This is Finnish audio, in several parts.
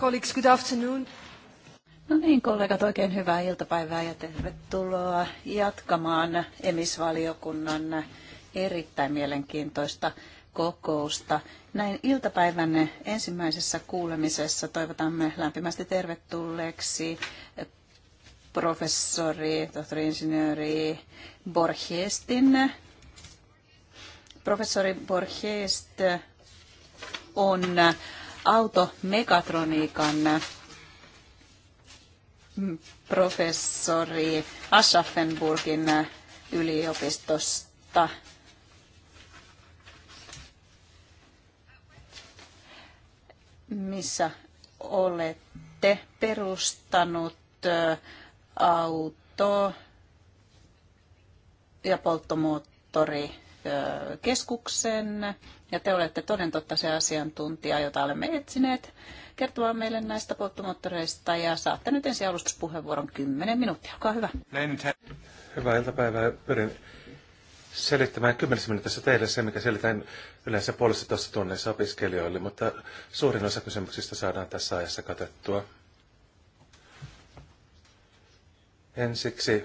Colleagues, good afternoon. No niin, kollegat, oikein hyvää iltapäivää ja tervetuloa jatkamaan emisvaliokunnan erittäin mielenkiintoista kokousta. Näin iltapäivän ensimmäisessä kuulemisessa toivotamme lämpimästi tervetulleeksi professori, tohtori insinööri Borgestin. Professori Borgest on automekatroniikan mm, professori Aschaffenburgin yliopistosta. Missä olette perustanut auto- ja polttomoottorikeskuksen ja te olette toden totta se asiantuntija, jota olemme etsineet kertomaan meille näistä polttomoottoreista. Ja saatte nyt ensi alustuspuheenvuoron 10 minuuttia. Olkaa hyvä. Hyvää iltapäivää. Pyrin selittämään kymmenessä minuutissa teille se, mikä selitän yleensä puolestatoista tunnissa opiskelijoille, mutta suurin osa kysymyksistä saadaan tässä ajassa katettua. Ensiksi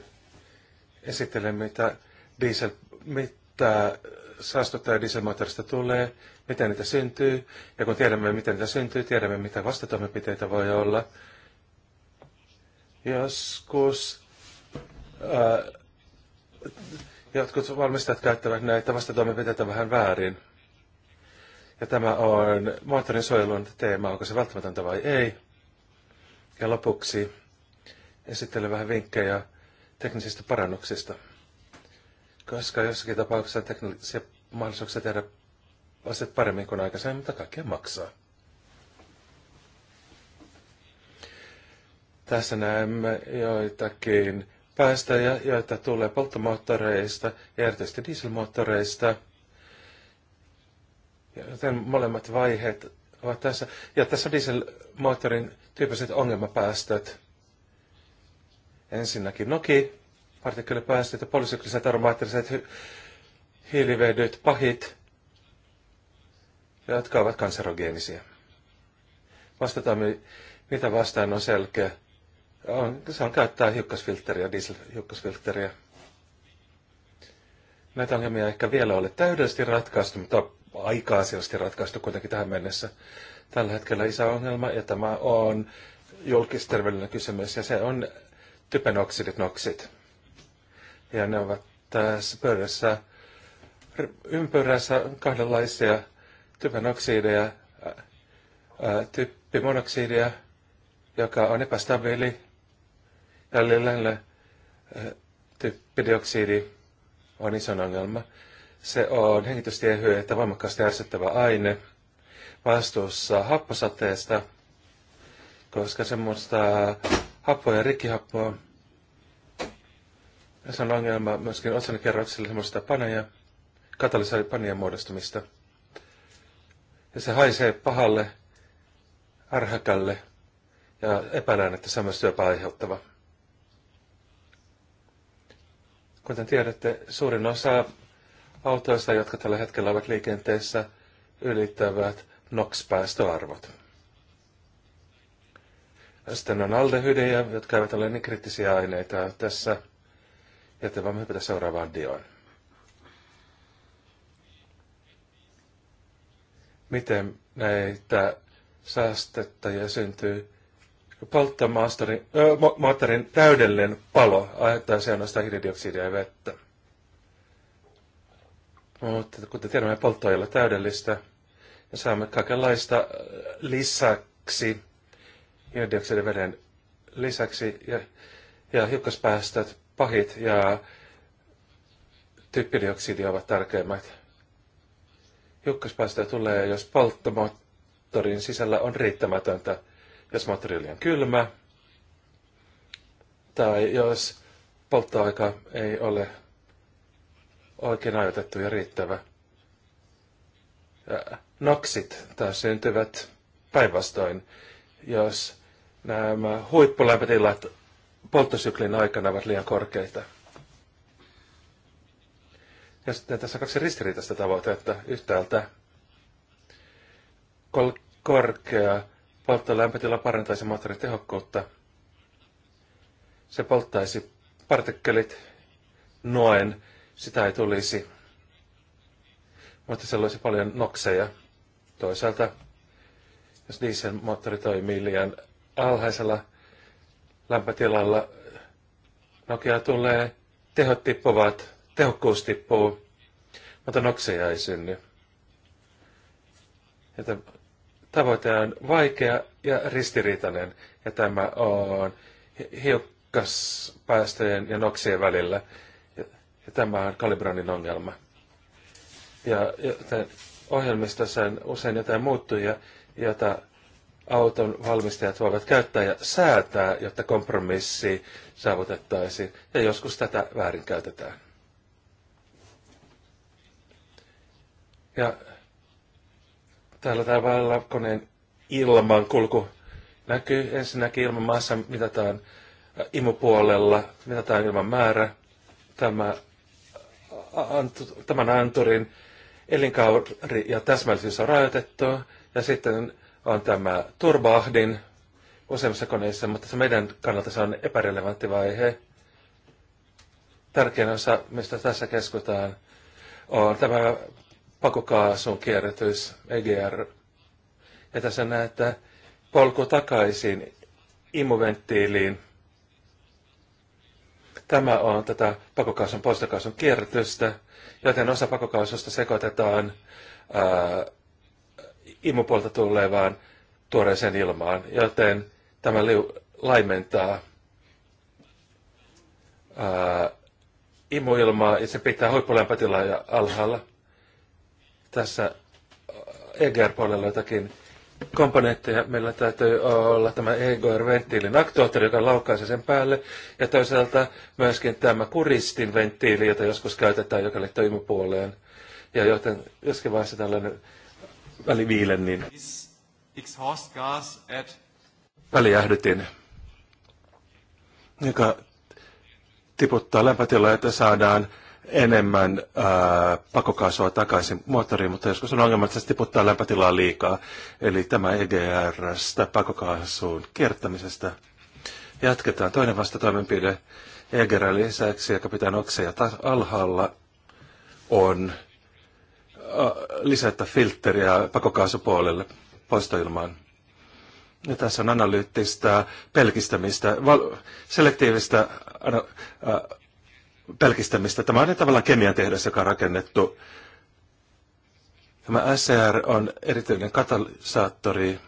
esittelen, mitä diesel, mitä saastuttaa dieselmoottorista tulee, miten niitä syntyy, ja kun tiedämme, miten niitä syntyy, tiedämme, mitä vastatoimenpiteitä voi olla. Joskus ää, äh, jotkut valmistajat käyttävät näitä vastatoimenpiteitä vähän väärin. Ja tämä on moottorin suojelun teema, onko se välttämätöntä vai ei. Ja lopuksi esittelen vähän vinkkejä teknisistä parannuksista koska jossakin tapauksessa teknologisia mahdollisuuksia tehdä asiat paremmin kuin aikaisemmin, mutta kaikkea maksaa. Tässä näemme joitakin päästöjä, joita tulee polttomoottoreista ja erityisesti dieselmoottoreista. Joten molemmat vaiheet ovat tässä. Ja tässä on dieselmoottorin tyyppiset ongelmapäästöt. Ensinnäkin noki, partikkelipäästöt ja polysykliset aromaattiset hy- hiilivedyt, pahit, jotka ovat kanserogeenisia. Vastataan, mitä vastaan on selkeä. On, se on käyttää hiukkasfiltteriä, dieselhiukkasfiltteriä. Näitä ongelmia ehkä vielä ole täydellisesti ratkaistu, mutta aika asiallisesti ratkaistu kuitenkin tähän mennessä. Tällä hetkellä iso ongelma, ja tämä on julkisterveellinen kysymys, ja se on typenoksidit, noksit. Ja ne ovat tässä pöydässä ympyrässä kahdenlaisia oksideja, typpimonoksidia, joka on epästabiili, ja lähellä typpidioksidi on iso ongelma. Se on että voimakkaasti ärsyttävä aine vastuussa happosateesta, koska se muistaa happoa ja rikkihappoa, se on ongelma myöskin otsonikerroksella semmoista paneja, katalysaaripanien muodostumista. Ja se haisee pahalle, ärhäkälle ja epäilään, että se on myös syöpää aiheuttava. Kuten tiedätte, suurin osa autoista, jotka tällä hetkellä ovat liikenteessä, ylittävät NOx-päästöarvot. Sitten on aldehydejä, jotka eivät ole niin kriittisiä aineita tässä – Tätä voimme hypätä seuraavaan dioon. Miten näitä säästettäjä syntyy polttomasterin äh, täydellinen palo aiheuttaa se ainoastaan hiilidioksidia ja vettä. Mutta kuten tiedämme, poltto ei ole täydellistä ja saamme kaikenlaista lisäksi hiilidioksidin veden lisäksi ja, ja hiukkaspäästöt pahit ja typpidioksidi ovat tärkeimmät. Hiukkaspäästöjä tulee, jos polttomoottorin sisällä on riittämätöntä, jos moottori on liian kylmä, tai jos polttoaika ei ole oikein ajoitettu ja riittävä. Noksit taas syntyvät päinvastoin, jos nämä huippulämpötilat polttosyklin aikana ovat liian korkeita. Ja sitten tässä on kaksi ristiriitaista tavoitetta. Yhtäältä kol- korkea polttolämpötila parantaisi moottorin tehokkuutta. Se polttaisi partikkelit noen, sitä ei tulisi. Mutta se olisi paljon nokseja. Toisaalta, jos dieselmoottori toimii liian alhaisella lämpötilalla Nokia tulee, tehot tippuvat, tehokkuus tippuu, mutta nokseja ei synny. Että tavoite on vaikea ja ristiriitainen, ja tämä on hiukkaspäästöjen ja noksien välillä. Ja, ja tämä on kalibroinnin ongelma. Ja joten ohjelmista sen usein jotain muuttuja, jota auton valmistajat voivat käyttää ja säätää, jotta kompromissi saavutettaisiin, ja joskus tätä väärinkäytetään. Ja täällä tämä valkoinen ilmankulku näkyy ensinnäkin ilman maassa mitataan äh, imupuolella, mitataan ilman määrä. Tämä, antu, tämän anturin elinkaari ja täsmällisyys on rajoitettu. Ja sitten on tämä turvaahdin useimmissa koneissa, mutta se meidän kannalta se on epärelevantti vaihe. Tärkein osa, mistä tässä keskutaan, on tämä pakokaasun kierrätys, EGR. Ja tässä näette polku takaisin imuventtiiliin. Tämä on tätä pakokaasun poistokaasun kierrätystä, joten osa pakokaasusta sekoitetaan ää, imupuolta tulevaan tuoreeseen ilmaan, joten tämä liu, laimentaa ää, imuilmaa ja se pitää huippulämpötilaa ja alhaalla. Tässä EGR-puolella jotakin komponentteja. Meillä täytyy olla tämä EGR-venttiilin aktuaattori, joka laukaisee sen päälle. Ja toisaalta myöskin tämä kuristin venttiili, jota joskus käytetään, joka liittyy imupuoleen. Ja joten joskin vaiheessa tällainen väliviilen, niin väliähdytin, joka tiputtaa lämpötilaa, että saadaan enemmän ää, pakokaasua takaisin moottoriin, mutta joskus on ongelma, että se tiputtaa lämpötilaa liikaa. Eli tämä EGRstä pakokaasuun kiertämisestä jatketaan. Toinen vastatoimenpide EGR lisäksi, joka pitää nokseja alhaalla, on Äh, lisätä filtteriä pakokaasupuolelle poistoilmaan. Ja tässä on analyyttistä pelkistämistä, val- selektiivistä ana- äh, pelkistämistä. Tämä on tavallaan kemian tehdas, joka on rakennettu. Tämä SCR on erityinen katalysaattori.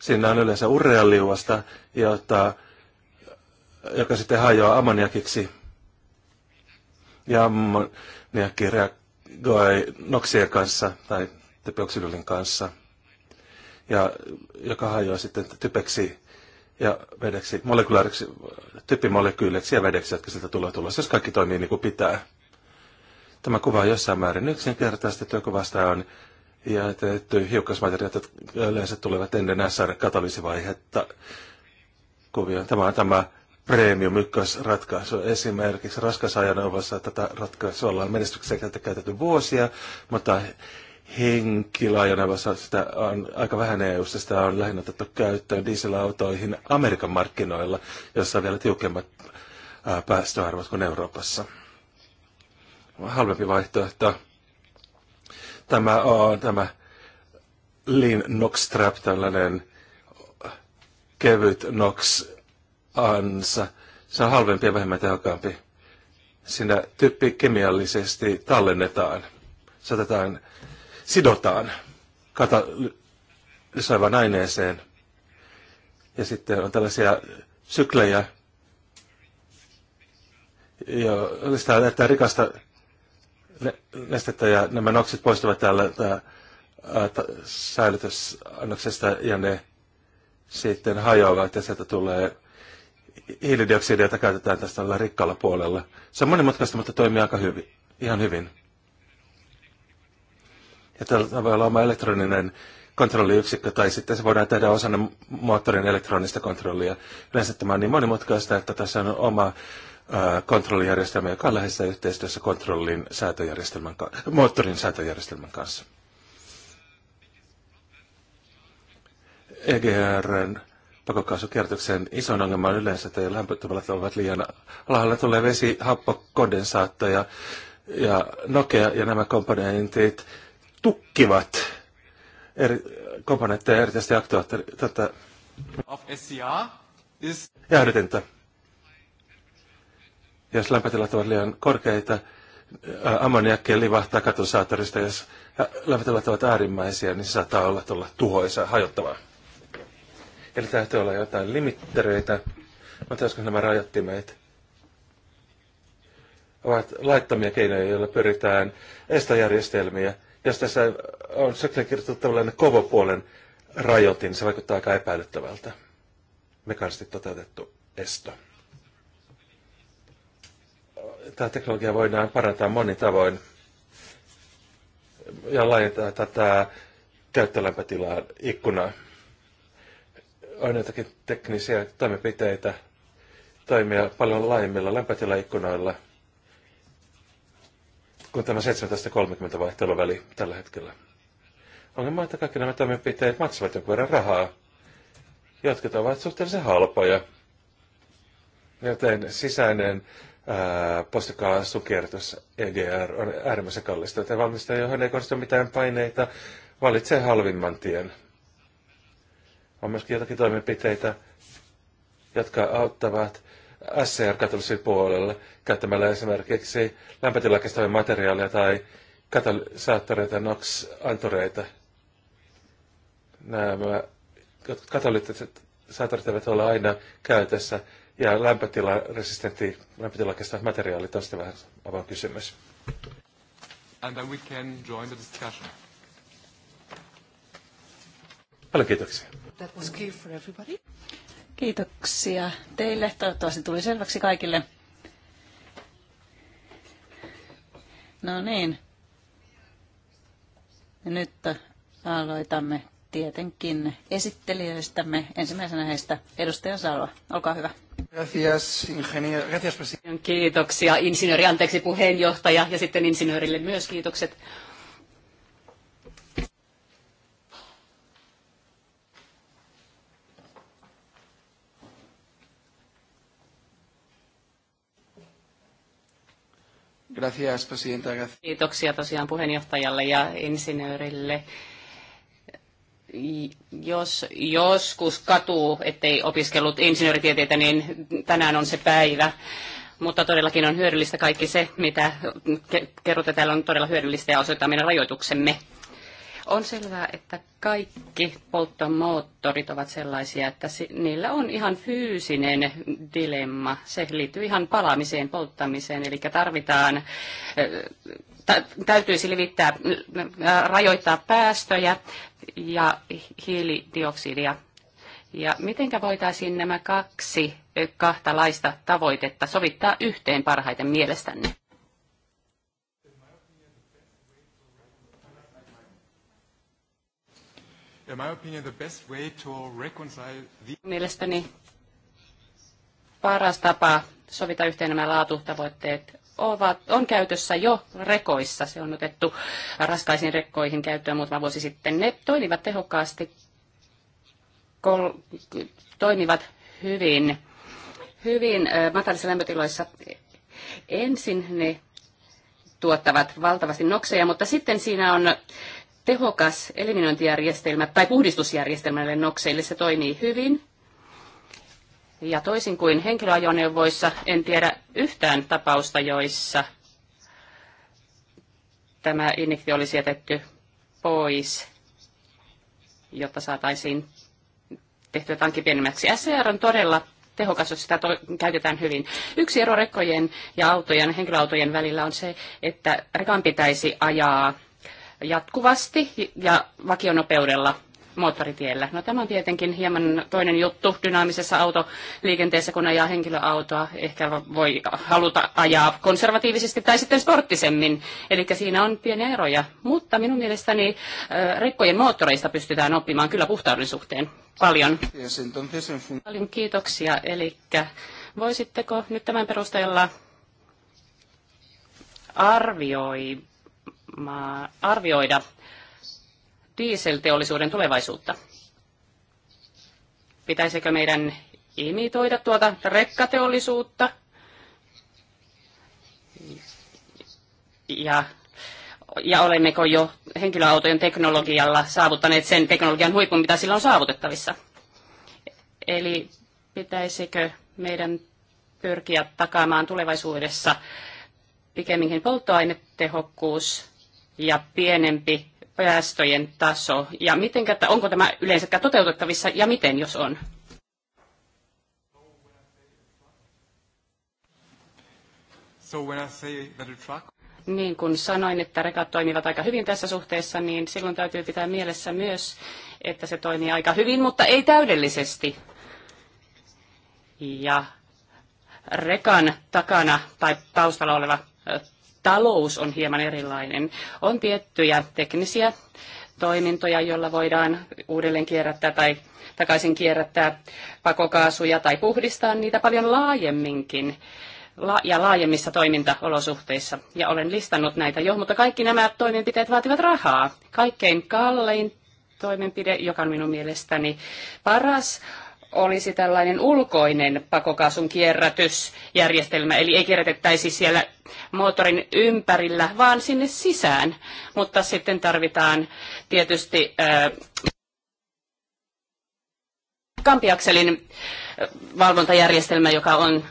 Siinä on yleensä urealiuasta, jota, joka sitten hajoaa ammoniakiksi. Ja ammoniakki reaktio Goe Noxien kanssa tai Tepeoksylylin kanssa, ja, joka hajoaa sitten typeksi ja vedeksi, molekyyleiksi, typimolekyyleiksi ja vedeksi, jotka sieltä tulee tulossa, jos siis kaikki toimii niin kuin pitää. Tämä kuva on jossain määrin yksinkertaistettu, työkuvasta vastaan on jätetty hiukkasmateriaat, jotka yleensä tulevat ennen sr katalyysivaihetta kuvioon. Tämä on tämä premium ykkösratkaisu. Esimerkiksi ajanovassa tätä ratkaisua ollaan menestyksekältä käytetty vuosia, mutta henkilöajoneuvossa sitä on aika vähän eu sitä on lähinnä otettu käyttöön dieselautoihin Amerikan markkinoilla, jossa on vielä tiukemmat päästöarvot kuin Euroopassa. Halvempi vaihtoehto. Tämä on tämä Lean Nox Trap, tällainen kevyt NOx ansa. Se on halvempi ja vähemmän tehokkaampi. Siinä typpi kemiallisesti tallennetaan, Satetaan, sidotaan katalysoivan aineeseen. Ja sitten on tällaisia syklejä, ja sitä näyttää rikasta nestettä ja nämä noksit poistuvat täällä säilytysannoksesta ja ne sitten hajoavat ja sieltä tulee hiilidioksidia, jota käytetään tässä tällä rikkaalla puolella. Se on monimutkaista, mutta toimii aika hyvin, ihan hyvin. Ja tällä voi olla oma elektroninen kontrolliyksikkö, tai sitten se voidaan tehdä osana moottorin elektronista kontrollia. Yleensä tämä on niin monimutkaista, että tässä on oma kontrollijärjestelmä, joka on läheisessä yhteistyössä kontrollin säätöjärjestelmän, moottorin säätöjärjestelmän kanssa. EGRn pakokaasukierrätyksen isoin ongelma on yleensä, että lämpötilat ovat liian alhaalla. Tulee vesi, happo, kondensaatto ja, ja nokea ja nämä komponentit tukkivat eri komponentteja, erityisesti aktuaattoria. Tota- Tätä jäähdytintä. Jos lämpötilat ovat liian korkeita, ammoniakki livahtaa katusaattorista. Jos lämpötilat ovat äärimmäisiä, niin se saattaa olla tulla tuhoisa hajottavaa. Eli täytyy olla jotain limittereitä, mutta joskus nämä rajoittimet ovat laittomia keinoja, joilla pyritään estojärjestelmiä. Jos tässä on sekin kirjoitettu tällainen kovopuolen rajoitin, niin se vaikuttaa aika epäilyttävältä. Mekaanisesti toteutettu esto. Tämä teknologia voidaan parantaa monin tavoin ja laajentaa tätä käyttölämpötilaa ikkunaa on jotakin teknisiä toimenpiteitä toimia paljon laajemmilla lämpötilaikkunoilla kuin tämä 70-30 vaihteluväli tällä hetkellä. Ongelma on, että kaikki nämä toimenpiteet maksavat jonkun verran rahaa. Jotkut ovat suhteellisen halpoja. Joten sisäinen postikaasukierrätys EGR on äärimmäisen kallista. Te valmistaja, johon ei kohdistu mitään paineita, valitsee halvimman tien on myöskin jotakin toimenpiteitä, jotka auttavat scr katalysin puolelle käyttämällä esimerkiksi lämpötilakestäviä materiaaleja tai katalysaattoreita, NOx-antureita. Nämä katalyyttiset saattorit eivät ole aina käytössä ja lämpötilaresistentti, lämpötilakestävät materiaalit on sitten vähän avainkysymys. And then we can join the discussion. Paljon kiitoksia. That was clear for everybody. Kiitoksia teille. Toivottavasti tuli selväksi kaikille. No niin. Nyt aloitamme tietenkin esittelijöistämme. Ensimmäisenä heistä edustaja Salva. Olkaa hyvä. Gracias, ingenier... Gracias, Kiitoksia insinööri, anteeksi puheenjohtaja ja sitten insinöörille myös kiitokset. Gracias, presidenta. Kiitoksia tosiaan puheenjohtajalle ja insinöörille jos joskus katuu, ettei opiskellut insinööritieteitä, niin tänään on se päivä. Mutta todellakin on hyödyllistä kaikki se, mitä kerrotte täällä on todella hyödyllistä ja osoittaa meidän rajoituksemme. On selvää, että kaikki polttomoottorit ovat sellaisia, että niillä on ihan fyysinen dilemma. Se liittyy ihan palaamiseen, polttamiseen, eli tarvitaan täytyisi levittää, rajoittaa päästöjä ja hiilidioksidia. Ja mitenkä voitaisiin nämä kaksi kahta laista tavoitetta sovittaa yhteen parhaiten mielestänne? Mielestäni paras tapa sovita yhteen nämä laatutavoitteet ovat, on käytössä jo rekoissa. Se on otettu raskaisiin rekkoihin käyttöön muutama vuosi sitten. Ne toimivat tehokkaasti, kol, toimivat hyvin, hyvin matalissa lämpötiloissa. Ensin ne tuottavat valtavasti nokseja, mutta sitten siinä on tehokas eliminointijärjestelmä tai puhdistusjärjestelmä näille nokseille. Se toimii hyvin. Ja toisin kuin henkilöajoneuvoissa, en tiedä yhtään tapausta, joissa tämä injektio olisi jätetty pois, jotta saataisiin tehtyä tanki pienemmäksi. SCR on todella tehokas, jos sitä käytetään hyvin. Yksi ero rekkojen ja autojen, henkilöautojen välillä on se, että rekan pitäisi ajaa jatkuvasti ja vakionopeudella moottoritiellä. No tämä on tietenkin hieman toinen juttu dynaamisessa autoliikenteessä, kun ajaa henkilöautoa. Ehkä voi haluta ajaa konservatiivisesti tai sitten sporttisemmin. Eli siinä on pieniä eroja. Mutta minun mielestäni rekkojen moottoreista pystytään oppimaan kyllä puhtauden suhteen paljon. Paljon kiitoksia. Eli voisitteko nyt tämän perusteella arvioi, arvioida dieselteollisuuden tulevaisuutta. Pitäisikö meidän imitoida tuota rekkateollisuutta ja, ja olemmeko jo henkilöautojen teknologialla saavuttaneet sen teknologian huipun, mitä sillä on saavutettavissa. Eli pitäisikö meidän pyrkiä takaamaan tulevaisuudessa pikemminkin polttoainetehokkuus ja pienempi päästöjen taso? Ja mitenkä, onko tämä yleensäkään toteutettavissa ja miten, jos on? So when I say that a truck... Niin kuin sanoin, että rekat toimivat aika hyvin tässä suhteessa, niin silloin täytyy pitää mielessä myös, että se toimii aika hyvin, mutta ei täydellisesti. Ja rekan takana tai taustalla oleva talous on hieman erilainen. On tiettyjä teknisiä toimintoja, joilla voidaan uudelleen kierrättää tai takaisin kierrättää pakokaasuja tai puhdistaa niitä paljon laajemminkin ja laajemmissa toimintaolosuhteissa. Ja olen listannut näitä jo, mutta kaikki nämä toimenpiteet vaativat rahaa. Kaikkein kallein toimenpide, joka on minun mielestäni paras, olisi tällainen ulkoinen pakokaasun kierrätysjärjestelmä, eli ei kierrätettäisi siellä moottorin ympärillä, vaan sinne sisään. Mutta sitten tarvitaan tietysti ää, kampiakselin valvontajärjestelmä, joka on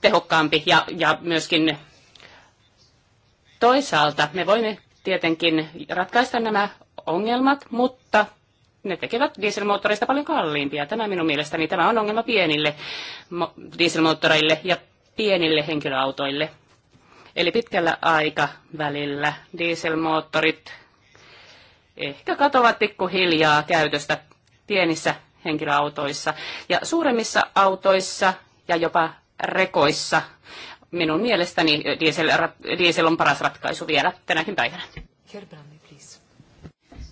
tehokkaampi ja, ja myöskin toisaalta me voimme tietenkin ratkaista nämä ongelmat, mutta ne tekevät dieselmoottoreista paljon kalliimpia. Tämä minun mielestäni tämä on ongelma pienille dieselmoottoreille ja pienille henkilöautoille. Eli pitkällä aikavälillä dieselmoottorit ehkä katoavat pikkuhiljaa käytöstä pienissä henkilöautoissa. Ja suuremmissa autoissa ja jopa rekoissa minun mielestäni diesel, diesel on paras ratkaisu vielä tänäkin päivänä. Gerbrandi.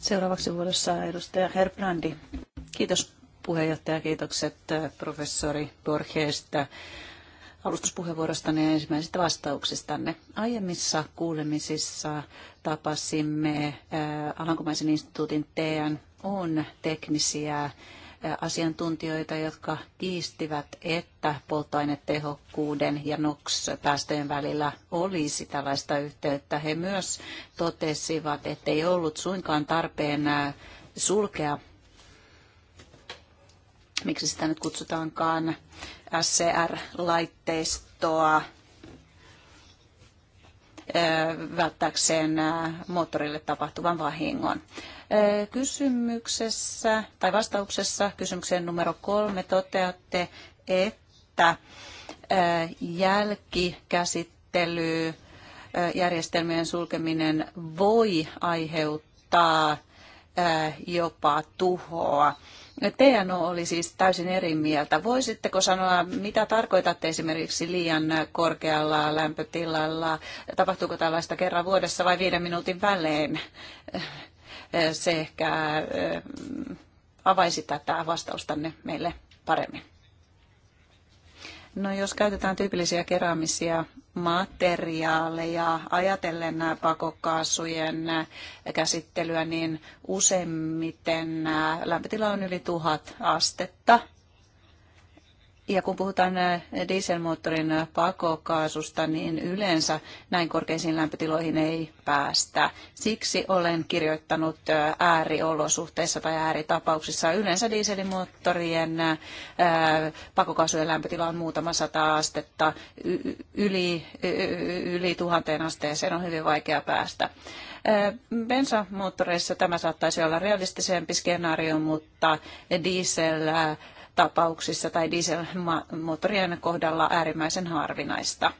Seuraavaksi vuorossa edustaja Herbrandi. Kiitos puheenjohtaja, kiitokset äh, professori Borgesta alustuspuheenvuorostanne ja ensimmäisistä vastauksistanne. Aiemmissa kuulemisissa tapasimme äh, Alankomaisen instituutin TN teknisiä asiantuntijoita, jotka kiistivät, että polttoainetehokkuuden ja NOx-päästöjen välillä olisi tällaista yhteyttä. He myös totesivat, että ei ollut suinkaan tarpeen sulkea, miksi sitä nyt kutsutaankaan, SCR-laitteistoa välttääkseen moottorille tapahtuvan vahingon. Kysymyksessä tai vastauksessa kysymykseen numero kolme toteatte, että jälkikäsittely järjestelmien sulkeminen voi aiheuttaa jopa tuhoa. TNO oli siis täysin eri mieltä. Voisitteko sanoa, mitä tarkoitatte esimerkiksi liian korkealla lämpötilalla? Tapahtuuko tällaista kerran vuodessa vai viiden minuutin välein? se ehkä avaisi tätä vastaustanne meille paremmin. No jos käytetään tyypillisiä keräämisiä materiaaleja ajatellen pakokaasujen käsittelyä, niin useimmiten lämpötila on yli tuhat astetta. Ja kun puhutaan dieselmoottorin pakokaasusta, niin yleensä näin korkeisiin lämpötiloihin ei päästä. Siksi olen kirjoittanut ääriolosuhteissa tai ääritapauksissa. Yleensä dieselmoottorien pakokaasujen lämpötila on muutama sata astetta. Yli, yli tuhanteen asteeseen on hyvin vaikea päästä. Bensamoottoreissa tämä saattaisi olla realistisempi skenaario, mutta diesel tapauksissa tai dieselmoottorien kohdalla äärimmäisen harvinaista.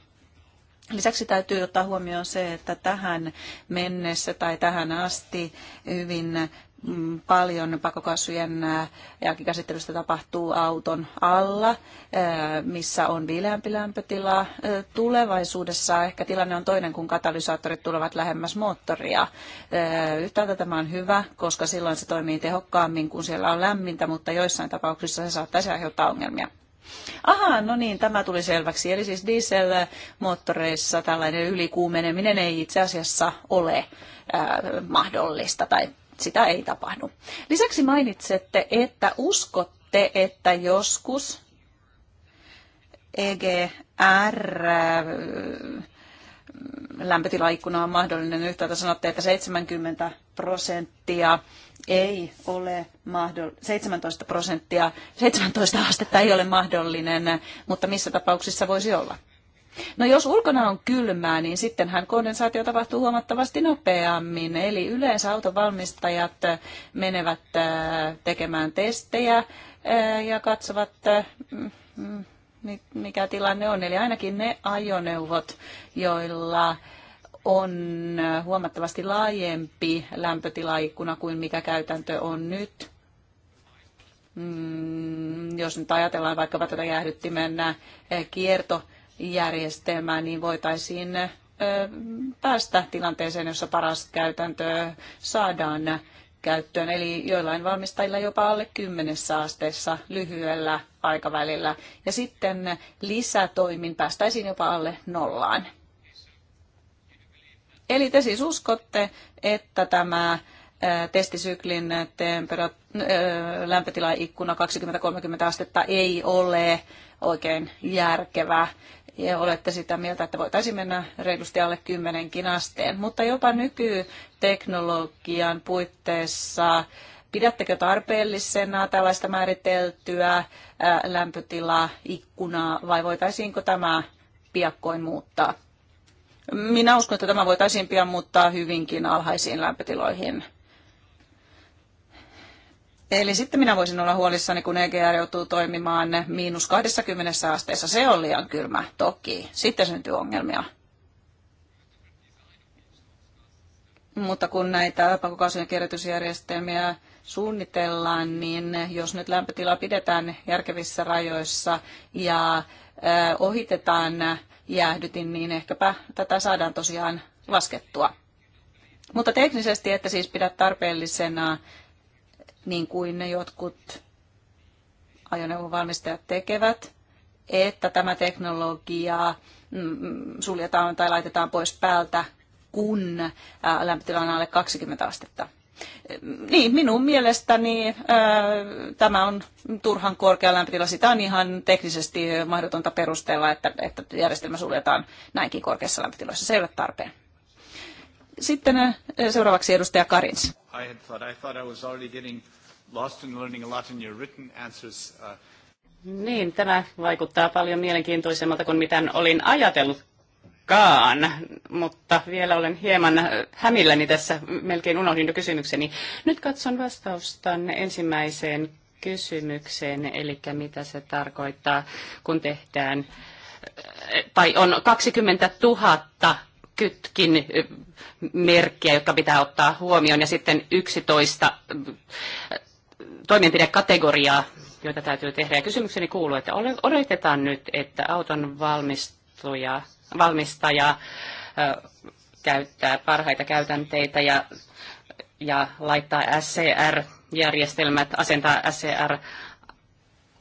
Lisäksi täytyy ottaa huomioon se, että tähän mennessä tai tähän asti hyvin paljon pakokaasujen jälkikäsittelystä tapahtuu auton alla, missä on viileämpi lämpötila. Tulevaisuudessa ehkä tilanne on toinen, kun katalysaattorit tulevat lähemmäs moottoria. Yhtäältä tämä on hyvä, koska silloin se toimii tehokkaammin, kun siellä on lämmintä, mutta joissain tapauksissa se saattaisi aiheuttaa ongelmia. Aha, no niin, tämä tuli selväksi. Eli siis dieselmoottoreissa tällainen ylikuumeneminen ei itse asiassa ole äh, mahdollista tai sitä ei tapahdu. Lisäksi mainitsette, että uskotte, että joskus EGR äh, lämpötilaikkuna on mahdollinen. Yhtäältä sanotte, että 70 prosenttia ei ole mahdoll- 17 prosenttia, 17 astetta ei ole mahdollinen, mutta missä tapauksissa voisi olla? No jos ulkona on kylmää, niin sittenhän kondensaatio tapahtuu huomattavasti nopeammin. Eli yleensä autovalmistajat menevät äh, tekemään testejä äh, ja katsovat, äh, mm, mm, mikä tilanne on. Eli ainakin ne ajoneuvot, joilla on huomattavasti laajempi lämpötilaikkuna kuin mikä käytäntö on nyt. Mm, jos nyt ajatellaan vaikkapa tätä jäähdyttimen kierto, järjestelmää, niin voitaisiin päästä tilanteeseen, jossa paras käytäntö saadaan käyttöön, eli joillain valmistajilla jopa alle kymmenessä asteessa lyhyellä aikavälillä. Ja sitten lisätoimin päästäisiin jopa alle nollaan. Eli te siis uskotte, että tämä testisyklin temperat- lämpötilaikkuna 20-30 astetta ei ole oikein järkevä ja olette sitä mieltä, että voitaisiin mennä reilusti alle 10 asteen. Mutta jopa nykyteknologian puitteissa Pidättekö tarpeellisena tällaista määriteltyä lämpötilaa, ikkunaa vai voitaisiinko tämä piakkoin muuttaa? Minä uskon, että tämä voitaisiin pian muuttaa hyvinkin alhaisiin lämpötiloihin. Eli sitten minä voisin olla huolissani, kun EGR joutuu toimimaan miinus 20 asteessa. Se on liian kylmä, toki. Sitten syntyy ongelmia. Mutta kun näitä pakokaasujen kierrätysjärjestelmiä suunnitellaan, niin jos nyt lämpötila pidetään järkevissä rajoissa ja ohitetaan jäähdytin, niin ehkäpä tätä saadaan tosiaan laskettua. Mutta teknisesti että siis pidä tarpeellisena niin kuin ne jotkut ajoneuvovalmistajat tekevät, että tämä teknologia mm, mm, suljetaan tai laitetaan pois päältä, kun äh, lämpötila on alle 20 astetta. Niin, minun mielestäni ää, äh, tämä on turhan korkea lämpötila. Sitä on ihan teknisesti mahdotonta perustella, että, että järjestelmä suljetaan näinkin korkeassa lämpötiloissa. Se ei ole tarpeen. Sitten äh, seuraavaksi edustaja Karins. I had thought, I thought I was already getting lost in learning a lot in your written answers. Uh... Niin, tämä vaikuttaa paljon mielenkiintoisemmalta kuin mitä olin ajatellutkaan, mutta vielä olen hieman hämilläni tässä, melkein unohdin jo kysymykseni. Nyt katson vastausta ensimmäiseen kysymykseen, eli mitä se tarkoittaa, kun tehdään, tai on 20 000 kytkin merkkiä, jotka pitää ottaa huomioon, ja sitten 11 toimenpidekategoriaa, joita täytyy tehdä. Ja kysymykseni kuuluu, että odotetaan nyt, että auton valmistuja, valmistaja käyttää parhaita käytänteitä ja, ja laittaa SCR-järjestelmät, asentaa SCR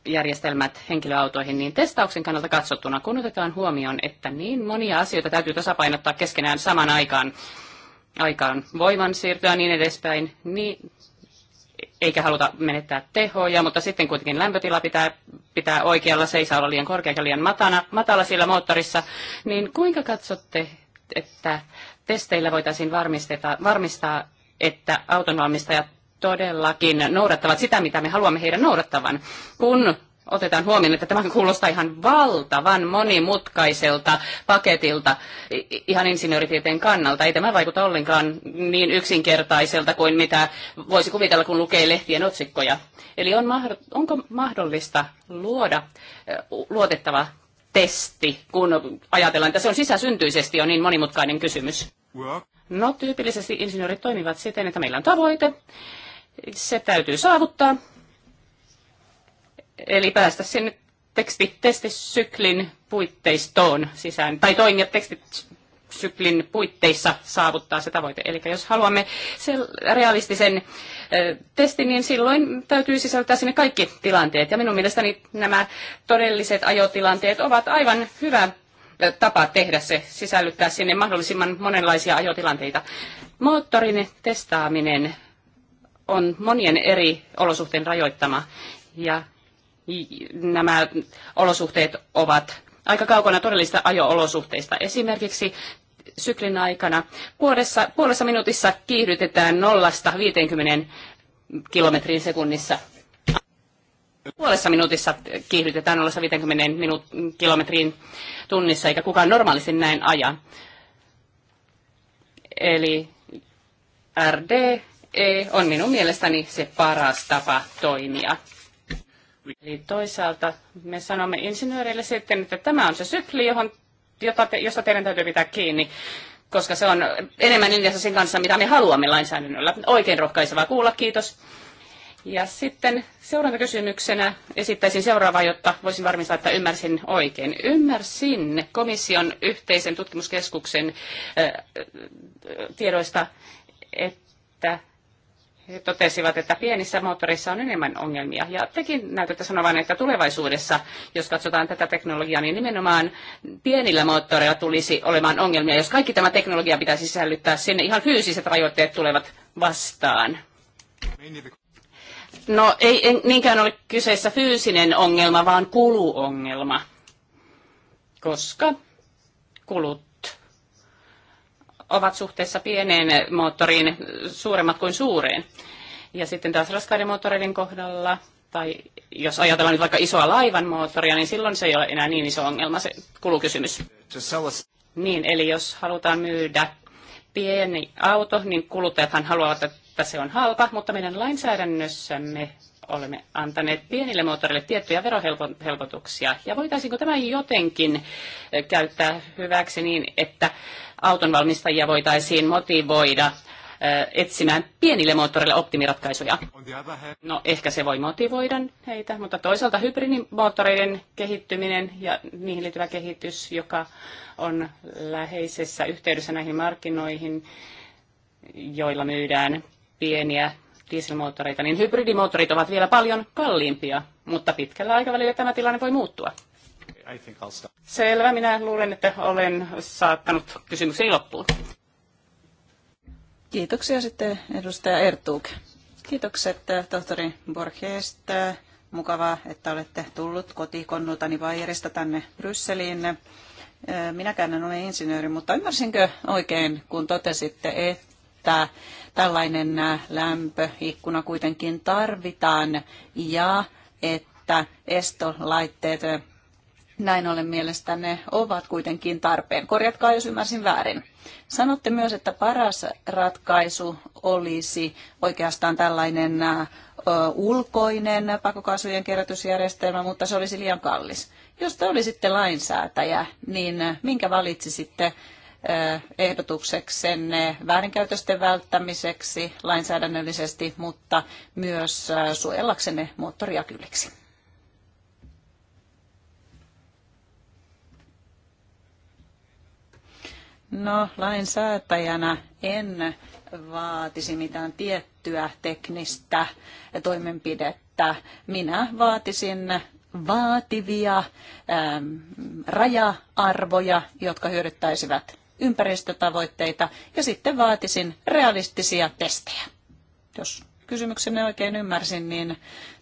järjestelmät henkilöautoihin, niin testauksen kannalta katsottuna, kun otetaan huomioon, että niin monia asioita täytyy tasapainottaa keskenään saman aikaan, aikaan voiman siirtyä niin edespäin, niin eikä haluta menettää tehoja, mutta sitten kuitenkin lämpötila pitää pitää oikealla, se ei saa olla liian korkea eikä liian matana, matala sillä moottorissa, niin kuinka katsotte, että testeillä voitaisiin varmistaa, että autonvalmistajat todellakin noudattavat sitä, mitä me haluamme heidän noudattavan, kun otetaan huomioon, että tämä kuulostaa ihan valtavan monimutkaiselta paketilta ihan insinööritieteen kannalta. Ei tämä vaikuta ollenkaan niin yksinkertaiselta kuin mitä voisi kuvitella, kun lukee lehtien otsikkoja. Eli on onko mahdollista luoda luotettava testi, kun ajatellaan, että se on sisäsyntyisesti jo niin monimutkainen kysymys? No tyypillisesti insinöörit toimivat siten, että meillä on tavoite, se täytyy saavuttaa, Eli päästä sinne tekstitestisyklin puitteistoon sisään, tai toimia tekstisyklin puitteissa saavuttaa se tavoite. Eli jos haluamme realistisen testin, niin silloin täytyy sisältää sinne kaikki tilanteet. Ja minun mielestäni nämä todelliset ajotilanteet ovat aivan hyvä tapa tehdä se, sisällyttää sinne mahdollisimman monenlaisia ajotilanteita. Moottorin testaaminen on monien eri olosuhteen rajoittama ja nämä olosuhteet ovat aika kaukana todellista ajo-olosuhteista. Esimerkiksi syklin aikana puolessa, puolessa minuutissa kiihdytetään nollasta 50 kilometrin sekunnissa. Puolessa minuutissa kiihdytetään nollasta 50 minuut- kilometriin tunnissa, eikä kukaan normaalisti näin aja. Eli RDE on minun mielestäni se paras tapa toimia. Eli toisaalta me sanomme insinööreille sitten, että tämä on se sykli, johon, jota te, josta teidän täytyy pitää kiinni, koska se on enemmän linjassa sen kanssa, mitä me haluamme lainsäädännöllä. Oikein rohkaisevaa kuulla, kiitos. Ja sitten kysymyksenä esittäisin seuraavaa, jotta voisin varmistaa, että ymmärsin oikein. Ymmärsin komission yhteisen tutkimuskeskuksen tiedoista, että he totesivat, että pienissä moottoreissa on enemmän ongelmia. Ja tekin näytätte sanovan, että tulevaisuudessa, jos katsotaan tätä teknologiaa, niin nimenomaan pienillä moottoreilla tulisi olemaan ongelmia, jos kaikki tämä teknologia pitäisi sisällyttää sinne. Ihan fyysiset rajoitteet tulevat vastaan. No ei en, niinkään ole kyseessä fyysinen ongelma, vaan kuluongelma, koska kulut ovat suhteessa pieneen moottoriin suuremmat kuin suureen. Ja sitten taas raskaiden moottoreiden kohdalla, tai jos ajatellaan nyt vaikka isoa laivan moottoria, niin silloin se ei ole enää niin iso ongelma, se kulukysymys. Niin, eli jos halutaan myydä pieni auto, niin kuluttajathan haluavat, että se on halpa, mutta meidän lainsäädännössämme olemme antaneet pienille moottorille tiettyjä verohelpotuksia. Ja voitaisiinko tämä jotenkin käyttää hyväksi niin, että autonvalmistajia voitaisiin motivoida eh, etsimään pienille moottoreille optimiratkaisuja. No ehkä se voi motivoida heitä, mutta toisaalta hybridimoottoreiden kehittyminen ja niihin liittyvä kehitys, joka on läheisessä yhteydessä näihin markkinoihin, joilla myydään pieniä dieselmoottoreita, niin hybridimoottorit ovat vielä paljon kalliimpia, mutta pitkällä aikavälillä tämä tilanne voi muuttua. I think I'll stop. Selvä, minä luulen, että olen saattanut kysymyksen loppuun. Kiitoksia sitten edustaja Ertuuk. Kiitokset eh, tohtori Borges. Eh, mukavaa, että olette tullut kotikonnultani Bayerista tänne Brysseliin. Eh, minäkään en ole insinööri, mutta ymmärsinkö oikein, kun totesitte, että tällainen lämpöikkuna kuitenkin tarvitaan ja että estolaitteet näin ollen mielestänne ovat kuitenkin tarpeen. Korjatkaa, jos ymmärsin väärin. Sanotte myös, että paras ratkaisu olisi oikeastaan tällainen ulkoinen pakokaasujen kerätysjärjestelmä, mutta se olisi liian kallis. Jos te olisitte lainsäätäjä, niin minkä valitsisitte ehdotukseksenne väärinkäytösten välttämiseksi lainsäädännöllisesti, mutta myös suojellaksenne moottoria kylliksi? No, lainsäätäjänä en vaatisi mitään tiettyä teknistä toimenpidettä. Minä vaatisin vaativia ähm, raja-arvoja, jotka hyödyttäisivät ympäristötavoitteita, ja sitten vaatisin realistisia testejä. Jos kysymyksenne oikein ymmärsin, niin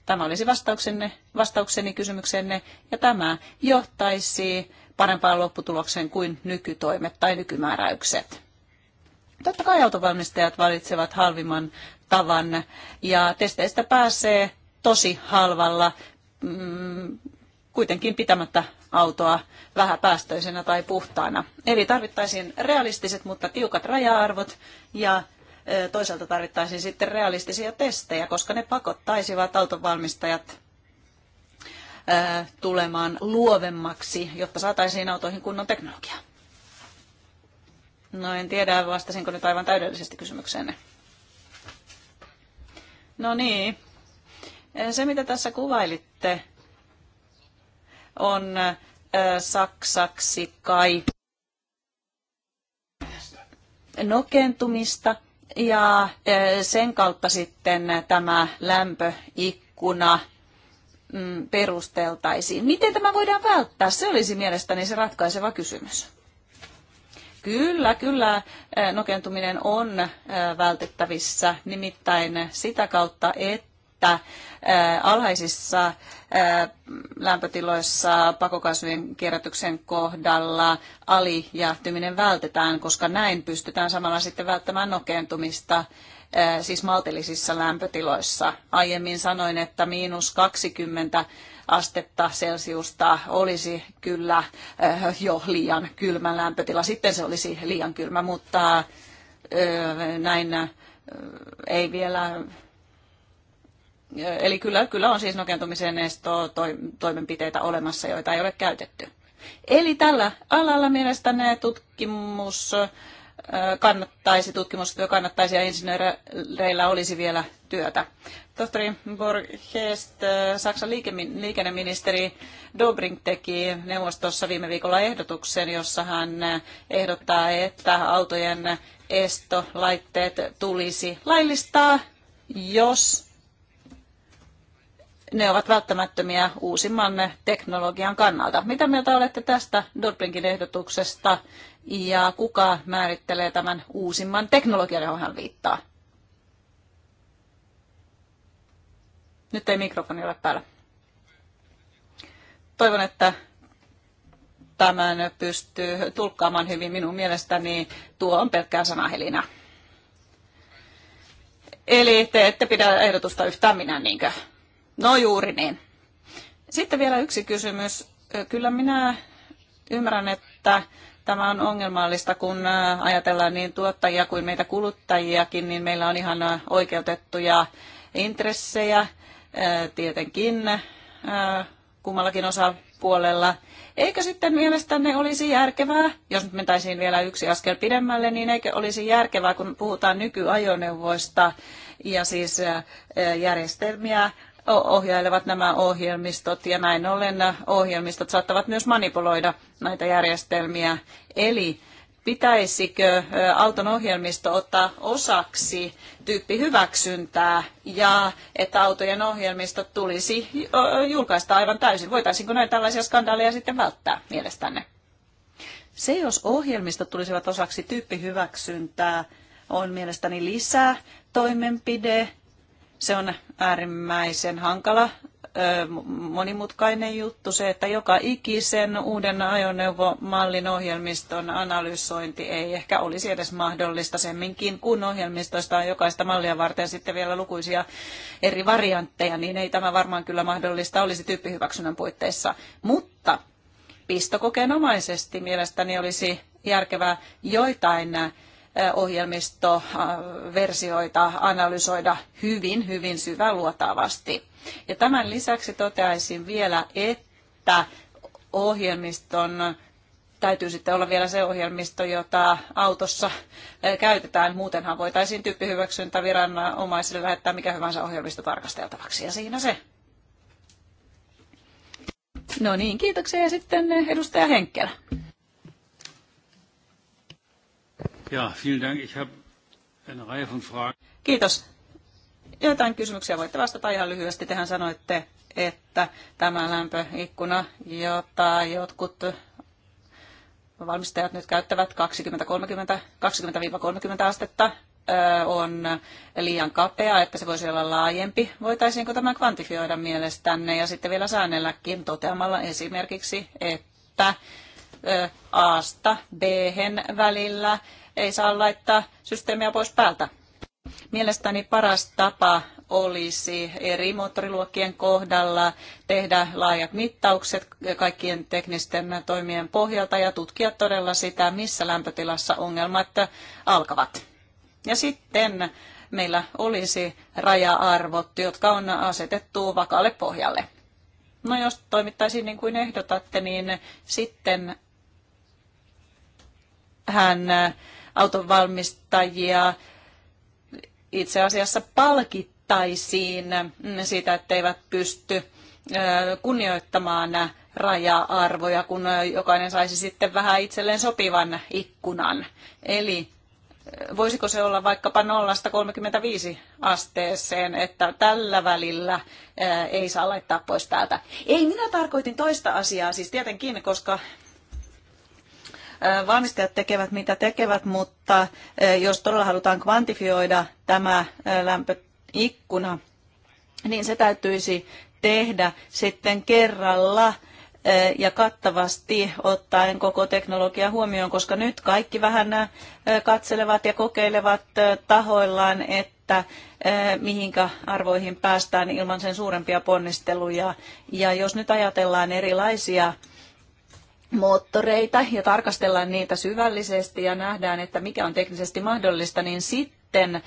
tämä olisi vastauksenne, vastaukseni kysymyksenne, ja tämä johtaisi parempaan lopputulokseen kuin nykytoimet tai nykymääräykset. Totta kai autovalmistajat valitsevat halvimman tavan ja testeistä pääsee tosi halvalla mm, kuitenkin pitämättä autoa vähäpäästöisenä tai puhtaana. Eli tarvittaisiin realistiset, mutta tiukat raja-arvot ja toisaalta tarvittaisiin sitten realistisia testejä, koska ne pakottaisivat autonvalmistajat tulemaan luovemmaksi, jotta saataisiin autoihin kunnon teknologiaa? No en tiedä, vastasinko nyt aivan täydellisesti kysymykseenne. No niin. Se, mitä tässä kuvailitte, on saksaksi kai nokentumista ja sen kautta sitten tämä lämpöikkuna Mm, perusteltaisiin. Miten tämä voidaan välttää? Se olisi mielestäni se ratkaiseva kysymys. Kyllä, kyllä äh, nokentuminen on äh, vältettävissä nimittäin sitä kautta, että äh, alhaisissa lämpötiloissa pakokasvien kierrätyksen kohdalla alijähtyminen vältetään, koska näin pystytään samalla sitten välttämään nokentumista Äh, siis maltillisissa lämpötiloissa. Aiemmin sanoin, että miinus 20 astetta Celsiusta olisi kyllä äh, jo liian kylmä lämpötila. Sitten se olisi liian kylmä, mutta äh, näin ei vielä Eli kyllä, kyllä on siis nokentumisen esto toimenpiteitä olemassa, joita ei ole käytetty. Eli tällä alalla mielestäni tutkimus kannattaisi, tutkimustyö kannattaisi ja insinööreillä olisi vielä työtä. Tohtori Borgest, Saksan liikenneministeri Dobrink teki neuvostossa viime viikolla ehdotuksen, jossa hän ehdottaa, että autojen estolaitteet tulisi laillistaa, jos ne ovat välttämättömiä uusimman teknologian kannalta. Mitä mieltä olette tästä Dorblinkin ehdotuksesta ja kuka määrittelee tämän uusimman teknologian, johon hän viittaa? Nyt ei mikrofoni ole päällä. Toivon, että tämän pystyy tulkkaamaan hyvin. Minun mielestäni tuo on pelkkää sanahelinä. Eli te ette pidä ehdotusta yhtään minä, niinkö? No juuri niin. Sitten vielä yksi kysymys. Kyllä minä ymmärrän, että tämä on ongelmallista, kun ajatellaan niin tuottajia kuin meitä kuluttajiakin, niin meillä on ihan oikeutettuja intressejä tietenkin kummallakin osapuolella. Eikö sitten mielestänne olisi järkevää, jos nyt mentäisiin vielä yksi askel pidemmälle, niin eikö olisi järkevää, kun puhutaan nykyajoneuvoista ja siis järjestelmiä ohjailevat nämä ohjelmistot ja näin ollen ohjelmistot saattavat myös manipuloida näitä järjestelmiä. Eli pitäisikö auton ohjelmisto ottaa osaksi tyyppihyväksyntää ja että autojen ohjelmistot tulisi julkaista aivan täysin? Voitaisiinko näitä tällaisia skandaaleja sitten välttää mielestänne? Se, jos ohjelmistot tulisivat osaksi tyyppihyväksyntää, on mielestäni lisää toimenpide, se on äärimmäisen hankala monimutkainen juttu se, että joka ikisen uuden ajoneuvomallin ohjelmiston analysointi ei ehkä olisi edes mahdollista semminkin, kun ohjelmistoista on jokaista mallia varten sitten vielä lukuisia eri variantteja, niin ei tämä varmaan kyllä mahdollista olisi tyyppihyväksynnän puitteissa. Mutta pistokokeenomaisesti mielestäni olisi järkevää joitain ohjelmistoversioita analysoida hyvin, hyvin syväluotaavasti. Ja tämän lisäksi toteaisin vielä, että ohjelmiston täytyy sitten olla vielä se ohjelmisto, jota autossa käytetään. Muutenhan voitaisiin tyyppihyväksyntä viranomaisille lähettää mikä hyvänsä ohjelmisto tarkasteltavaksi. Ja siinä se. No niin, kiitoksia ja sitten edustaja Henkkelä. Ja, vielen Dank. Ich habe eine Reihe von Fragen. Kiitos. Joitain kysymyksiä voitte vastata ihan lyhyesti. Tehän sanoitte, että tämä lämpöikkuna, jota jotkut valmistajat nyt käyttävät 20-30 astetta, on liian kapea, että se voisi olla laajempi. Voitaisiinko tämä kvantifioida mielestänne ja sitten vielä säännelläkin toteamalla esimerkiksi, että Asta B välillä ei saa laittaa systeemiä pois päältä. Mielestäni paras tapa olisi eri moottoriluokkien kohdalla tehdä laajat mittaukset kaikkien teknisten toimien pohjalta ja tutkia todella sitä, missä lämpötilassa ongelmat alkavat. Ja sitten meillä olisi raja-arvot, jotka on asetettu vakaalle pohjalle. No jos toimittaisiin niin kuin ehdotatte, niin sitten hän autonvalmistajia itse asiassa palkittaisiin mm, siitä, että eivät pysty kunnioittamaan raja-arvoja, kun jokainen saisi sitten vähän itselleen sopivan ikkunan. Eli voisiko se olla vaikkapa 0-35 asteeseen, että tällä välillä ei saa laittaa pois täältä. Ei, minä tarkoitin toista asiaa, siis tietenkin, koska Valmistajat tekevät mitä tekevät, mutta jos todella halutaan kvantifioida tämä lämpöikkuna, niin se täytyisi tehdä sitten kerralla ja kattavasti ottaen koko teknologia huomioon, koska nyt kaikki vähän katselevat ja kokeilevat tahoillaan, että mihinkä arvoihin päästään ilman sen suurempia ponnisteluja. Ja jos nyt ajatellaan erilaisia moottoreita ja tarkastellaan niitä syvällisesti ja nähdään, että mikä on teknisesti mahdollista, niin sitten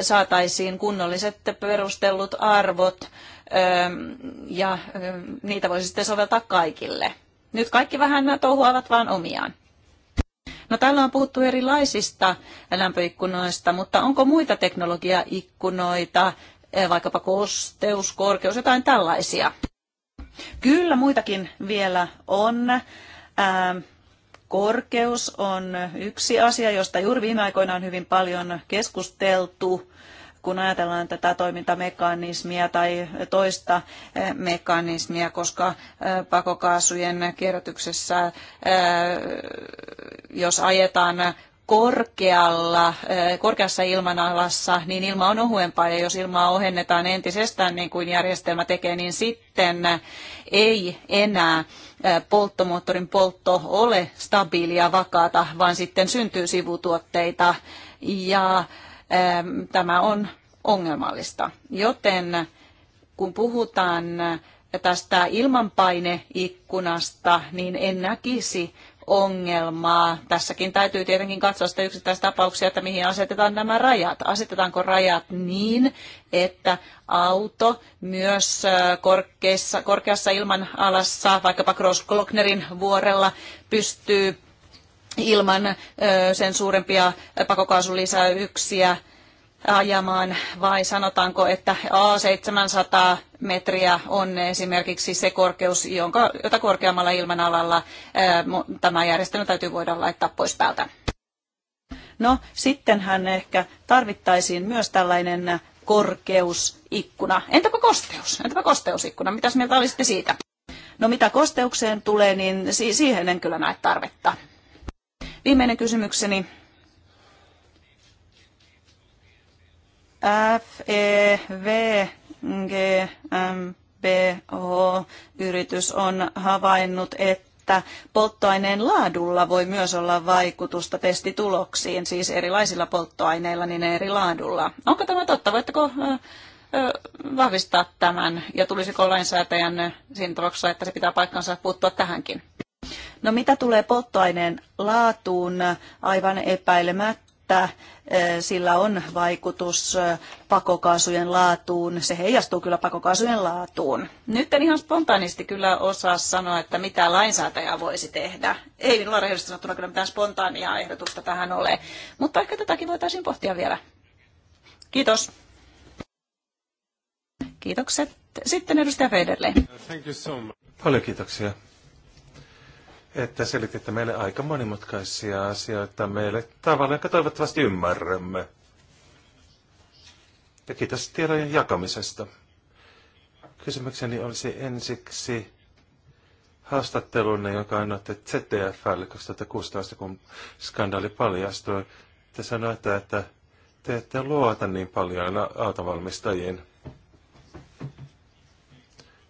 saataisiin kunnolliset perustellut arvot ja niitä voisi sitten soveltaa kaikille. Nyt kaikki vähän touhuavat vaan omiaan. No täällä on puhuttu erilaisista lämpöikkunoista, mutta onko muita teknologiaikkunoita, vaikkapa kosteus, korkeus, jotain tällaisia? Kyllä muitakin vielä on. Ähm, korkeus on yksi asia, josta juuri viime aikoina on hyvin paljon keskusteltu kun ajatellaan tätä toimintamekanismia tai toista eh, mekanismia, koska eh, pakokaasujen kierrätyksessä, eh, jos ajetaan korkealla, eh, korkeassa ilmanalassa, niin ilma on ohuempaa ja jos ilmaa ohennetaan entisestään niin kuin järjestelmä tekee, niin sitten ei enää eh, polttomoottorin poltto ole stabiilia vakaata, vaan sitten syntyy sivutuotteita ja eh, tämä on ongelmallista. Joten kun puhutaan tästä ilmanpaineikkunasta, niin en näkisi ongelmaa. Tässäkin täytyy tietenkin katsoa sitä tapauksia, että mihin asetetaan nämä rajat. Asetetaanko rajat niin, että auto myös korkeassa, korkeassa ilmanalassa, vaikkapa Grossglocknerin vuorella, pystyy ilman sen suurempia pakokaasulisäyksiä ajamaan, vai sanotaanko, että A700 metriä on esimerkiksi se korkeus, jonka, jota korkeammalla ilmanalalla tämä järjestelmä täytyy voida laittaa pois päältä. No sittenhän ehkä tarvittaisiin myös tällainen korkeusikkuna. Entäpä kosteus? Entäpä kosteusikkuna? Mitäs mieltä olisitte siitä? No mitä kosteukseen tulee, niin siihen en kyllä näe tarvetta. Viimeinen kysymykseni. E v, gmbh yritys on havainnut, että polttoaineen laadulla voi myös olla vaikutusta testituloksiin, siis erilaisilla polttoaineilla, niin eri laadulla. Onko tämä totta? Voitteko vahvistaa tämän ja tulisiko lainsäätäjän siinä tapauksessa, että se pitää paikkansa puuttua tähänkin? No mitä tulee polttoaineen laatuun, aivan epäilemättä että sillä on vaikutus pakokaasujen laatuun. Se heijastuu kyllä pakokaasujen laatuun. Nyt en ihan spontaanisti kyllä osaa sanoa, että mitä lainsäätäjä voisi tehdä. Ei minulla rehellisesti sanottuna kyllä mitään spontaania ehdotusta tähän ole, mutta ehkä tätäkin voitaisiin pohtia vielä. Kiitos. Kiitokset. Sitten edustaja Federle. Thank you so much. Paljon kiitoksia että selititte meille aika monimutkaisia asioita meille tavalla, jonka toivottavasti ymmärrämme. Ja kiitos tiedon jakamisesta. Kysymykseni olisi ensiksi haastattelunne, jonka annoitte ZDFL 2016, kun skandaali paljastui. Te sanoitte, että te ette luota niin paljon autovalmistajiin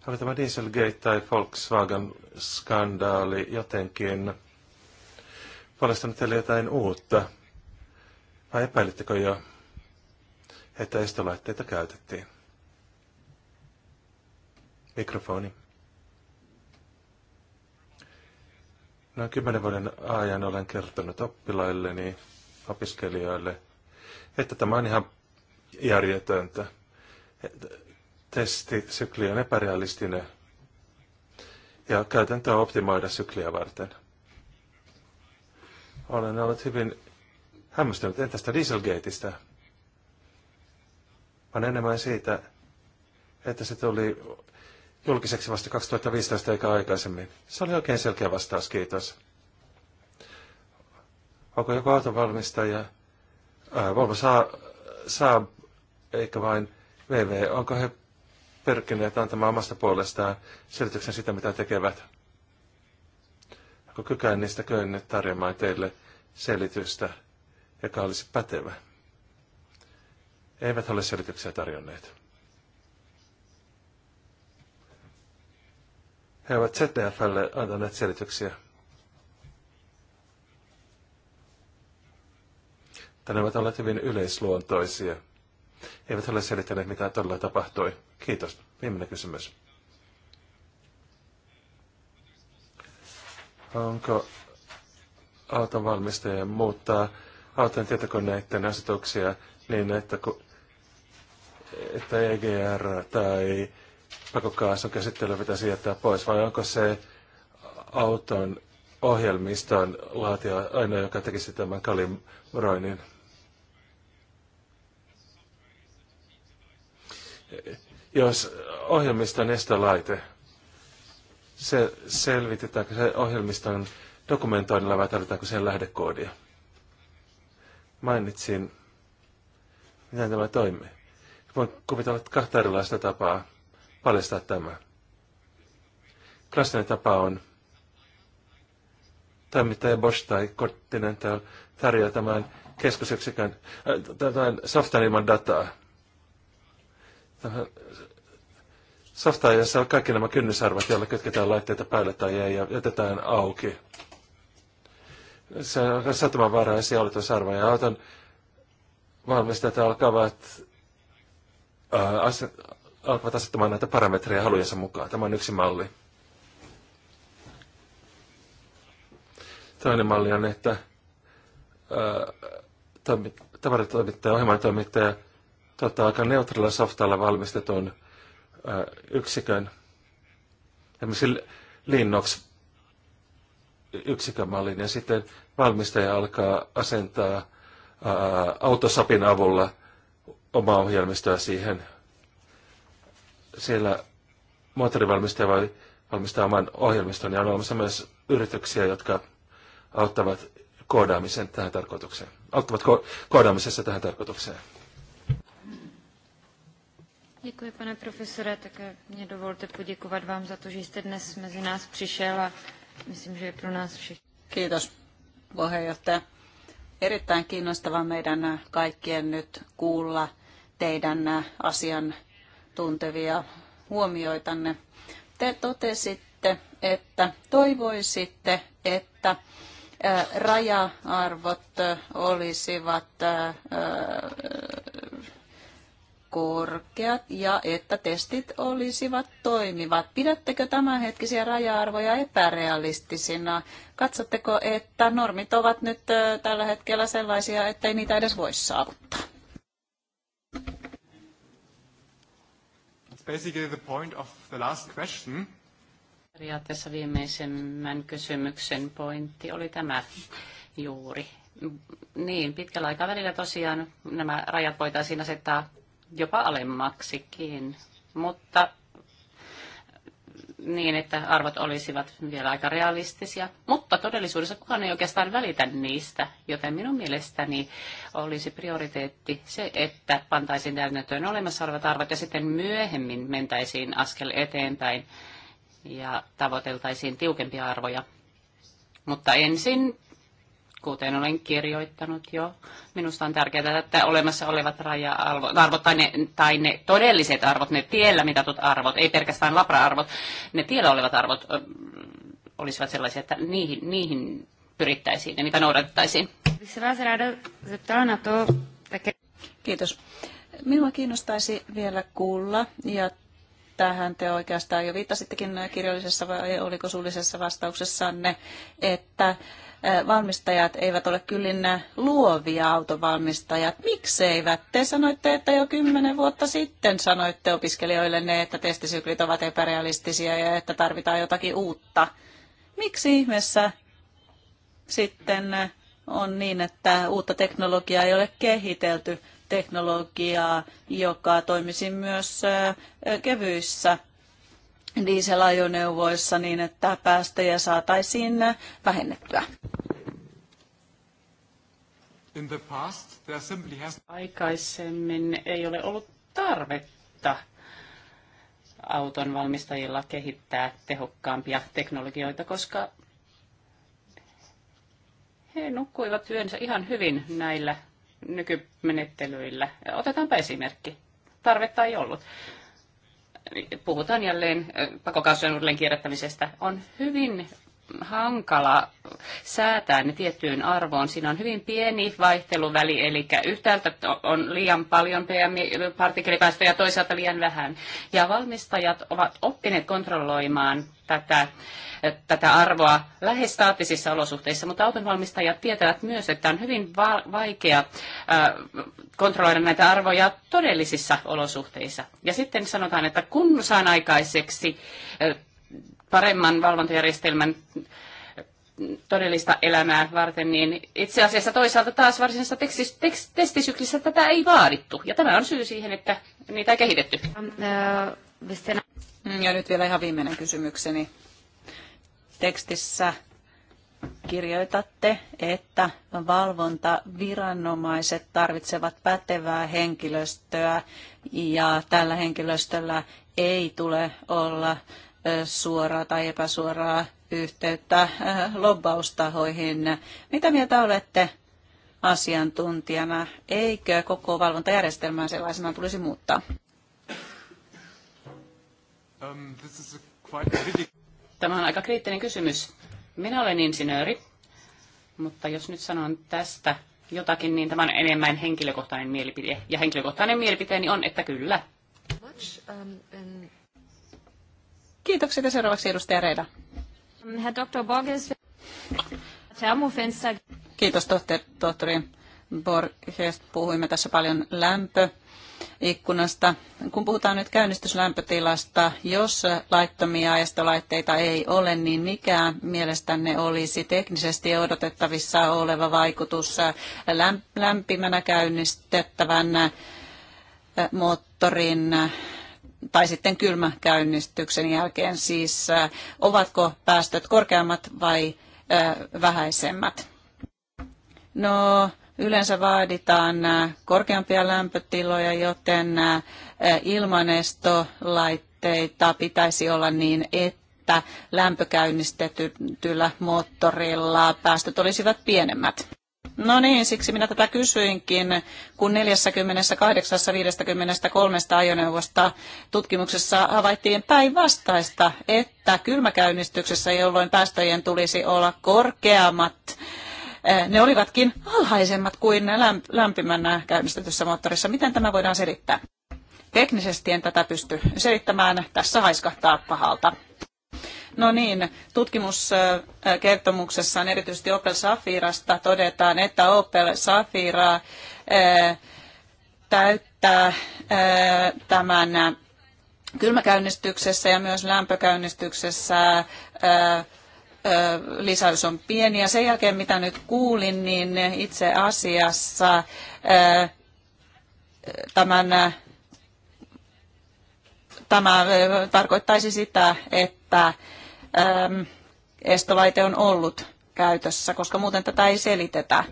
oli tämä Dieselgate tai Volkswagen-skandaali jotenkin paljastanut teille jotain uutta? Vai epäilittekö jo, että estolaitteita käytettiin? Mikrofoni. Noin kymmenen vuoden ajan olen kertonut oppilailleni, opiskelijoille, että tämä on ihan järjetöntä testi sykli on epärealistinen ja käytäntöä optimoida sykliä varten. Olen ollut hyvin hämmästynyt, en tästä Dieselgateista, vaan enemmän siitä, että se tuli julkiseksi vasta 2015 eikä aikaisemmin. Se oli oikein selkeä vastaus, kiitos. Onko joku autonvalmistaja, ää, äh, Volvo saa, saa, eikä vain VV, onko he pyrkineet antamaan omasta puolestaan selityksen sitä, mitä tekevät. Onko kykään niistä kyennyt tarjoamaan teille selitystä, joka olisi pätevä? Eivät ole selityksiä tarjonneet. He ovat ZDFlle antaneet selityksiä. Tänne ovat olleet hyvin yleisluontoisia – eivät ole selittäneet, mitä todella tapahtui. Kiitos. Viimeinen kysymys. Onko auton valmistajia muuttaa auton tietokoneiden asetuksia niin, että, ku, että EGR tai pakokaasun käsittely pitäisi jättää pois, vai onko se auton ohjelmiston laatia aina, joka tekisi tämän kalimuroinnin? jos ohjelmiston estolaite, se selvitetäänkö se ohjelmiston dokumentoinnilla vai tarvitaanko sen lähdekoodia? Mainitsin, miten tämä toimii. Voin kuvitella kahta erilaista tapaa paljastaa tämä. Klassinen tapa on toimittaja Bosch tai Continental tarjoaa tämän keskusyksikön, äh, tämän softanilman dataa – tähän softaajassa on kaikki nämä kynnysarvat, joilla kytketään laitteita päälle tai ei, ja jätetään auki. Se on satamanvaraisia oletusarvoja. Ja otan valmistajat alkavat, ää, äh, aset, alkavat asettamaan näitä parametreja halujensa mukaan. Tämä on yksi malli. Toinen malli on, että ää, äh, toimit, tavaratatoimittaja, ohjelman toimittaja, tota, aika neutraalilla softalla valmistetun ää, yksikön, tämmöisen Linux yksikömallin, ja sitten valmistaja alkaa asentaa ää, autosapin avulla omaa ohjelmistoa siihen. Siellä moottorivalmistaja voi valmistaa oman ohjelmiston, ja on olemassa myös yrityksiä, jotka auttavat koodaamisen tähän tarkoitukseen. Auttavat ko- koodaamisessa tähän tarkoitukseen. Děkuji, pane profesore. Také mě dovolte poděkovat vám za to, že jste dnes mezi nás přišel a myslím, že je pro nás všechny. Kiitos, puheenjohtaja. Erittäin kiinnostavaa meidän kaikkien nyt kuulla teidän asian tuntevia huomioitanne. Te totesitte, että toivoisitte, että raja-arvot olisivat korkeat ja että testit olisivat toimivat. Pidättekö tämänhetkisiä raja-arvoja epärealistisina? Katsotteko, että normit ovat nyt tällä hetkellä sellaisia, että ei niitä edes voi saavuttaa? Periaatteessa viimeisemmän kysymyksen pointti oli tämä juuri. Niin, pitkällä aikavälillä tosiaan nämä rajat voitaisiin asettaa jopa alemmaksikin, mutta niin, että arvot olisivat vielä aika realistisia, mutta todellisuudessa kukaan ei oikeastaan välitä niistä, joten minun mielestäni olisi prioriteetti se, että pantaisiin täytäntöön olemassa olevat arvot ja sitten myöhemmin mentäisiin askel eteenpäin ja tavoiteltaisiin tiukempia arvoja. Mutta ensin kuten olen kirjoittanut jo. Minusta on tärkeää, että olemassa olevat raja-arvot tai ne, tai ne todelliset arvot, ne tiellä mitatut arvot, ei pelkästään labra-arvot, ne tiellä olevat arvot olisivat sellaisia, että niihin, niihin pyrittäisiin ja niitä noudatettaisiin. Kiitos. Minua kiinnostaisi vielä kuulla, ja tähän te oikeastaan jo viittasittekin kirjallisessa vai oliko suullisessa vastauksessanne, että valmistajat eivät ole kyllin luovia autovalmistajat. Mikseivät? Te sanoitte, että jo kymmenen vuotta sitten sanoitte opiskelijoille ne, että testisyklit ovat epärealistisia ja että tarvitaan jotakin uutta. Miksi ihmeessä sitten on niin, että uutta teknologiaa ei ole kehitelty teknologiaa, joka toimisi myös kevyissä dieselajoneuvoissa niin, että päästöjä saataisiin vähennettyä. Aikaisemmin ei ole ollut tarvetta auton valmistajilla kehittää tehokkaampia teknologioita, koska he nukkuivat yönsä ihan hyvin näillä nykymenettelyillä. Otetaanpa esimerkki. Tarvetta ei ollut puhutaan jälleen äh, pakokaasujen uudelleen kierrättämisestä. On hyvin hankala säätää ne tiettyyn arvoon. Siinä on hyvin pieni vaihteluväli, eli yhtäältä on liian paljon pm ja toisaalta liian vähän. Ja valmistajat ovat oppineet kontrolloimaan tätä, tätä arvoa lähes staattisissa olosuhteissa, mutta autonvalmistajat tietävät myös, että on hyvin va- vaikea ää, kontrolloida näitä arvoja todellisissa olosuhteissa. Ja sitten sanotaan, että kun saan aikaiseksi ää, paremman valvontajärjestelmän todellista elämää varten, niin itse asiassa toisaalta taas varsinaisessa tekstis, tekst, testisyklissä tätä ei vaadittu. Ja tämä on syy siihen, että niitä ei kehitetty. Ähm, äh, mm, ja nyt vielä ihan viimeinen kysymykseni. Tekstissä kirjoitatte, että valvontaviranomaiset tarvitsevat pätevää henkilöstöä ja tällä henkilöstöllä ei tule olla suoraa tai epäsuoraa yhteyttä lobbaustahoihin. Mitä mieltä olette asiantuntijana? Eikö koko valvontajärjestelmää sellaisena tulisi muuttaa? Um, tämä on aika kriittinen kysymys. Minä olen insinööri, mutta jos nyt sanon tästä jotakin, niin tämä on enemmän henkilökohtainen mielipide. Ja henkilökohtainen mielipiteeni on, että kyllä. Much, um, Kiitokset ja seuraavaksi edustaja Reina. Herr Dr. Borges, Thermofenster. Kiitos tohtori, Borges. Puhuimme tässä paljon lämpö ikkunasta. Kun puhutaan nyt käynnistyslämpötilasta, jos laittomia ajastolaitteita ei ole, niin mikä mielestänne olisi teknisesti odotettavissa oleva vaikutus lämpimänä käynnistettävän eh, moottorin tai sitten kylmäkäynnistyksen jälkeen siis, äh, ovatko päästöt korkeammat vai äh, vähäisemmät. No, yleensä vaaditaan äh, korkeampia lämpötiloja, joten ilmanestolaitteita pitäisi olla niin, että lämpökäynnistetyllä moottorilla päästöt olisivat pienemmät. No niin, siksi minä tätä kysyinkin, kun 48-53 ajoneuvosta tutkimuksessa havaittiin päinvastaista, että kylmäkäynnistyksessä, jolloin päästöjen tulisi olla korkeammat, eh, ne olivatkin alhaisemmat kuin lämpimänä käynnistetyssä moottorissa. Miten tämä voidaan selittää? Teknisesti en tätä pysty selittämään. Tässä haiskahtaa pahalta. No niin, on erityisesti Opel Safirasta todetaan, että Opel Safira eh, täyttää eh, tämän eh, kylmäkäynnistyksessä ja myös lämpökäynnistyksessä lisäys on pieni. Ja sen jälkeen, mitä nyt kuulin, niin itse asiassa tämän Tämä tarkoittaisi sitä, että estolaite on ollut käytössä, koska muuten tätä ei selitetä.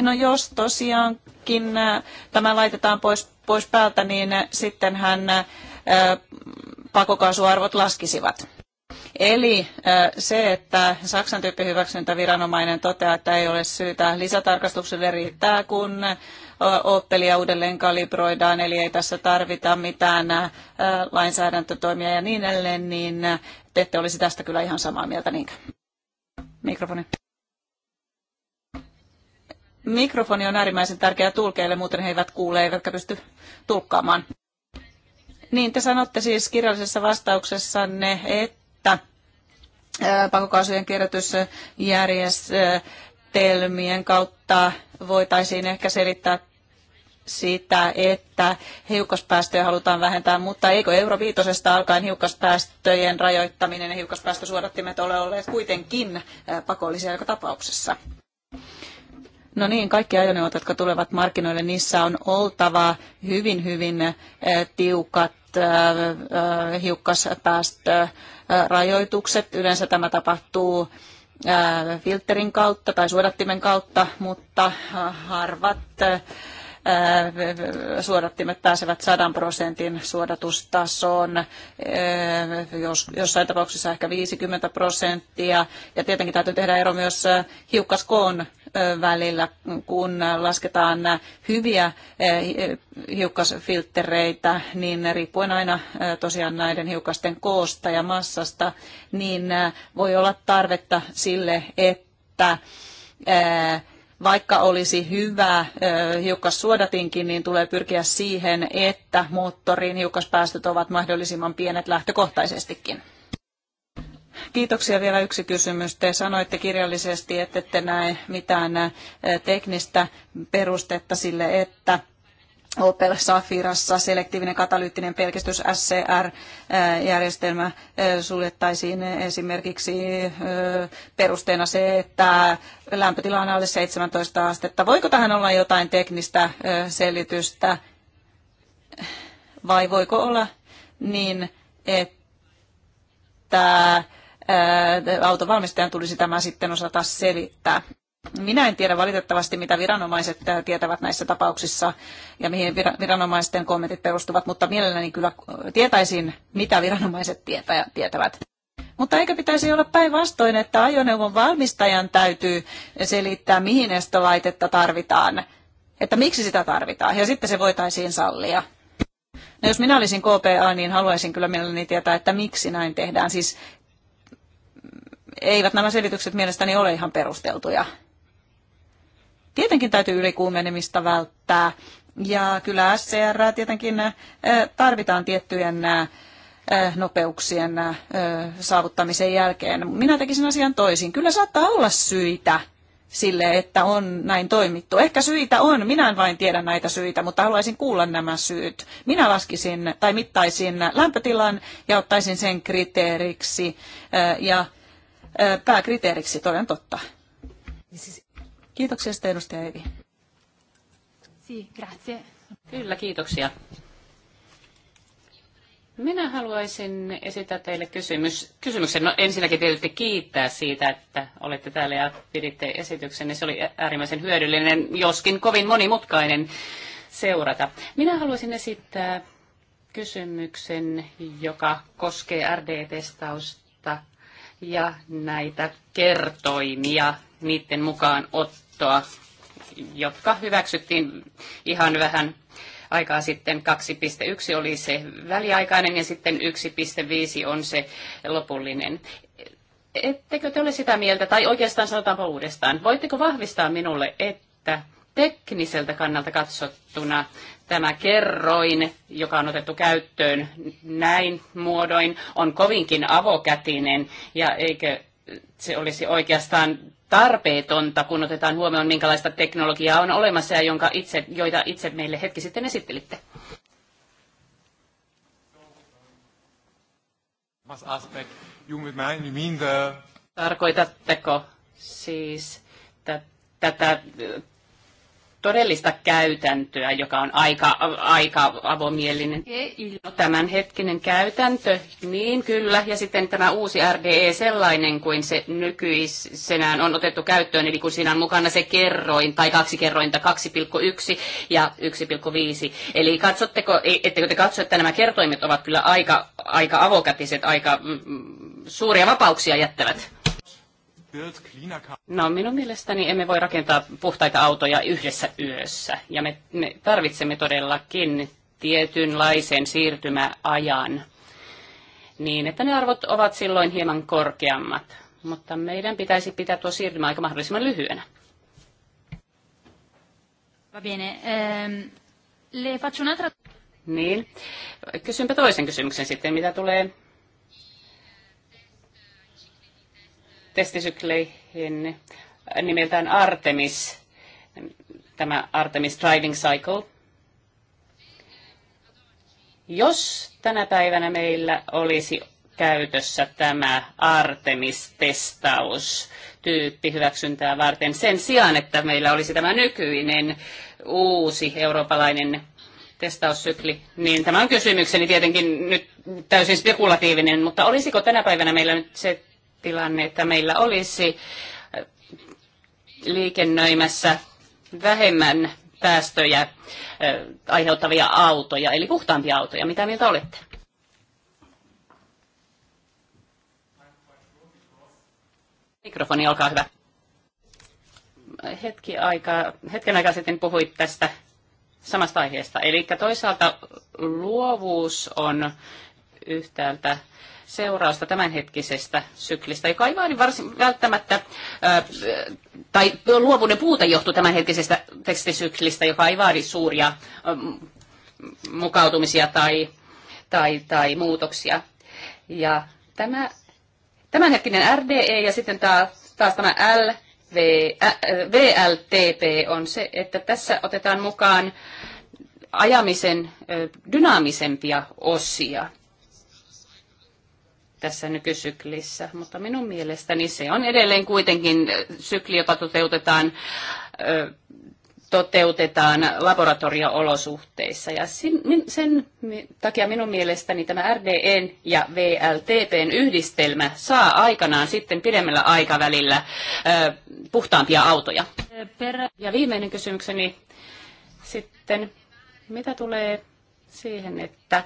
No jos tosiaankin tämä laitetaan pois, pois päältä, niin sittenhän pakokaasuarvot laskisivat. Eli se, että Saksan tyyppihyväksyntäviranomainen toteaa, että ei ole syytä lisätarkastukselle riittää, kun oppelia uudelleen kalibroidaan, eli ei tässä tarvita mitään lainsäädäntötoimia ja niin edelleen, niin te ette olisi tästä kyllä ihan samaa mieltä, niinkö? Mikrofoni. Mikrofoni on äärimmäisen tärkeä tulkeille, muuten he eivät kuule eivätkä pysty tulkkaamaan. Niin, te sanotte siis kirjallisessa vastauksessanne, että että pakokaasujen kierrätysjärjestelmien kautta voitaisiin ehkä selittää sitä, että hiukkaspäästöjä halutaan vähentää, mutta eikö euro viitosesta alkaen hiukkaspäästöjen rajoittaminen ja hiukkaspäästösuodattimet ole olleet kuitenkin pakollisia joka tapauksessa? No niin, kaikki ajoneuvot, jotka tulevat markkinoille, niissä on oltava hyvin, hyvin tiukat hiukkaspäästö rajoitukset. Yleensä tämä tapahtuu filterin kautta tai suodattimen kautta, mutta harvat Äh, suodattimet pääsevät 100 prosentin suodatustasoon, äh, jos, jossain tapauksessa ehkä 50 prosenttia. Ja tietenkin täytyy tehdä ero myös äh, hiukkaskoon välillä, kun lasketaan hyviä hiukkasfilttereitä, niin riippuen aina tosiaan näiden hiukkasten koosta ja massasta, niin voi olla tarvetta sille, että vaikka olisi hyvä hiukkassuodatinkin, suodatinkin, niin tulee pyrkiä siihen, että moottorin hiukkaspäästöt ovat mahdollisimman pienet lähtökohtaisestikin. Kiitoksia vielä yksi kysymys. Te sanoitte kirjallisesti, että ette näe mitään teknistä perustetta sille, että Opel Safirassa selektiivinen katalyyttinen pelkistys SCR-järjestelmä eh, eh, suljettaisiin esimerkiksi eh, perusteena se, että lämpötila on alle 17 astetta. Voiko tähän olla jotain teknistä selitystä vai voiko olla niin, että autovalmistajan tulisi tämä sitten osata selittää? Minä en tiedä valitettavasti, mitä viranomaiset äh, tietävät näissä tapauksissa ja mihin viranomaisten kommentit perustuvat, mutta mielelläni kyllä äh, tietäisin, mitä viranomaiset tietävät. Mutta eikö pitäisi olla päinvastoin, että ajoneuvon valmistajan täytyy selittää, mihin estolaitetta tarvitaan, että miksi sitä tarvitaan, ja sitten se voitaisiin sallia. No jos minä olisin KPA, niin haluaisin kyllä mielelläni tietää, että miksi näin tehdään. Siis mm, eivät nämä selitykset mielestäni ole ihan perusteltuja. Tietenkin täytyy ylikuumenemista välttää. Ja kyllä SCR tietenkin tarvitaan tiettyjen nopeuksien saavuttamisen jälkeen. Minä tekisin asian toisin. Kyllä saattaa olla syitä sille, että on näin toimittu. Ehkä syitä on, minä en vain tiedä näitä syitä, mutta haluaisin kuulla nämä syyt. Minä laskisin tai mittaisin lämpötilan ja ottaisin sen kriteeriksi ja pääkriteeriksi, toden totta. Kiitoksia sitten edustaja Evi. Si, grazie. Kyllä, kiitoksia. Minä haluaisin esittää teille kysymys, kysymyksen. No, ensinnäkin tietysti kiittää siitä, että olette täällä ja piditte esityksen. Niin se oli äärimmäisen hyödyllinen, joskin kovin monimutkainen seurata. Minä haluaisin esittää kysymyksen, joka koskee RD-testausta ja näitä kertoimia, niiden mukaan ottaa neuvostoa, jotka hyväksyttiin ihan vähän aikaa sitten 2.1 oli se väliaikainen ja sitten 1.5 on se lopullinen. Ettekö te ole sitä mieltä, tai oikeastaan sanotaanpa uudestaan, voitteko vahvistaa minulle, että tekniseltä kannalta katsottuna tämä kerroin, joka on otettu käyttöön näin muodoin, on kovinkin avokätinen ja eikö se olisi oikeastaan tarpeetonta, kun otetaan huomioon, minkälaista teknologiaa on olemassa ja jonka itse, joita itse meille hetki sitten esittelitte. Tarkoitatteko siis tätä todellista käytäntöä, joka on aika, aika avomielinen. tämän hetkinen käytäntö, niin kyllä, ja sitten tämä uusi RDE sellainen kuin se nykyisenään on otettu käyttöön, eli kun siinä on mukana se kerroin tai kaksi kerrointa, 2,1 ja 1,5. Eli katsotteko, ettekö te katso, että nämä kertoimet ovat kyllä aika, aika avokätiset, aika mm, mm suuria vapauksia jättävät? No minun mielestäni emme voi rakentaa puhtaita autoja yhdessä yössä. Ja me, me tarvitsemme todellakin tietynlaisen siirtymäajan niin, että ne arvot ovat silloin hieman korkeammat. Mutta meidän pitäisi pitää tuo siirtymäaika mahdollisimman lyhyenä. Va bene. Ehm, le faccio un'altra... Niin. Kysynpä toisen kysymyksen sitten, mitä tulee testisykleihin nimeltään Artemis, tämä Artemis Driving Cycle. Jos tänä päivänä meillä olisi käytössä tämä Artemis-testaus tyyppi hyväksyntää varten sen sijaan, että meillä olisi tämä nykyinen uusi eurooppalainen testaussykli, niin tämä on kysymykseni tietenkin nyt täysin spekulatiivinen, mutta olisiko tänä päivänä meillä nyt se tilanne, että meillä olisi liikennöimässä vähemmän päästöjä aiheuttavia autoja, eli puhtaampia autoja. Mitä mieltä olette? Mikrofoni, olkaa hyvä. Hetki aikaa, hetken aikaa sitten puhuit tästä samasta aiheesta. Eli toisaalta luovuus on yhtäältä seurausta tämänhetkisestä syklistä, joka ei vain varsin välttämättä, ää, tai luovuuden puute johtuu tämänhetkisestä tekstisyklistä, joka ei vaadi suuria ä, mukautumisia tai, tai, tai muutoksia. Ja tämä, tämänhetkinen RDE ja sitten taas, taas tämä L, VLTP on se, että tässä otetaan mukaan ajamisen dynaamisempia osia tässä nykysyklissä, mutta minun mielestäni se on edelleen kuitenkin sykli, jota toteutetaan toteutetaan laboratorioolosuhteissa. Ja sen takia minun mielestäni tämä RDN ja VLTPn yhdistelmä saa aikanaan sitten pidemmällä aikavälillä puhtaampia autoja. Ja viimeinen kysymykseni sitten, mitä tulee siihen, että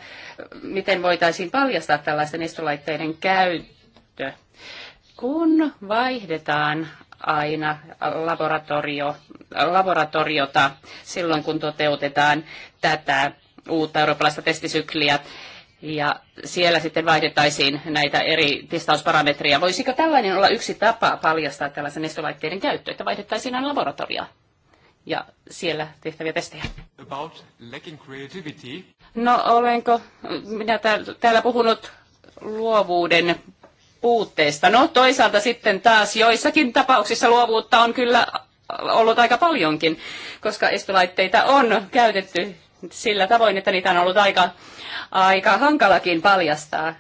miten voitaisiin paljastaa tällaisten estolaitteiden käyttö, kun vaihdetaan aina laboratorio, laboratoriota silloin, kun toteutetaan tätä uutta eurooppalaista testisykliä. Ja siellä sitten vaihdettaisiin näitä eri testausparametreja. Voisiko tällainen olla yksi tapa paljastaa tällaisen nestolaitteiden käyttö, että vaihdettaisiin aina laboratorioa? ja siellä tehtäviä testejä. About lacking creativity. No olenko minä täällä puhunut luovuuden puutteesta? No toisaalta sitten taas joissakin tapauksissa luovuutta on kyllä ollut aika paljonkin, koska estolaitteita on käytetty sillä tavoin, että niitä on ollut aika, aika hankalakin paljastaa.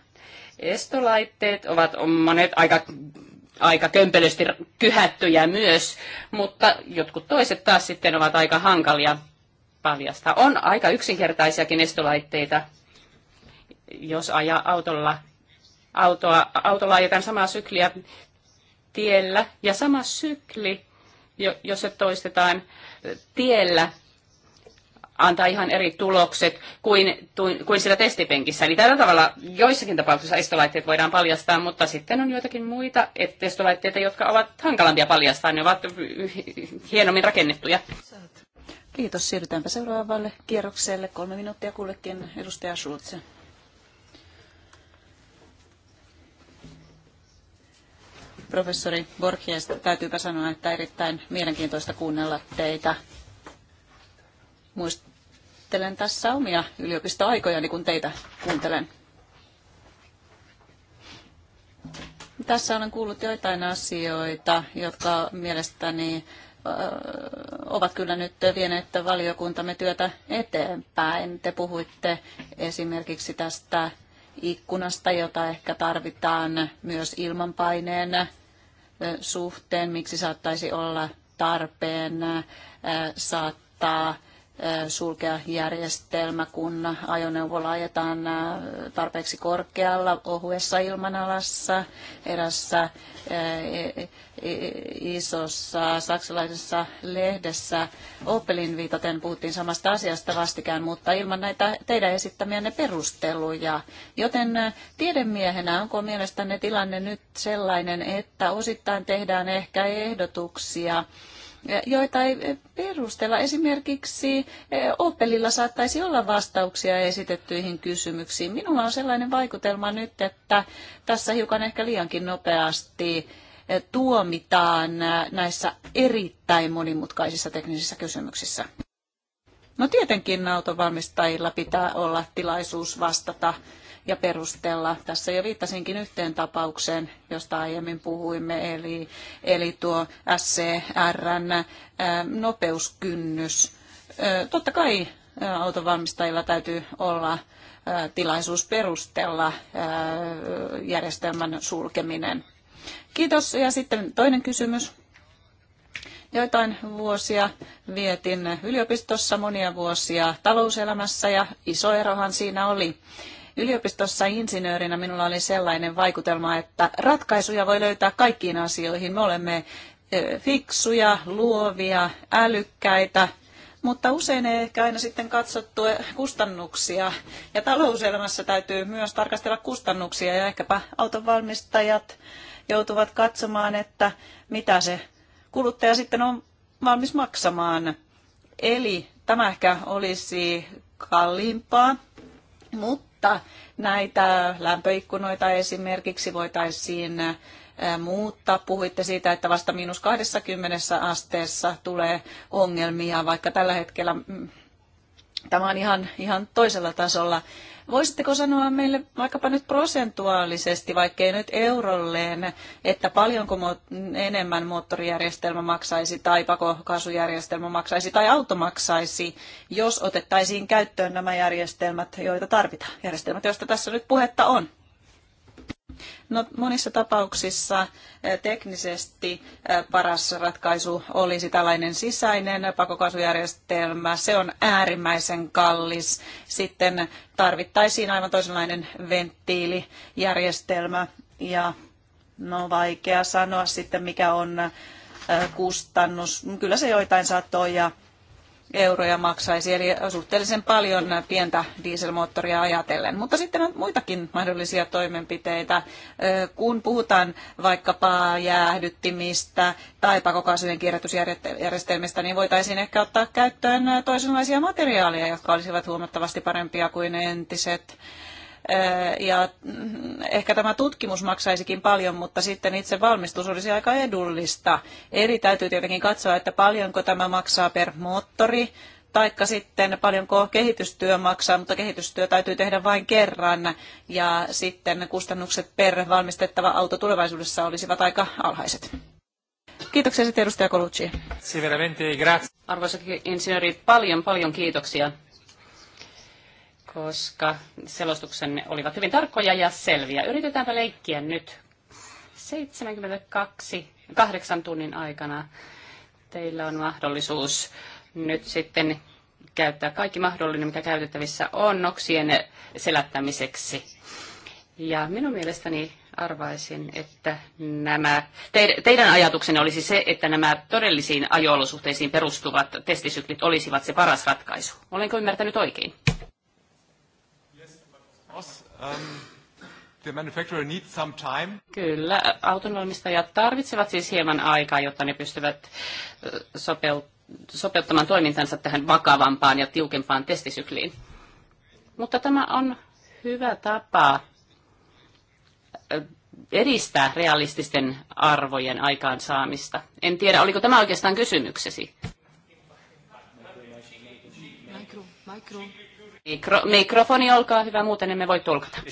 Estolaitteet ovat monet aika aika kömpelösti kyhättyjä myös, mutta jotkut toiset taas sitten ovat aika hankalia paljasta. On aika yksinkertaisiakin estolaitteita, jos ajaa autolla, autoa, autolla ajetaan samaa sykliä tiellä ja sama sykli, jos se toistetaan tiellä antaa ihan eri tulokset kuin, kuin sillä testipenkissä. Eli tällä tavalla joissakin tapauksissa estolaitteet voidaan paljastaa, mutta sitten on joitakin muita estolaitteita, jotka ovat hankalampia paljastaa. Ne ovat hienommin rakennettuja. Kiitos. Siirrytäänpä seuraavalle kierrokselle. Kolme minuuttia kullekin edustaja Schulze. Professori Borges, täytyypä sanoa, että erittäin mielenkiintoista kuunnella teitä Muistelen tässä omia yliopistoaikoja, kun teitä kuuntelen. Tässä olen kuullut joitain asioita, jotka mielestäni äh, ovat kyllä nyt vieneet valiokuntamme työtä eteenpäin. Te puhuitte esimerkiksi tästä ikkunasta, jota ehkä tarvitaan myös ilmanpaineen äh, suhteen, miksi saattaisi olla tarpeen äh, saattaa sulkea järjestelmä, kun ajoneuvolla ajetaan tarpeeksi korkealla, ohuessa ilmanalassa, erässä e, e, e, isossa saksalaisessa lehdessä Opelin viitaten puhuttiin samasta asiasta vastikään, mutta ilman näitä teidän esittämiänne perusteluja. Joten tiedemiehenä onko mielestäni tilanne nyt sellainen, että osittain tehdään ehkä ehdotuksia, joita ei perustella. Esimerkiksi e, Opelilla saattaisi olla vastauksia esitettyihin kysymyksiin. Minulla on sellainen vaikutelma nyt, että tässä hiukan ehkä liiankin nopeasti e, tuomitaan e, näissä erittäin monimutkaisissa teknisissä kysymyksissä. No tietenkin autovalmistajilla pitää olla tilaisuus vastata ja perustella. Tässä jo viittasinkin yhteen tapaukseen, josta aiemmin puhuimme, eli, eli tuo SCRn nopeuskynnys. Totta kai autonvalmistajilla täytyy olla tilaisuus perustella järjestelmän sulkeminen. Kiitos. Ja sitten toinen kysymys. Joitain vuosia vietin yliopistossa, monia vuosia talouselämässä ja iso erohan siinä oli. Yliopistossa insinöörinä minulla oli sellainen vaikutelma, että ratkaisuja voi löytää kaikkiin asioihin. Me olemme fiksuja, luovia, älykkäitä, mutta usein ei ehkä aina sitten katsottu kustannuksia. Ja talouselämässä täytyy myös tarkastella kustannuksia ja ehkäpä autonvalmistajat joutuvat katsomaan, että mitä se kuluttaja sitten on valmis maksamaan. Eli tämä ehkä olisi kalliimpaa, mutta jotta näitä lämpöikkunoita esimerkiksi voitaisiin muuttaa. Puhuitte siitä, että vasta miinus 20 asteessa tulee ongelmia, vaikka tällä hetkellä mm, tämä on ihan, ihan toisella tasolla. Voisitteko sanoa meille vaikkapa nyt prosentuaalisesti, vaikkei nyt eurolleen, että paljonko enemmän moottorijärjestelmä maksaisi tai pakokaasujärjestelmä maksaisi tai auto maksaisi, jos otettaisiin käyttöön nämä järjestelmät, joita tarvitaan, järjestelmät, joista tässä nyt puhetta on? No, monissa tapauksissa eh, teknisesti eh, paras ratkaisu olisi tällainen sisäinen pakokaasujärjestelmä. Se on äärimmäisen kallis. Sitten tarvittaisiin aivan toisenlainen venttiilijärjestelmä ja no vaikea sanoa sitten mikä on eh, kustannus. Kyllä se joitain satoja euroja maksaisi, eli suhteellisen paljon pientä dieselmoottoria ajatellen. Mutta sitten on muitakin mahdollisia toimenpiteitä, kun puhutaan vaikkapa jäähdyttimistä tai pakokaasujen kierrätysjärjestelmistä, niin voitaisiin ehkä ottaa käyttöön toisenlaisia materiaaleja, jotka olisivat huomattavasti parempia kuin entiset ja mm, ehkä tämä tutkimus maksaisikin paljon, mutta sitten itse valmistus olisi aika edullista. Eri täytyy tietenkin katsoa, että paljonko tämä maksaa per moottori, taikka sitten paljonko kehitystyö maksaa, mutta kehitystyö täytyy tehdä vain kerran, ja sitten kustannukset per valmistettava auto tulevaisuudessa olisivat aika alhaiset. Kiitoksia sitten edustaja Colucci. Arvoisa insinööri, paljon paljon kiitoksia koska selostuksenne olivat hyvin tarkkoja ja selviä. Yritetäänpä leikkiä nyt 72 kahdeksan tunnin aikana. Teillä on mahdollisuus nyt sitten käyttää kaikki mahdollinen, mikä käytettävissä on noksien selättämiseksi. Ja minun mielestäni arvaisin, että nämä, teidän ajatuksenne olisi se, että nämä todellisiin ajo-olosuhteisiin perustuvat testisyklit olisivat se paras ratkaisu. Olenko ymmärtänyt oikein? the ähm, manufacturer needs some time. Kyllä, autonvalmistajat tarvitsevat siis hieman aikaa, jotta ne pystyvät sopeuttamaan toimintansa tähän vakavampaan ja tiukempaan testisykliin. Mutta tämä on hyvä tapa edistää realististen arvojen aikaansaamista. En tiedä, oliko tämä oikeastaan kysymyksesi? Mikro, mikro. Mikro, mikrofoni, olkaa hyvä, muuten emme voi tulkata.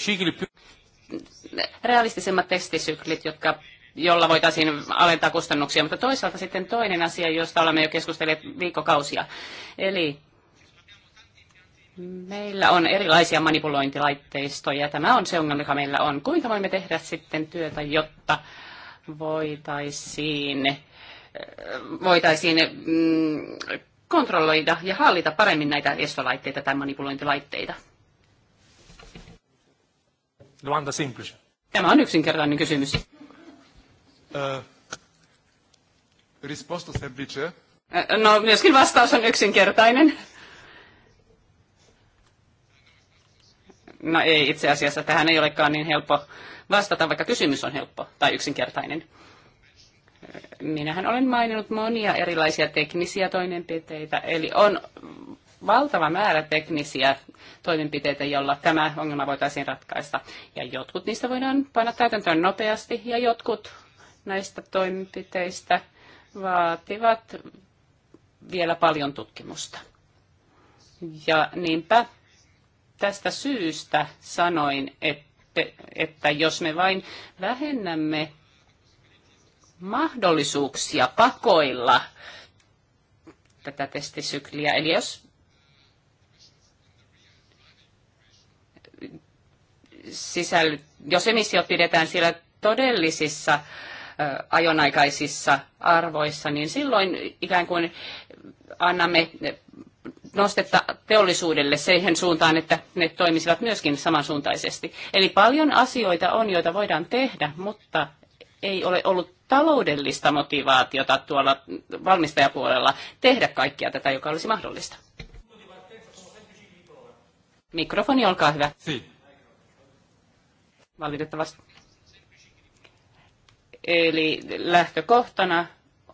Realistisemmat testisyklit, jotka jolla voitaisiin alentaa kustannuksia, mutta toisaalta sitten toinen asia, josta olemme jo keskustelleet viikkokausia. Eli meillä on erilaisia manipulointilaitteistoja. Tämä on se ongelma, joka meillä on. Kuinka voimme tehdä sitten työtä, jotta voitaisiin voitaisiin mm, kontrolloida ja hallita paremmin näitä estolaitteita tai manipulointilaitteita? Tämä on yksinkertainen kysymys. Uh, No, myöskin vastaus on yksinkertainen. No ei, itse asiassa tähän ei olekaan niin helppo vastata, vaikka kysymys on helppo tai yksinkertainen minähän olen maininnut monia erilaisia teknisiä toimenpiteitä, eli on valtava määrä teknisiä toimenpiteitä, joilla tämä ongelma voitaisiin ratkaista. Ja jotkut niistä voidaan panna täytäntöön nopeasti, ja jotkut näistä toimenpiteistä vaativat vielä paljon tutkimusta. Ja niinpä tästä syystä sanoin, että, että jos me vain vähennämme mahdollisuuksia pakoilla tätä testisykliä. Eli jos sisälly, jos emissio pidetään siellä todellisissa ajonaikaisissa arvoissa, niin silloin ikään kuin annamme nostetta teollisuudelle siihen suuntaan, että ne toimisivat myöskin samansuuntaisesti. Eli paljon asioita on, joita voidaan tehdä, mutta ei ole ollut taloudellista motivaatiota tuolla valmistajapuolella tehdä kaikkia tätä, joka olisi mahdollista? Mikrofoni, olkaa hyvä. Si. Valitettavasti. Eli lähtökohtana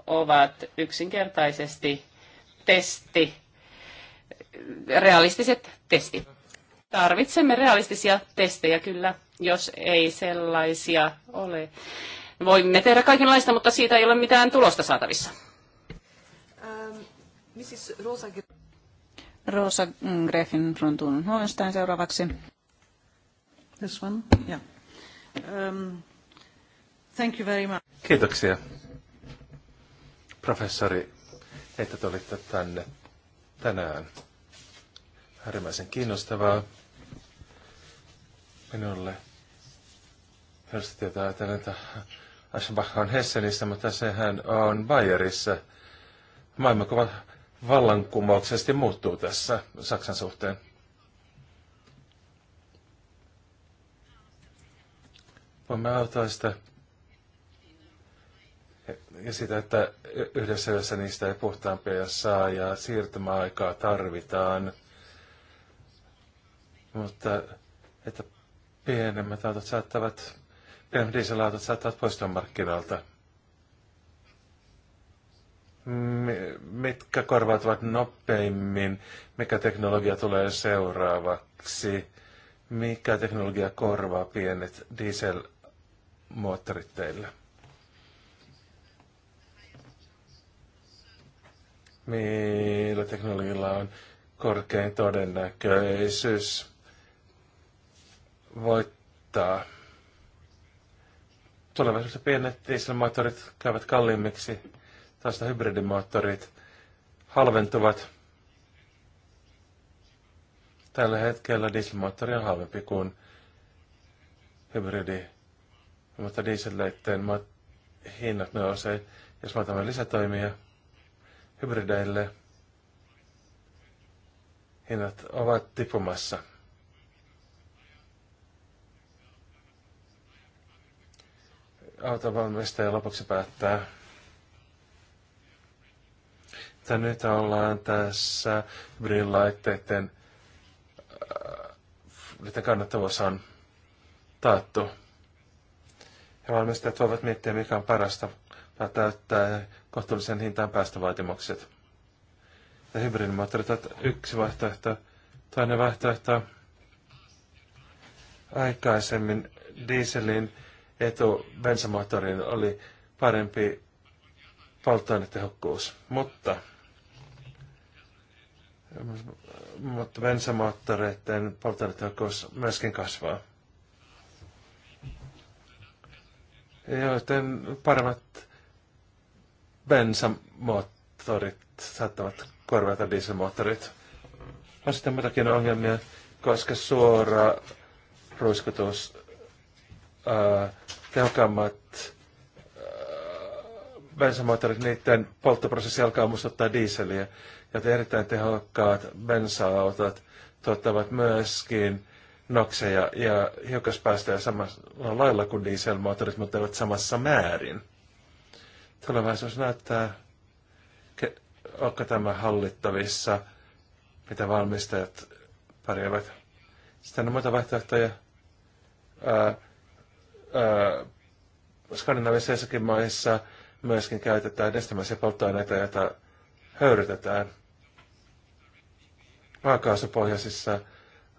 ovat yksinkertaisesti testi, realistiset testit. Tarvitsemme realistisia testejä kyllä, jos ei sellaisia ole, Voimme tehdä kaikenlaista, mutta siitä ei ole mitään tulosta saatavissa. Ähm, Rosa Greffin from Tunnun Hohenstein seuraavaksi. This one? Yeah. Um, thank you very much. Kiitoksia, professori, että tulitte tänne tänään. Äärimmäisen kiinnostavaa minulle. Jos tietää, että Aschenbach on Hessenissä, mutta sehän on Bayerissa. Maailmankuva vallankumouksesti muuttuu tässä Saksan suhteen. Voimme autoista ja sitä, että yhdessä yössä niistä ei puhtaampia saa ja siirtymäaikaa tarvitaan. Mutta että pienemmät autot saattavat dieselautot saattavat poistua markkinoilta. Mitkä korvautuvat nopeimmin? Mikä teknologia tulee seuraavaksi? Mikä teknologia korvaa pienet dieselmoottorit teille? Millä teknologialla on korkein todennäköisyys voittaa? Tulevaisuudessa pienet dieselmoottorit käyvät kalliimmiksi, taas hybridimoottorit halventuvat. Tällä hetkellä dieselmoottori on halvempi kuin hybridi, mutta dieselleitteen hinnat nousee. Jos me otamme lisätoimia hybrideille, hinnat ovat tipumassa. autovalmistaja lopuksi päättää, että nyt ollaan tässä hybridilaitteiden äh, niiden kannattavuus on taattu. Ja valmistajat voivat miettiä, mikä on parasta ja täyttää kohtuullisen hintaan päästövaatimukset. Ja hybridimoottorit ovat yksi vaihtoehto. Toinen vaihtoehto aikaisemmin dieselin etu bensamoottorin oli parempi polttoainetehokkuus. Mutta, mutta bensamoottoreiden polttoainetehokkuus myöskin kasvaa. Joten paremmat bensamoottorit saattavat korvata dieselmoottorit. On sitten muitakin ongelmia, koska suora ruiskutus Äh, tehokkaammat äh, bensamoottorit, niiden polttoprosessi alkaa muistuttaa diiseliä, joten erittäin tehokkaat bensa-autot tuottavat myöskin nokseja ja hiukkaspäästöjä samalla lailla kuin dieselmoottorit, mutta eivät samassa määrin. Tulevaisuus näyttää, onko tämä hallittavissa, mitä valmistajat pärjäävät. Sitten on muita vaihtoehtoja. Ää, äh, skandinaavisessakin maissa myöskin käytetään nestemäisiä polttoaineita, joita höyrytetään. Maakaasupohjaisissa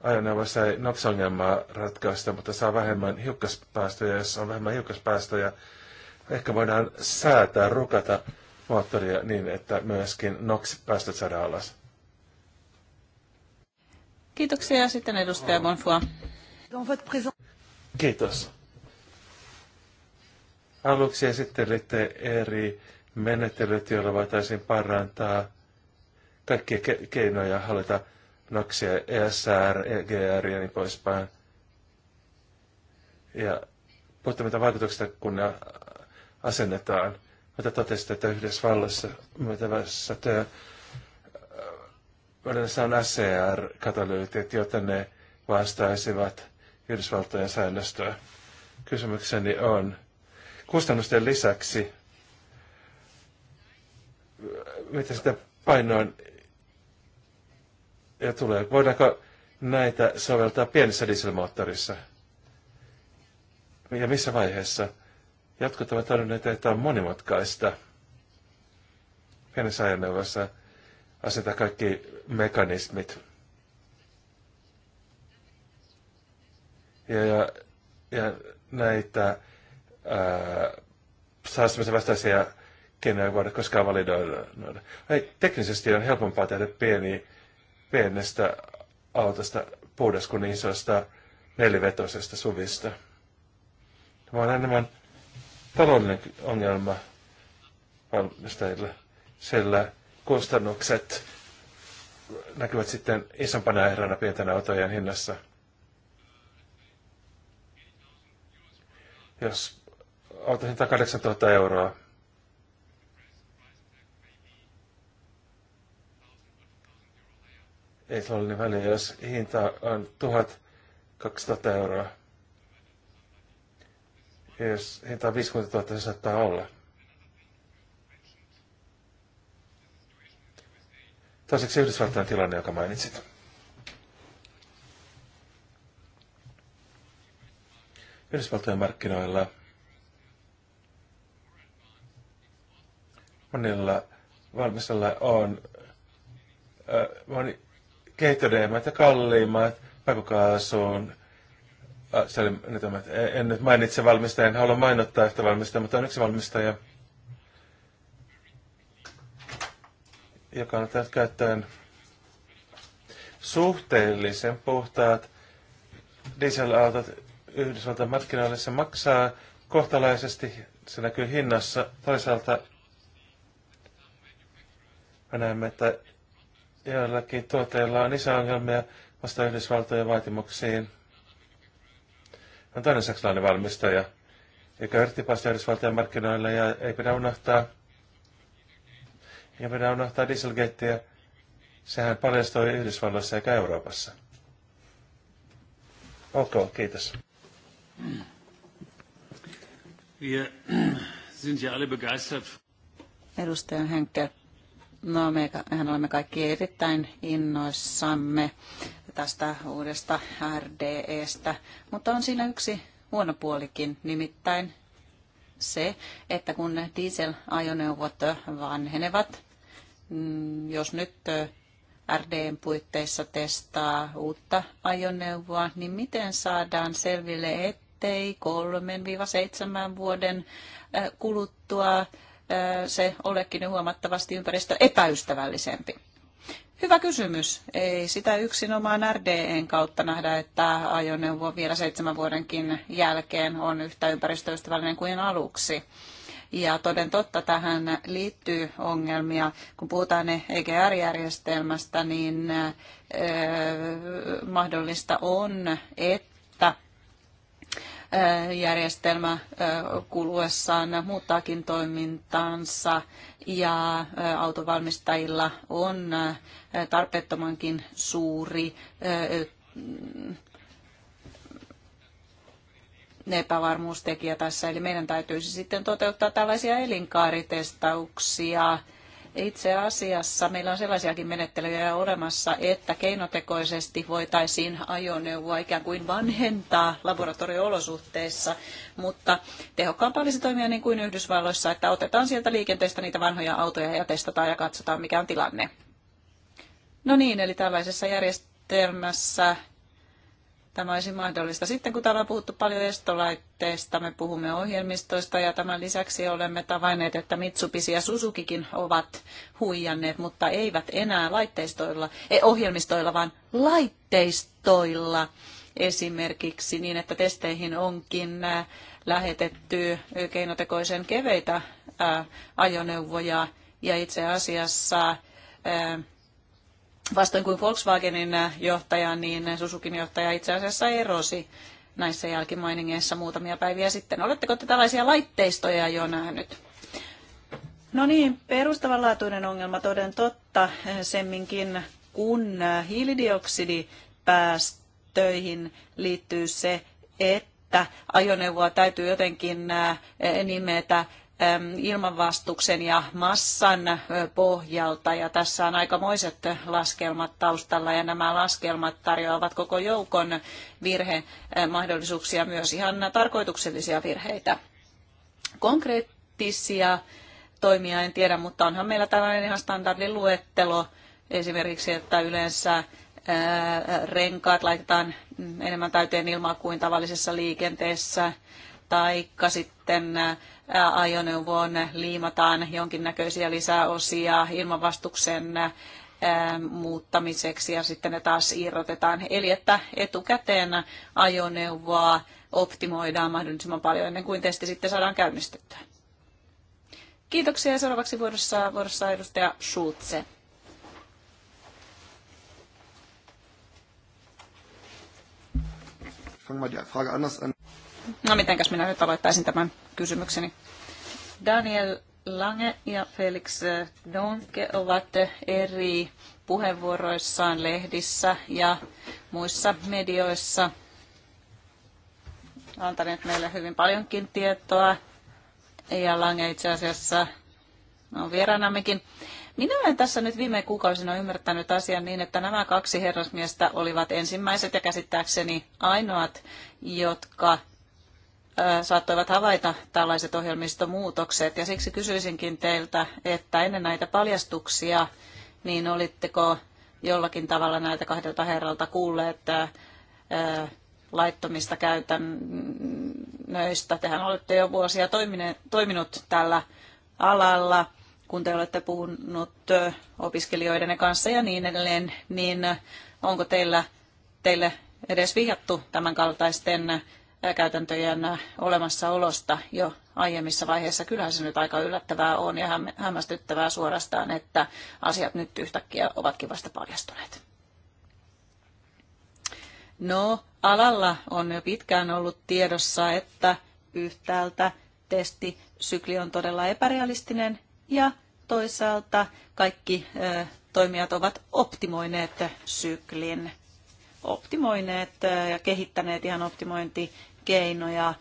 ajoneuvoissa ei NOx-ongelmaa ratkaista, mutta saa vähemmän hiukkaspäästöjä, jos on vähemmän hiukkaspäästöjä. Ehkä voidaan säätää, rukata moottoria niin, että myöskin NOx-päästöt saadaan alas. Kiitoksia. Sitten edustaja Bonfoy. Kiitos. Aluksi esittelitte eri menettelyt, joilla voitaisiin parantaa kaikkia ke- keinoja hallita noksia, ESR, EGR ja niin poispäin. Ja puhutte, mitä vaikutuksista kun ne asennetaan. Mitä totesitte, että Yhdysvallassa myötävässä työ yleensä äh, on SCR-katalyytit, joten ne vastaisivat Yhdysvaltojen säännöstöä. Kysymykseni on, kustannusten lisäksi mitä sitä painoin ja tulee. Voidaanko näitä soveltaa pienessä dieselmoottorissa? Ja missä vaiheessa? Jotkut ovat todenneet, että on monimutkaista pienessä ajoneuvossa asentaa kaikki mekanismit. Ja, ja, ja näitä Saa saastumisen vastaisia keinoja voidaan koskaan validoida. Ei, teknisesti on helpompaa tehdä pieni, pienestä autosta puhdas kuin isosta nelivetosesta suvista. Tämä on enemmän taloudellinen ongelma valmistajille, sillä kustannukset näkyvät sitten isompana erona pienten autojen hinnassa. Jos autohinta 8000 euroa. Ei se ole niin väliä, jos hinta on 1200 euroa. Ja jos hinta on 50 000, se saattaa olla. Toiseksi Yhdysvaltain tilanne, joka mainitsit. Yhdysvaltojen markkinoilla – monilla valmistella on äh, moni, kehittyneemmät ja kalliimmat pakokaasuun. Äh, en, en nyt mainitse valmistajan, halua mainottaa yhtä valmistajaa, mutta on yksi valmistaja, joka on ottanut käyttöön suhteellisen puhtaat dieselautot Yhdysvaltain markkinoille. Se maksaa kohtalaisesti, se näkyy hinnassa. Toisaalta me näemme, että joillakin tuotteilla on iso ongelmia vasta Yhdysvaltojen vaatimuksiin. On toinen saksalainen valmistaja, joka yritti päästä Yhdysvaltojen markkinoille ja ei pidä unohtaa, ja pidä unohtaa dieselgettiä. Sehän paljastui Yhdysvalloissa eikä Euroopassa. Ok, kiitos. Wir sind ja alle begeistert. Edustaja Henkel. No, mehän olemme kaikki erittäin innoissamme tästä uudesta RDEstä, mutta on siinä yksi huono puolikin, nimittäin se, että kun dieselajoneuvot vanhenevat, mm, jos nyt RDn puitteissa testaa uutta ajoneuvoa, niin miten saadaan selville, ettei 3-7 vuoden äh, kuluttua se olekin huomattavasti ympäristöepäystävällisempi? Hyvä kysymys. Ei sitä yksinomaan RDEn kautta nähdä, että ajoneuvo vielä seitsemän vuodenkin jälkeen on yhtä ympäristöystävällinen kuin aluksi. Ja toden totta tähän liittyy ongelmia. Kun puhutaan EGR-järjestelmästä, niin mahdollista on, että järjestelmä kuluessaan muuttaakin toimintaansa ja autovalmistajilla on tarpeettomankin suuri epävarmuustekijä tässä. Eli meidän täytyisi sitten toteuttaa tällaisia elinkaaritestauksia itse asiassa meillä on sellaisiakin menettelyjä olemassa, että keinotekoisesti voitaisiin ajoneuvoa ikään kuin vanhentaa laboratorioolosuhteissa, mutta tehokkaampaa olisi toimia niin kuin Yhdysvalloissa, että otetaan sieltä liikenteestä niitä vanhoja autoja ja testataan ja katsotaan mikä on tilanne. No niin, eli tällaisessa järjestelmässä tämä olisi mahdollista. Sitten kun täällä on puhuttu paljon estolaitteista, me puhumme ohjelmistoista ja tämän lisäksi olemme tavainneet, että Mitsubishi ja Suzukikin ovat huijanneet, mutta eivät enää laitteistoilla, ei ohjelmistoilla, vaan laitteistoilla esimerkiksi niin, että testeihin onkin lähetetty keinotekoisen keveitä ajoneuvoja ja itse asiassa Vastoin kuin Volkswagenin johtaja, niin Susukin johtaja itse asiassa erosi näissä jälkimainingeissa muutamia päiviä sitten. Oletteko te tällaisia laitteistoja jo nähnyt? No niin, perustavanlaatuinen ongelma toden totta, semminkin kun hiilidioksidipäästöihin liittyy se, että ajoneuvoa täytyy jotenkin eh, nimetä ilmanvastuksen ja massan pohjalta. Ja tässä on aikamoiset laskelmat taustalla ja nämä laskelmat tarjoavat koko joukon virhemahdollisuuksia, myös ihan tarkoituksellisia virheitä. Konkreettisia toimia en tiedä, mutta onhan meillä tällainen ihan standardin luettelo esimerkiksi, että yleensä renkaat laitetaan enemmän täyteen ilmaa kuin tavallisessa liikenteessä, taikka sitten ajoneuvoon liimataan jonkinnäköisiä lisäosia ilman vastuksen muuttamiseksi ja sitten ne taas irrotetaan. Eli että etukäteen ajoneuvoa optimoidaan mahdollisimman paljon ennen kuin testi sitten saadaan käynnistettyä. Kiitoksia ja seuraavaksi vuorossa, vuorossa edustaja Schulze. Fangen wir die Frage anders an. No mitenkäs minä nyt aloittaisin tämän kysymykseni. Daniel Lange ja Felix eh, Donke ovat eri puheenvuoroissaan lehdissä ja muissa medioissa antaneet meille hyvin paljonkin tietoa. Ja Lange itse asiassa on vieraanammekin. Minä olen tässä nyt viime kuukausina ymmärtänyt asian niin, että nämä kaksi herrasmiestä olivat ensimmäiset ja käsittääkseni ainoat, jotka saattoivat havaita tällaiset ohjelmistomuutokset. Ja siksi kysyisinkin teiltä, että ennen näitä paljastuksia, niin olitteko jollakin tavalla näitä kahdelta herralta kuulleet laittomista käytännöistä. Tehän olette jo vuosia toimine, toiminut tällä alalla, kun te olette puhunut opiskelijoiden kanssa ja niin edelleen, niin onko teillä, teille edes vihjattu tämänkaltaisten käytäntöjen olemassaolosta jo aiemmissa vaiheissa. Kyllähän se nyt aika yllättävää on ja hämmästyttävää suorastaan, että asiat nyt yhtäkkiä ovatkin vasta paljastuneet. No, alalla on jo pitkään ollut tiedossa, että yhtäältä testisykli on todella epärealistinen ja toisaalta kaikki toimijat ovat optimoineet syklin optimoineet ja kehittäneet ihan optimointi keinoja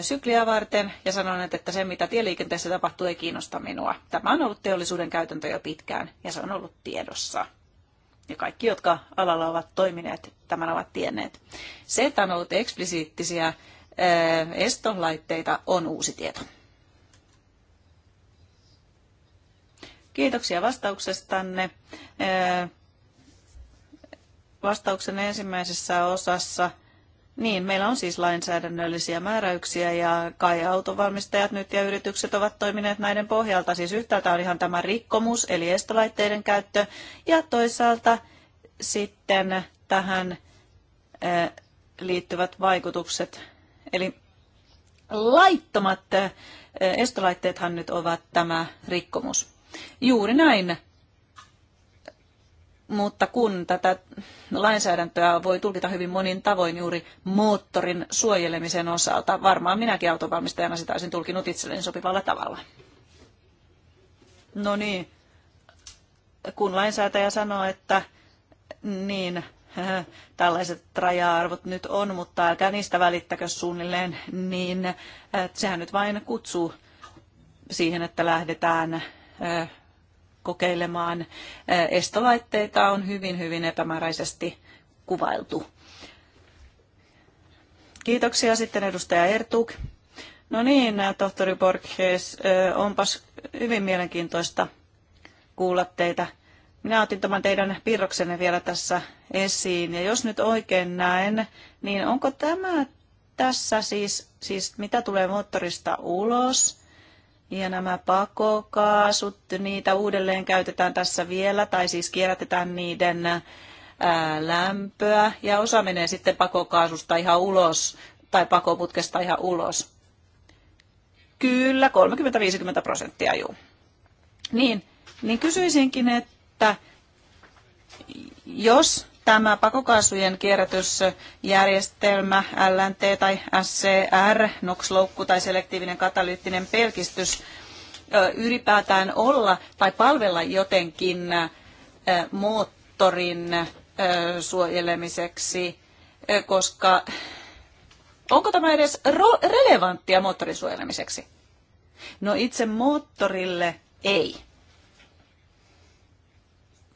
sykliä varten ja sanoneet, että se mitä tieliikenteessä tapahtuu ei kiinnosta minua. Tämä on ollut teollisuuden käytäntö jo pitkään ja se on ollut tiedossa. Ja kaikki, jotka alalla ovat toimineet, tämän ovat tienneet. Se, että on ollut eksplisiittisiä estolaitteita, on uusi tieto. Kiitoksia vastauksestanne. Vastauksen ensimmäisessä osassa – niin, meillä on siis lainsäädännöllisiä määräyksiä ja kai autovalmistajat nyt ja yritykset ovat toimineet näiden pohjalta. Siis yhtäältä on ihan tämä rikkomus, eli estolaitteiden käyttö, ja toisaalta sitten tähän eh, liittyvät vaikutukset. Eli laittomat eh, estolaitteethan nyt ovat tämä rikkomus. Juuri näin mutta kun tätä lainsäädäntöä voi tulkita hyvin monin tavoin juuri moottorin suojelemisen osalta, varmaan minäkin autonvalmistajana sitä olisin tulkinut itselleni sopivalla tavalla. No niin, kun lainsäätäjä sanoo, että niin, tällaiset raja-arvot nyt on, mutta älkää niistä välittäkö suunnilleen, niin äh, sehän nyt vain kutsuu siihen, että lähdetään äh, kokeilemaan. Estolaitteita on hyvin, hyvin epämääräisesti kuvailtu. Kiitoksia sitten edustaja Ertuk. No niin, tohtori Borges, onpas hyvin mielenkiintoista kuulla teitä. Minä otin tämän teidän piirroksenne vielä tässä esiin, ja jos nyt oikein näen, niin onko tämä tässä siis, siis mitä tulee moottorista ulos, ja nämä pakokaasut, niitä uudelleen käytetään tässä vielä, tai siis kierrätetään niiden ää, lämpöä, ja osa menee sitten pakokaasusta ihan ulos, tai pakoputkesta ihan ulos. Kyllä, 30-50 prosenttia juu. Niin, niin kysyisinkin, että jos tämä pakokaasujen kierrätysjärjestelmä, LNT tai SCR, NOx-loukku tai selektiivinen katalyyttinen pelkistys, ylipäätään olla tai palvella jotenkin moottorin suojelemiseksi, koska onko tämä edes relevanttia moottorin suojelemiseksi? No itse moottorille ei.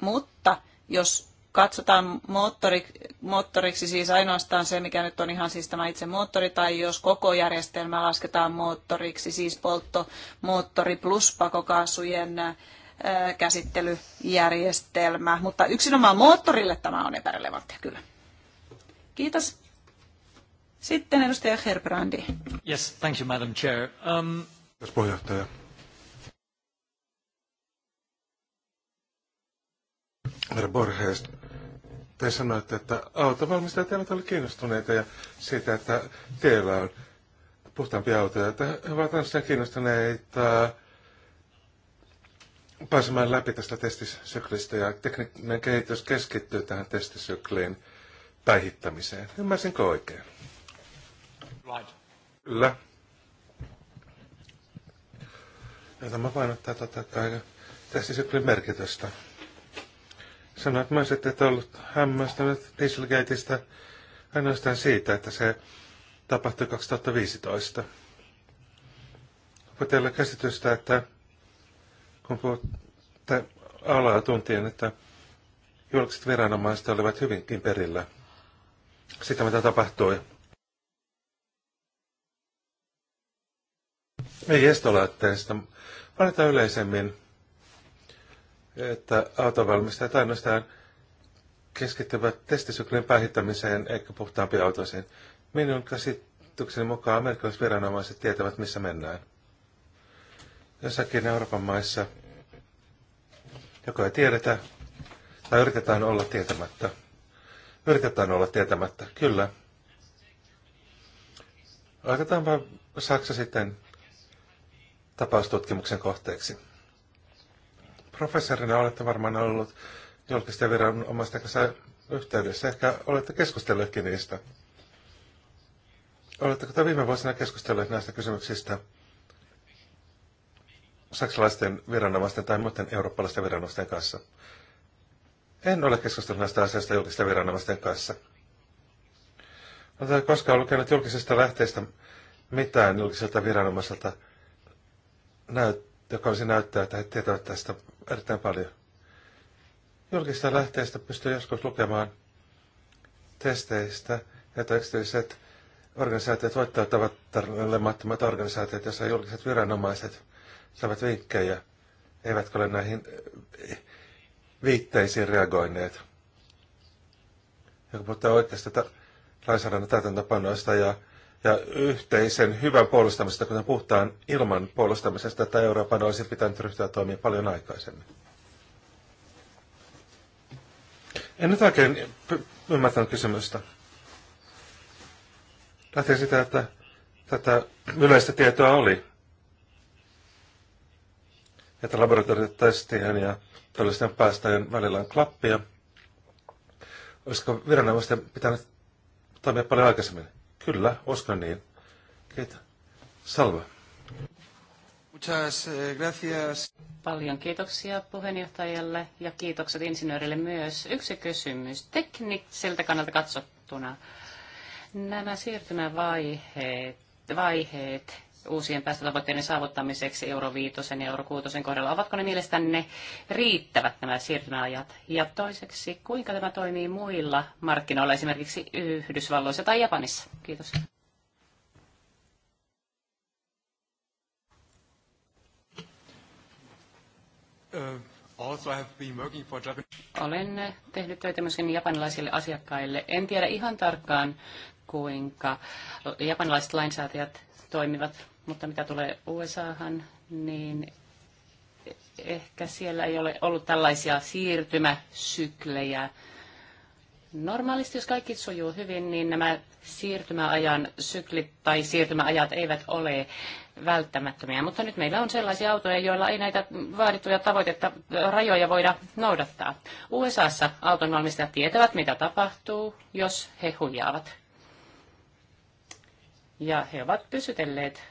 Mutta jos katsotaan moottori, moottoriksi siis ainoastaan se, mikä nyt on ihan siis tämä itse moottori, tai jos koko järjestelmä lasketaan moottoriksi, siis polttomoottori plus pakokaasujen käsittelyjärjestelmä. Mutta yksinomaan moottorille tämä on epärelevanttia kyllä. Kiitos. Sitten edustaja Herbrandi. Yes, thank you, Madam Chair. Um... Yes, puheenjohtaja. Herra Borges te sanoitte, että autovalmistajat eivät ole kiinnostuneita ja siitä, että teillä on puhtaampia autoja. Että he ovat ainoastaan kiinnostuneita pääsemään läpi tästä testisyklistä ja tekninen kehitys keskittyy tähän testisykliin päihittämiseen. Ymmärsinkö oikein? Right. Kyllä. Ja tämä painottaa totta kai testisyklin merkitystä. Sanoit myös, että et ollut hämmästynyt Dieselgateista ainoastaan siitä, että se tapahtui 2015. Onko teillä käsitystä, että kun puhutte alaa tuntien, että julkiset viranomaiset olivat hyvinkin perillä sitä, mitä tapahtui. Ei estolaitteista, valitaan yleisemmin että autovalmistajat ainoastaan keskittyvät testisyklin päihittämiseen eikä puhtaampiin autoisiin. Minun käsitykseni mukaan viranomaiset tietävät, missä mennään. Jossakin Euroopan maissa joko ei tiedetä tai yritetään olla tietämättä. Yritetään olla tietämättä, kyllä. Otetaanpa Saksa sitten tapaustutkimuksen kohteeksi professorina olette varmaan ollut julkisten viranomaisten kanssa yhteydessä. Ehkä olette keskustelleetkin niistä. Oletteko te viime vuosina keskustelleet näistä kysymyksistä saksalaisten viranomaisten tai muiden eurooppalaisten viranomaisten kanssa? En ole keskustellut näistä asioista julkisten viranomaisten kanssa. Olette koskaan lukenut julkisesta lähteestä mitään julkiselta viranomaiselta, joka olisi näyttää, että he tietävät tästä erittäin paljon. Julkista lähteistä pystyy joskus lukemaan testeistä, että yksityiset organisaatiot voittavat tarvitsemattomat organisaatiot, joissa julkiset viranomaiset saavat vinkkejä, eivätkö ole näihin eh, viitteisiin reagoineet. Ja kun puhutaan oikeasta ta- lainsäädännön täytäntöpanoista ja ja yhteisen hyvän puolustamisesta, kuten puhtaan ilman puolustamisesta, että Euroopan olisi pitänyt ryhtyä toimia paljon aikaisemmin. En nyt oikein ymmärtänyt kysymystä. Lähtee sitä, että tätä yleistä tietoa oli. Että laboratoriotestien ja todellisten päästöjen välillä on klappia. Olisiko viranomaisten pitänyt toimia paljon aikaisemmin? Kyllä, uskon niin. Kiitos. Salva. Muchas eh, gracias. Paljon kiitoksia puheenjohtajalle ja kiitokset insinöörille myös. Yksi kysymys tekniseltä kannalta katsottuna. Nämä siirtymävaiheet vaiheet uusien päästötavoitteiden saavuttamiseksi euro 5 ja euro 6 kohdalla? Ovatko ne mielestänne riittävät nämä siirtymäajat? Ja toiseksi, kuinka tämä toimii muilla markkinoilla, esimerkiksi Yhdysvalloissa tai Japanissa? Kiitos. Uh, Olen tehnyt töitä myöskin japanilaisille asiakkaille. En tiedä ihan tarkkaan, kuinka japanilaiset lainsäätäjät toimivat. Mutta mitä tulee USAhan, niin ehkä siellä ei ole ollut tällaisia siirtymäsyklejä. Normaalisti, jos kaikki sujuu hyvin, niin nämä siirtymäajan syklit tai siirtymäajat eivät ole välttämättömiä. Mutta nyt meillä on sellaisia autoja, joilla ei näitä vaadittuja tavoitetta rajoja voida noudattaa. USAssa autonvalmistajat tietävät, mitä tapahtuu, jos he huijaavat. Ja he ovat pysytelleet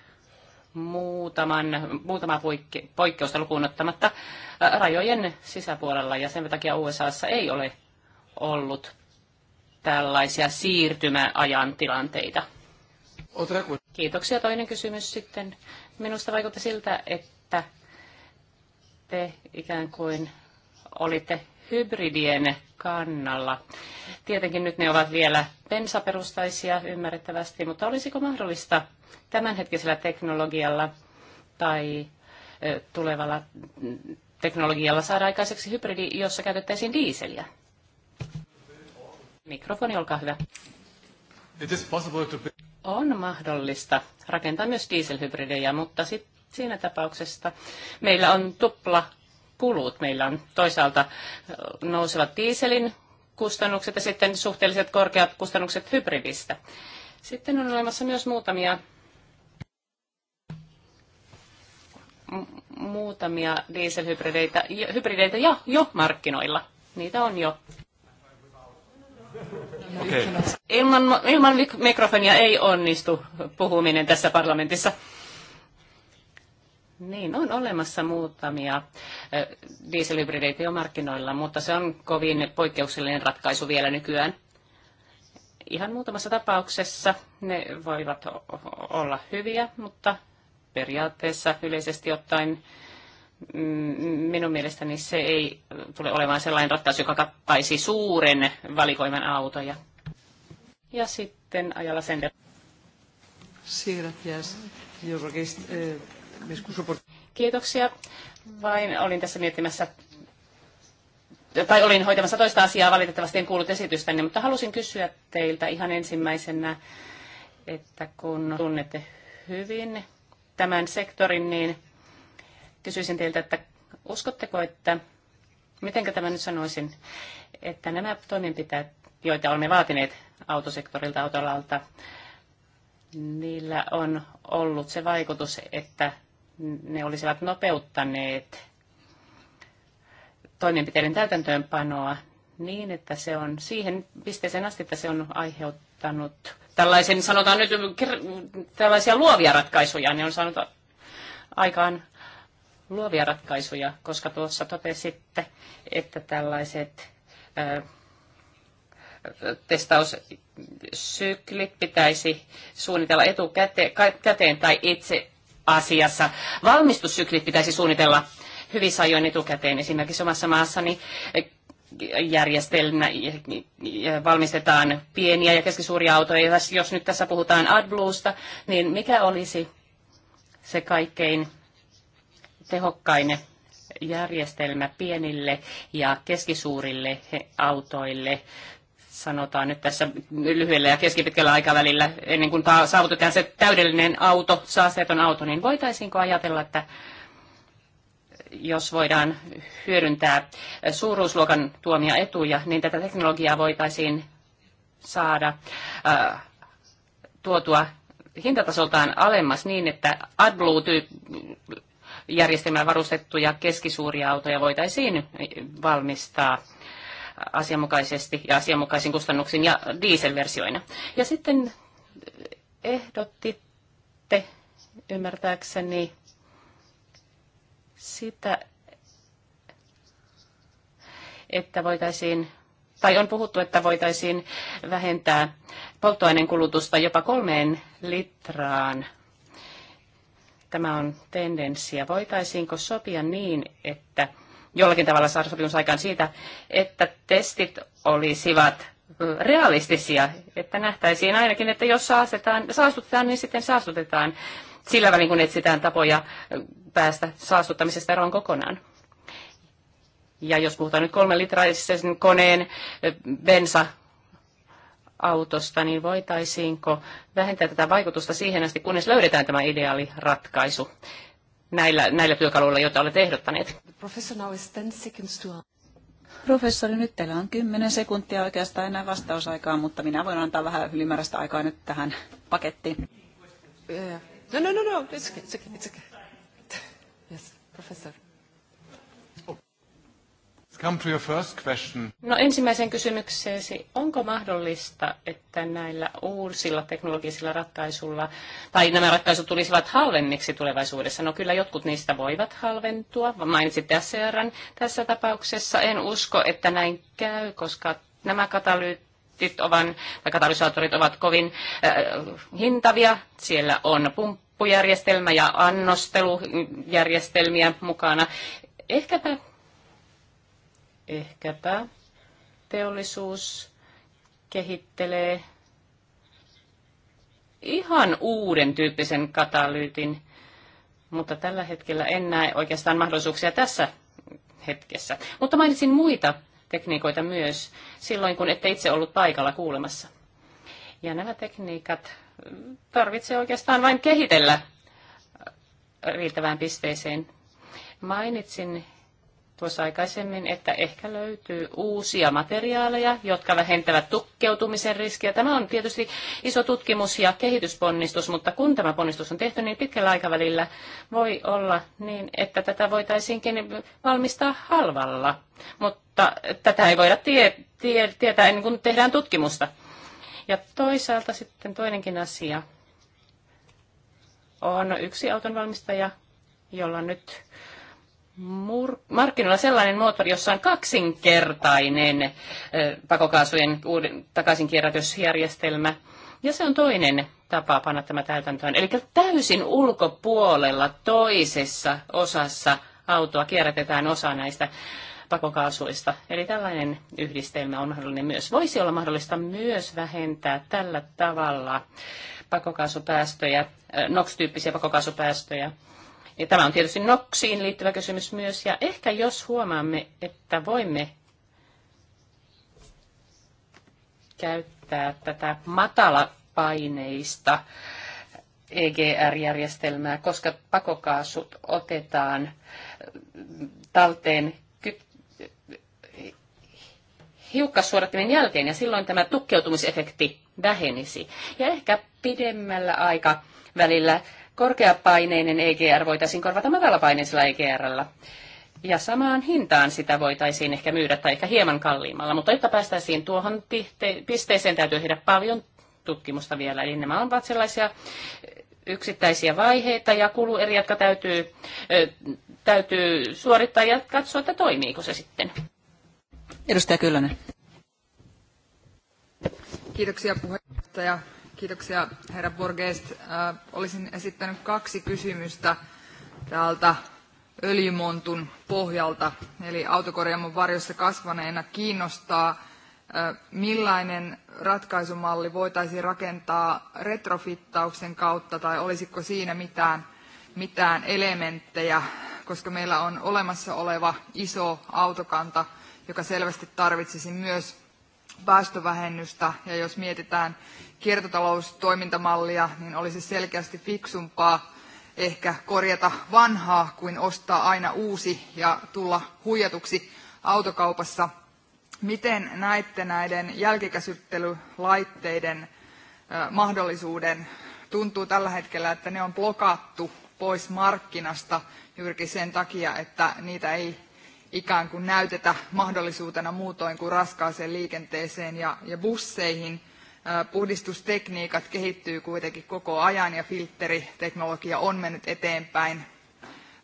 muutaman, muutama poikke, poikkeusta lukuun ottamatta äh, rajojen sisäpuolella ja sen takia USAssa ei ole ollut tällaisia siirtymäajan tilanteita. Kiitoksia. Toinen kysymys sitten. Minusta vaikutti siltä, että te ikään kuin olitte hybridien kannalla. Tietenkin nyt ne ovat vielä pensaperustaisia ymmärrettävästi, mutta olisiko mahdollista tämänhetkisellä teknologialla tai tulevalla teknologialla saada aikaiseksi hybridi, jossa käytettäisiin diiseliä? Mikrofoni, olkaa hyvä. On mahdollista rakentaa myös dieselhybridejä, mutta sit siinä tapauksessa meillä on tupla kulut. Meillä on toisaalta nousevat dieselin kustannukset ja sitten suhteelliset korkeat kustannukset hybridistä. Sitten on olemassa myös muutamia muutamia dieselhybrideitä hybrideitä ja jo markkinoilla. Niitä on jo. Okay. Ilman, ilman mikrofonia ei onnistu puhuminen tässä parlamentissa. Niin, on olemassa muutamia dieselhybrideitä jo markkinoilla, mutta se on kovin poikkeuksellinen ratkaisu vielä nykyään. Ihan muutamassa tapauksessa ne voivat olla hyviä, mutta periaatteessa yleisesti ottaen mm, minun mielestäni se ei tule olemaan sellainen ratkaisu, joka kattaisi suuren valikoiman autoja. Ja sitten ajalla sen. Siirrät, yes. Eh, Kiitoksia. Vain olin tässä miettimässä tai olin hoitamassa toista asiaa, valitettavasti en kuullut esitystänne, niin, mutta halusin kysyä teiltä ihan ensimmäisenä, että kun tunnette hyvin tämän sektorin, niin kysyisin teiltä, että uskotteko, että miten tämä nyt sanoisin, että nämä toimenpiteet, joita olemme vaatineet autosektorilta, autolalta, niillä on ollut se vaikutus, että ne olisivat nopeuttaneet toimenpiteiden täytäntöönpanoa niin, että se on siihen pisteeseen asti, että se on aiheuttanut tällaisen, sanotaan nyt, tällaisia luovia ratkaisuja, ne niin on saanut aikaan luovia ratkaisuja, koska tuossa totesitte, että tällaiset ää, testaussyklit pitäisi suunnitella etukäteen tai itse asiassa. Valmistussyklit pitäisi suunnitella hyvissä ajoin etukäteen. Esimerkiksi omassa maassani eh, järjestelmä eh, eh, valmistetaan pieniä ja keskisuuria autoja. Jos nyt tässä puhutaan AdBluesta, niin mikä olisi se kaikkein tehokkain järjestelmä pienille ja keskisuurille autoille sanotaan nyt tässä lyhyellä ja keskipitkällä aikavälillä, ennen kuin saavutetaan se täydellinen auto, saasteeton auto, niin voitaisiinko ajatella, että jos voidaan hyödyntää suuruusluokan tuomia etuja, niin tätä teknologiaa voitaisiin saada äh, tuotua hintatasoltaan alemmas niin, että AdBlue-järjestelmään varustettuja keskisuuria autoja voitaisiin valmistaa – asianmukaisesti ja asianmukaisin kustannuksin ja dieselversioina. Ja sitten ehdottitte, ymmärtääkseni sitä, että voitaisiin, tai on puhuttu, että voitaisiin vähentää polttoaineen kulutusta jopa kolmeen litraan. Tämä on tendenssi. Voitaisiinko sopia niin, että jollakin tavalla saada sopimus aikaan siitä, että testit olisivat realistisia, että nähtäisiin ainakin, että jos saastetaan, saastutetaan, niin sitten saastutetaan sillä välin, kun etsitään tapoja päästä saastuttamisesta eroon kokonaan. Ja jos puhutaan nyt kolmen litraisen koneen bensa autosta, niin voitaisiinko vähentää tätä vaikutusta siihen asti, kunnes löydetään tämä ideaali ratkaisu näillä, näillä työkaluilla, joita olet ehdottaneet. Professori, nyt teillä on 10 sekuntia oikeastaan enää vastausaikaa, mutta minä voin antaa vähän ylimääräistä aikaa nyt tähän pakettiin. Yeah. No, no, no, no, it's okay, it's okay, it's okay. yes, professor come to your first question. No ensimmäisen kysymykseesi, onko mahdollista, että näillä uusilla teknologisilla ratkaisuilla, tai nämä ratkaisut tulisivat halvemmiksi tulevaisuudessa? No kyllä jotkut niistä voivat halventua, mainitsitte SCRn tässä tapauksessa. En usko, että näin käy, koska nämä katalyyt ovan, ovat, tai katalysaattorit ovat kovin äh, hintavia. Siellä on pumppujärjestelmä ja annostelujärjestelmiä mukana. Ehkäpä Ehkäpä teollisuus kehittelee ihan uuden tyyppisen katalyytin, mutta tällä hetkellä en näe oikeastaan mahdollisuuksia tässä hetkessä. Mutta mainitsin muita tekniikoita myös silloin, kun ette itse ollut paikalla kuulemassa. Ja nämä tekniikat tarvitsee oikeastaan vain kehitellä riittävään pisteeseen. Mainitsin tuossa aikaisemmin, että ehkä löytyy uusia materiaaleja, jotka vähentävät tukkeutumisen riskiä. Tämä on tietysti iso tutkimus- ja kehitysponnistus, mutta kun tämä ponnistus on tehty, niin pitkällä aikavälillä voi olla niin, että tätä voitaisiinkin valmistaa halvalla. Mutta tätä ei voida tie, tie, tietää ennen kuin tehdään tutkimusta. Ja toisaalta sitten toinenkin asia on yksi autonvalmistaja, jolla nyt markkinoilla sellainen moottori, jossa on kaksinkertainen pakokaasujen uuden takaisinkierrätysjärjestelmä. Ja se on toinen tapa panna tämä täytäntöön. Eli täysin ulkopuolella toisessa osassa autoa kierrätetään osa näistä pakokaasuista. Eli tällainen yhdistelmä on mahdollinen myös. Voisi olla mahdollista myös vähentää tällä tavalla pakokaasupäästöjä, NOx-tyyppisiä pakokaasupäästöjä ja tämä on tietysti noksiin liittyvä kysymys myös. Ja ehkä jos huomaamme, että voimme käyttää tätä matalapaineista EGR-järjestelmää, koska pakokaasut otetaan talteen hiukkassuodattimen jälkeen ja silloin tämä tukkeutumisefekti vähenisi. Ja ehkä pidemmällä aikavälillä korkeapaineinen EGR voitaisiin korvata matalapaineisella EGRllä. Ja samaan hintaan sitä voitaisiin ehkä myydä tai ehkä hieman kalliimmalla, mutta jotta päästäisiin tuohon pisteeseen, täytyy tehdä paljon tutkimusta vielä. Eli nämä ovat sellaisia eh, yksittäisiä vaiheita ja kulueriä, jotka täytyy, eh, täytyy suorittaa ja katsoa, että toimiiko se sitten. Edustaja Kyllönen. Kiitoksia puheenjohtaja. Kiitoksia, herra Borgest. Äh, olisin esittänyt kaksi kysymystä täältä öljymontun pohjalta, eli autokorjaamon varjossa kasvaneena kiinnostaa, äh, millainen ratkaisumalli voitaisiin rakentaa retrofittauksen kautta, tai olisiko siinä mitään, mitään elementtejä, koska meillä on olemassa oleva iso autokanta, joka selvästi tarvitsisi myös päästövähennystä. Ja jos mietitään kiertotaloustoimintamallia, niin olisi selkeästi fiksumpaa ehkä korjata vanhaa kuin ostaa aina uusi ja tulla huijatuksi autokaupassa. Miten näette näiden jälkikäsittelylaitteiden mahdollisuuden? Tuntuu tällä hetkellä, että ne on blokattu pois markkinasta juurikin sen takia, että niitä ei ikään kuin näytetä mahdollisuutena muutoin kuin raskaaseen liikenteeseen ja, ja busseihin puhdistustekniikat kehittyy kuitenkin koko ajan ja filtteriteknologia on mennyt eteenpäin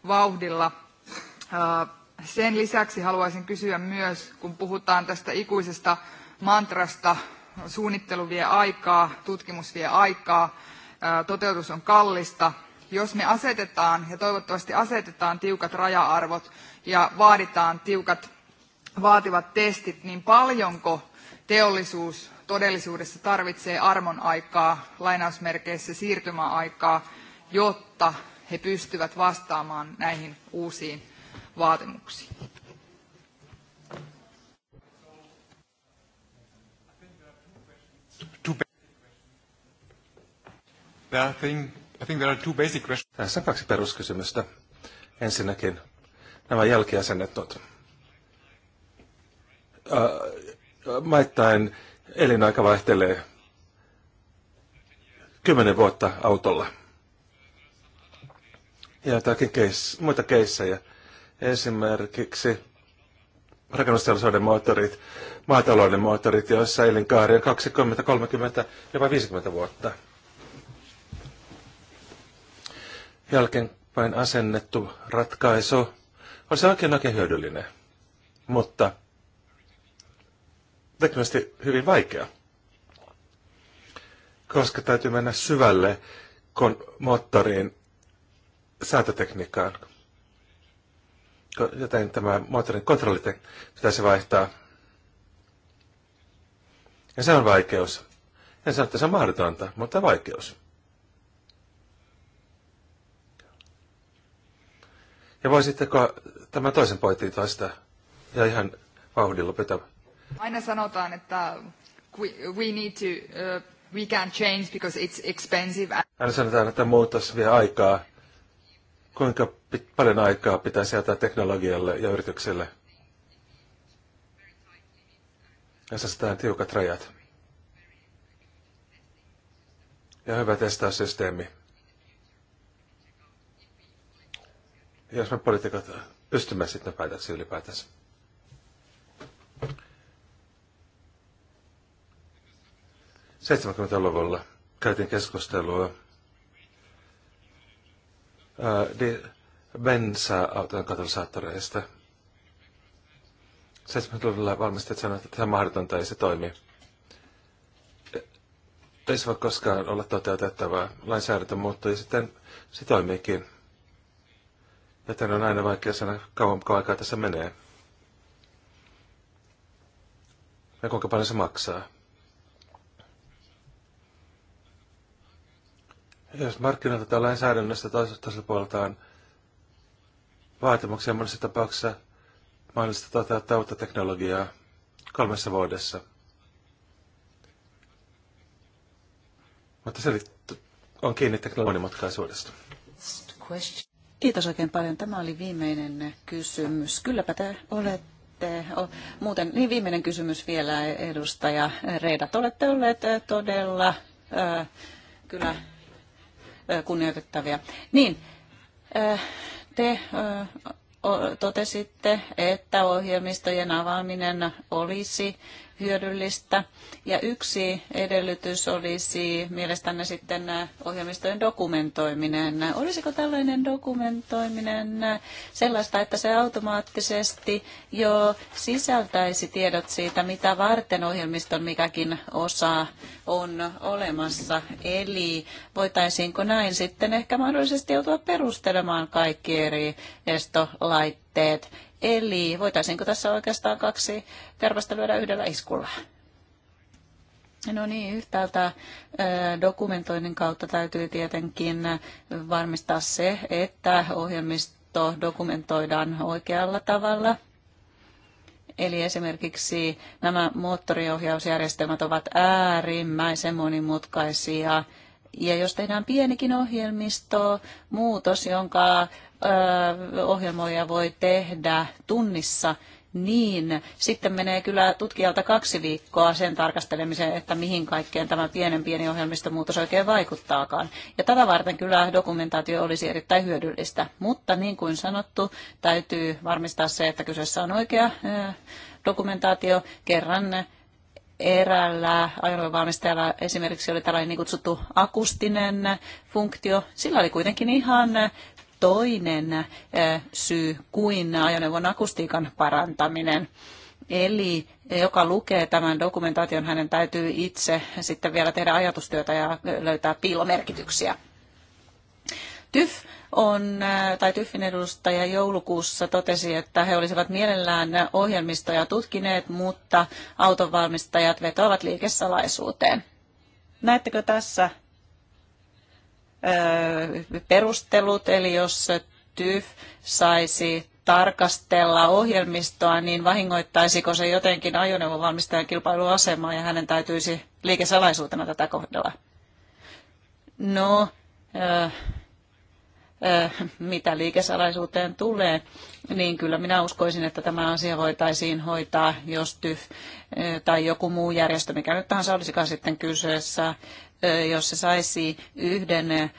vauhdilla. Sen lisäksi haluaisin kysyä myös, kun puhutaan tästä ikuisesta mantrasta, suunnittelu vie aikaa, tutkimus vie aikaa, toteutus on kallista. Jos me asetetaan, ja toivottavasti asetetaan tiukat raja-arvot ja vaaditaan tiukat vaativat testit, niin paljonko teollisuus todellisuudessa tarvitsee armon aikaa, lainausmerkeissä siirtymäaikaa, jotta he pystyvät vastaamaan näihin uusiin vaatimuksiin. Tässä on kaksi peruskysymystä. Ensinnäkin nämä jälkiasennetut. Uh, maittain elinaika vaihtelee kymmenen vuotta autolla. Ja jotakin case, muita keissejä. Esimerkiksi rakennusteollisuuden moottorit, maatalouden moottorit, joissa elinkaari on 20, 30, jopa 50 vuotta. Jälkeenpäin asennettu ratkaisu on se oikein oikein hyödyllinen, mutta teknisesti hyvin vaikea, koska täytyy mennä syvälle kon- moottoriin säätötekniikkaan. Joten tämä moottorin kontrolli pitäisi vaihtaa. Ja se on vaikeus. En sano, että se on mahdotonta, mutta vaikeus. Ja voisitteko tämän toisen pointin toista ja ihan vauhdilla pitää? Aina sanotaan, että we, need to, uh, we can change because it's expensive. Aina sanotaan, että muutos vie aikaa. Kuinka paljon aikaa pitäisi jättää teknologialle ja yritykselle? Ja asetetaan tiukat rajat. Ja hyvä testaussysteemi. Jos me poliitikot pystymme sitten päätöksiä ylipäätänsä. 70-luvulla käytiin keskustelua bensa-auton katalysaattoreista. 70-luvulla valmistajat sanoivat, että tämä on mahdotonta, ei se toimi. Ei se voi koskaan olla toteutettavaa. Lainsäädäntö muuttui ja sitten se toimiikin. Joten on aina vaikea sanoa, kauan aikaa tässä menee. Ja kuinka paljon se maksaa. jos markkinoilta tai lainsäädännöstä toisesta puolelta on vaatimuksia monessa tapauksessa mahdollista toteuttaa uutta teknologiaa kolmessa vuodessa. Mutta se on kiinni teknologian monimutkaisuudesta. Kiitos oikein paljon. Tämä oli viimeinen kysymys. Kylläpä te olette, muuten niin viimeinen kysymys vielä edustaja Reidat. Olette olleet todella, äh, kyllä kunnioitettavia. Niin, te totesitte, että ohjelmistojen avaaminen olisi hyödyllistä. Ja yksi edellytys olisi mielestäni sitten äh, ohjelmistojen dokumentoiminen. Olisiko tällainen dokumentoiminen äh, sellaista, että se automaattisesti jo sisältäisi tiedot siitä, mitä varten ohjelmiston mikäkin osa on olemassa. Eli voitaisiinko näin sitten ehkä mahdollisesti joutua perustelemaan kaikki eri estolaitteet Eli voitaisiinko tässä oikeastaan kaksi kärpästä lyödä yhdellä iskulla? No niin, yhtäältä dokumentoinnin kautta täytyy tietenkin varmistaa se, että ohjelmisto dokumentoidaan oikealla tavalla. Eli esimerkiksi nämä moottoriohjausjärjestelmät ovat äärimmäisen monimutkaisia ja jos tehdään pienikin ohjelmisto, muutos, jonka ohjelmoija voi tehdä tunnissa, niin sitten menee kyllä tutkijalta kaksi viikkoa sen tarkastelemiseen, että mihin kaikkeen tämä pienen pieni ohjelmistomuutos oikein vaikuttaakaan. Ja tätä varten kyllä dokumentaatio olisi erittäin hyödyllistä. Mutta niin kuin sanottu, täytyy varmistaa se, että kyseessä on oikea dokumentaatio kerran eräällä ajoneuvovalmistajalla esimerkiksi oli tällainen niin kutsuttu akustinen funktio. Sillä oli kuitenkin ihan toinen eh, syy kuin ajoneuvon akustiikan parantaminen. Eli eh, joka lukee tämän dokumentaation, hänen täytyy itse sitten vielä tehdä ajatustyötä ja eh, löytää piilomerkityksiä. TYF on, tai Tyffin edustaja joulukuussa totesi, että he olisivat mielellään ohjelmistoja tutkineet, mutta autonvalmistajat vetoavat liikesalaisuuteen. Näettekö tässä perustelut, eli jos TYF saisi tarkastella ohjelmistoa, niin vahingoittaisiko se jotenkin ajoneuvovalmistajan kilpailuasemaa ja hänen täytyisi liikesalaisuutena tätä kohdella? No, Äh, mitä liikesalaisuuteen tulee, niin kyllä minä uskoisin, että tämä asia voitaisiin hoitaa, jos TYF äh, tai joku muu järjestö, mikä nyt tahansa olisikaan sitten kyseessä, äh, jos se saisi yhden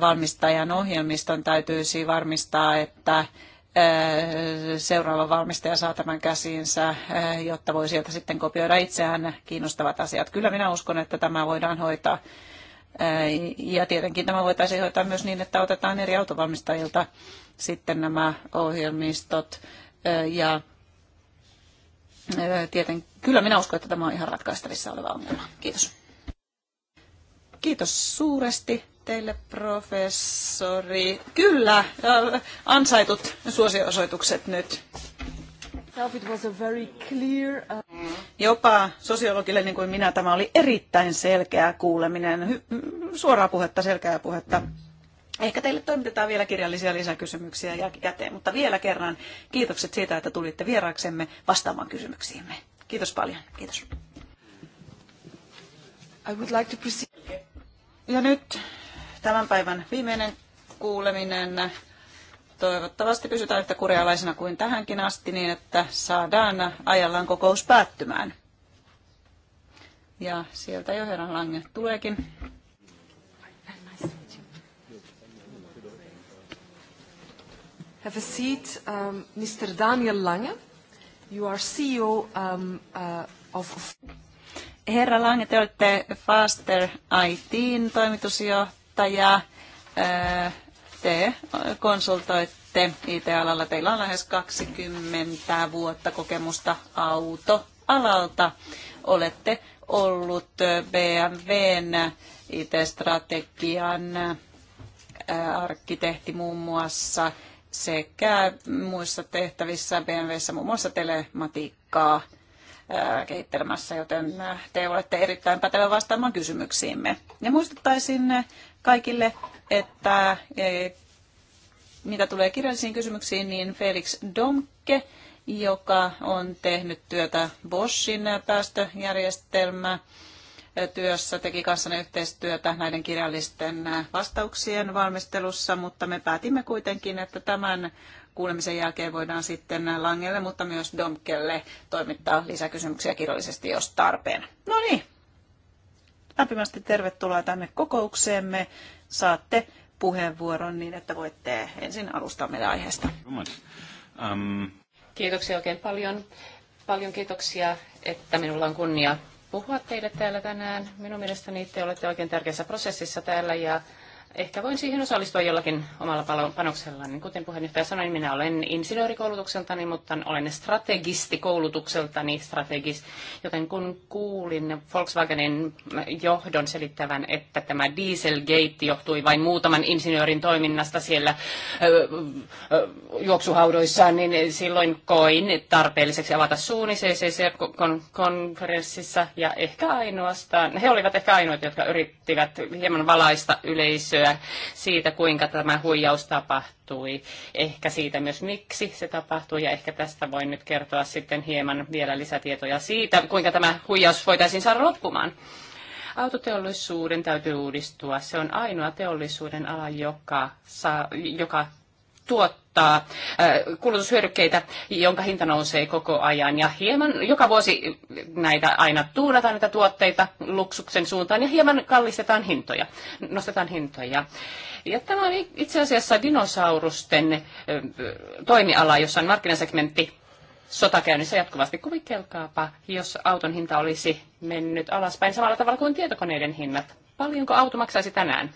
valmistajan ohjelmiston, täytyisi varmistaa, että seuraava valmistaja saa tämän käsiinsä, jotta voi sieltä sitten kopioida itseään kiinnostavat asiat. Kyllä minä uskon, että tämä voidaan hoitaa ja tietenkin tämä voitaisiin hoitaa myös niin, että otetaan eri autovalmistajilta sitten nämä ohjelmistot. Ja tieten, kyllä minä uskon, että tämä on ihan ratkaistavissa oleva ongelma. Kiitos. Kiitos suuresti teille, professori. Kyllä, ansaitut suosiosoitukset nyt. Uh, Jopa sosiologille niin kuin minä tämä oli erittäin selkeä kuuleminen, mm, suoraa puhetta, selkeää puhetta. Ehkä teille toimitetaan vielä kirjallisia lisäkysymyksiä jälkikäteen, mutta vielä kerran kiitokset siitä, että tulitte vieraaksemme vastaamaan kysymyksiimme. Kiitos paljon. Kiitos. I would like to proceed. Ja nyt tämän päivän viimeinen kuuleminen toivottavasti pysytään yhtä kurjalaisena kuin tähänkin asti niin, että saadaan ajallaan kokous päättymään. Ja sieltä jo herran lange tuleekin. Have a seat, um, Mr. Daniel Lange. You are CEO um, uh, of... Herra Lange, te olette Faster ITin toimitusjohtaja. Uh, te konsultoitte IT-alalla. Teillä on lähes 20 vuotta kokemusta autoalalta. Olette ollut BMWn IT-strategian äh, arkkitehti muun muassa sekä muissa tehtävissä BMWssä muun muassa telematiikkaa kehittelemässä, joten te olette erittäin pätevä vastaamaan kysymyksiimme. Ja muistuttaisin kaikille, että mitä tulee kirjallisiin kysymyksiin, niin Felix Domke, joka on tehnyt työtä Boschin päästöjärjestelmä, työssä, teki kanssanne yhteistyötä näiden kirjallisten vastauksien valmistelussa, mutta me päätimme kuitenkin, että tämän kuulemisen jälkeen voidaan sitten Langelle, mutta myös Domkelle toimittaa lisäkysymyksiä kirjallisesti, jos tarpeen. No niin, lämpimästi tervetuloa tänne kokoukseemme. Saatte puheenvuoron niin, että voitte ensin alustaa meidän aiheesta. Um, kiitoksia oikein paljon. Paljon kiitoksia, että minulla on kunnia puhua teille täällä tänään. Minun mielestäni te olette oikein tärkeässä prosessissa täällä ja ehkä voin siihen osallistua jollakin omalla panoksella. Niin kuten puheenjohtaja sanoi, niin minä olen insinöörikoulutukseltani, mutta olen strategisti koulutukseltani strategis. Joten kun kuulin Volkswagenin johdon selittävän, että tämä dieselgate johtui vain muutaman insinöörin toiminnasta siellä ö, juoksuhaudoissaan, niin silloin koin tarpeelliseksi avata suuni CCC-konferenssissa. Ja ehkä ainoastaan, he olivat ehkä ainoat, jotka yrittivät hieman valaista yleisöä tietoja siitä, kuinka tämä huijaus tapahtui, ehkä siitä myös miksi se tapahtui ja ehkä tästä voin nyt kertoa sitten hieman vielä lisätietoja siitä, kuinka tämä huijaus voitaisiin saada loppumaan. Autoteollisuuden täytyy uudistua. Se on ainoa teollisuuden ala, joka, saa, joka tuottaa äh, kulutushyödykkeitä, jonka hinta nousee koko ajan. Ja hieman joka vuosi näitä aina tuunataan näitä tuotteita luksuksen suuntaan ja hieman kallistetaan hintoja, nostetaan hintoja. Ja tämä on itse asiassa dinosaurusten äh, toimiala, jossa on markkinasegmentti sotakäynnissä jatkuvasti. Kuvitelkaapa, jos auton hinta olisi mennyt alaspäin samalla tavalla kuin tietokoneiden hinnat. Paljonko auto maksaisi tänään?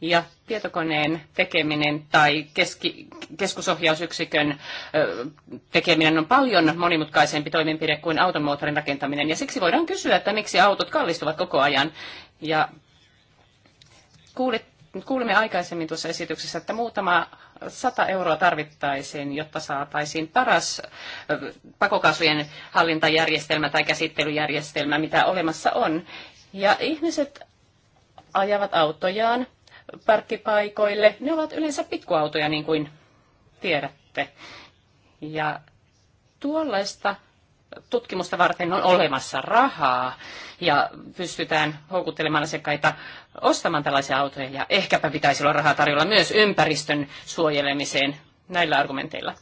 ja tietokoneen tekeminen tai keski, keskusohjausyksikön ö, tekeminen on paljon monimutkaisempi toimenpide kuin automoottorin rakentaminen. Ja siksi voidaan kysyä, että miksi autot kallistuvat koko ajan. Ja kuulit, kuulimme aikaisemmin tuossa esityksessä, että muutama 100 euroa tarvittaisiin, jotta saataisiin paras pakokasvien hallintajärjestelmä tai käsittelyjärjestelmä, mitä olemassa on. Ja ihmiset ajavat autojaan parkkipaikoille. Ne ovat yleensä pikkuautoja, niin kuin tiedätte. Ja tuollaista tutkimusta varten on olemassa rahaa ja pystytään houkuttelemaan asiakkaita ostamaan tällaisia autoja ja ehkäpä pitäisi olla rahaa tarjolla myös ympäristön suojelemiseen näillä argumenteilla.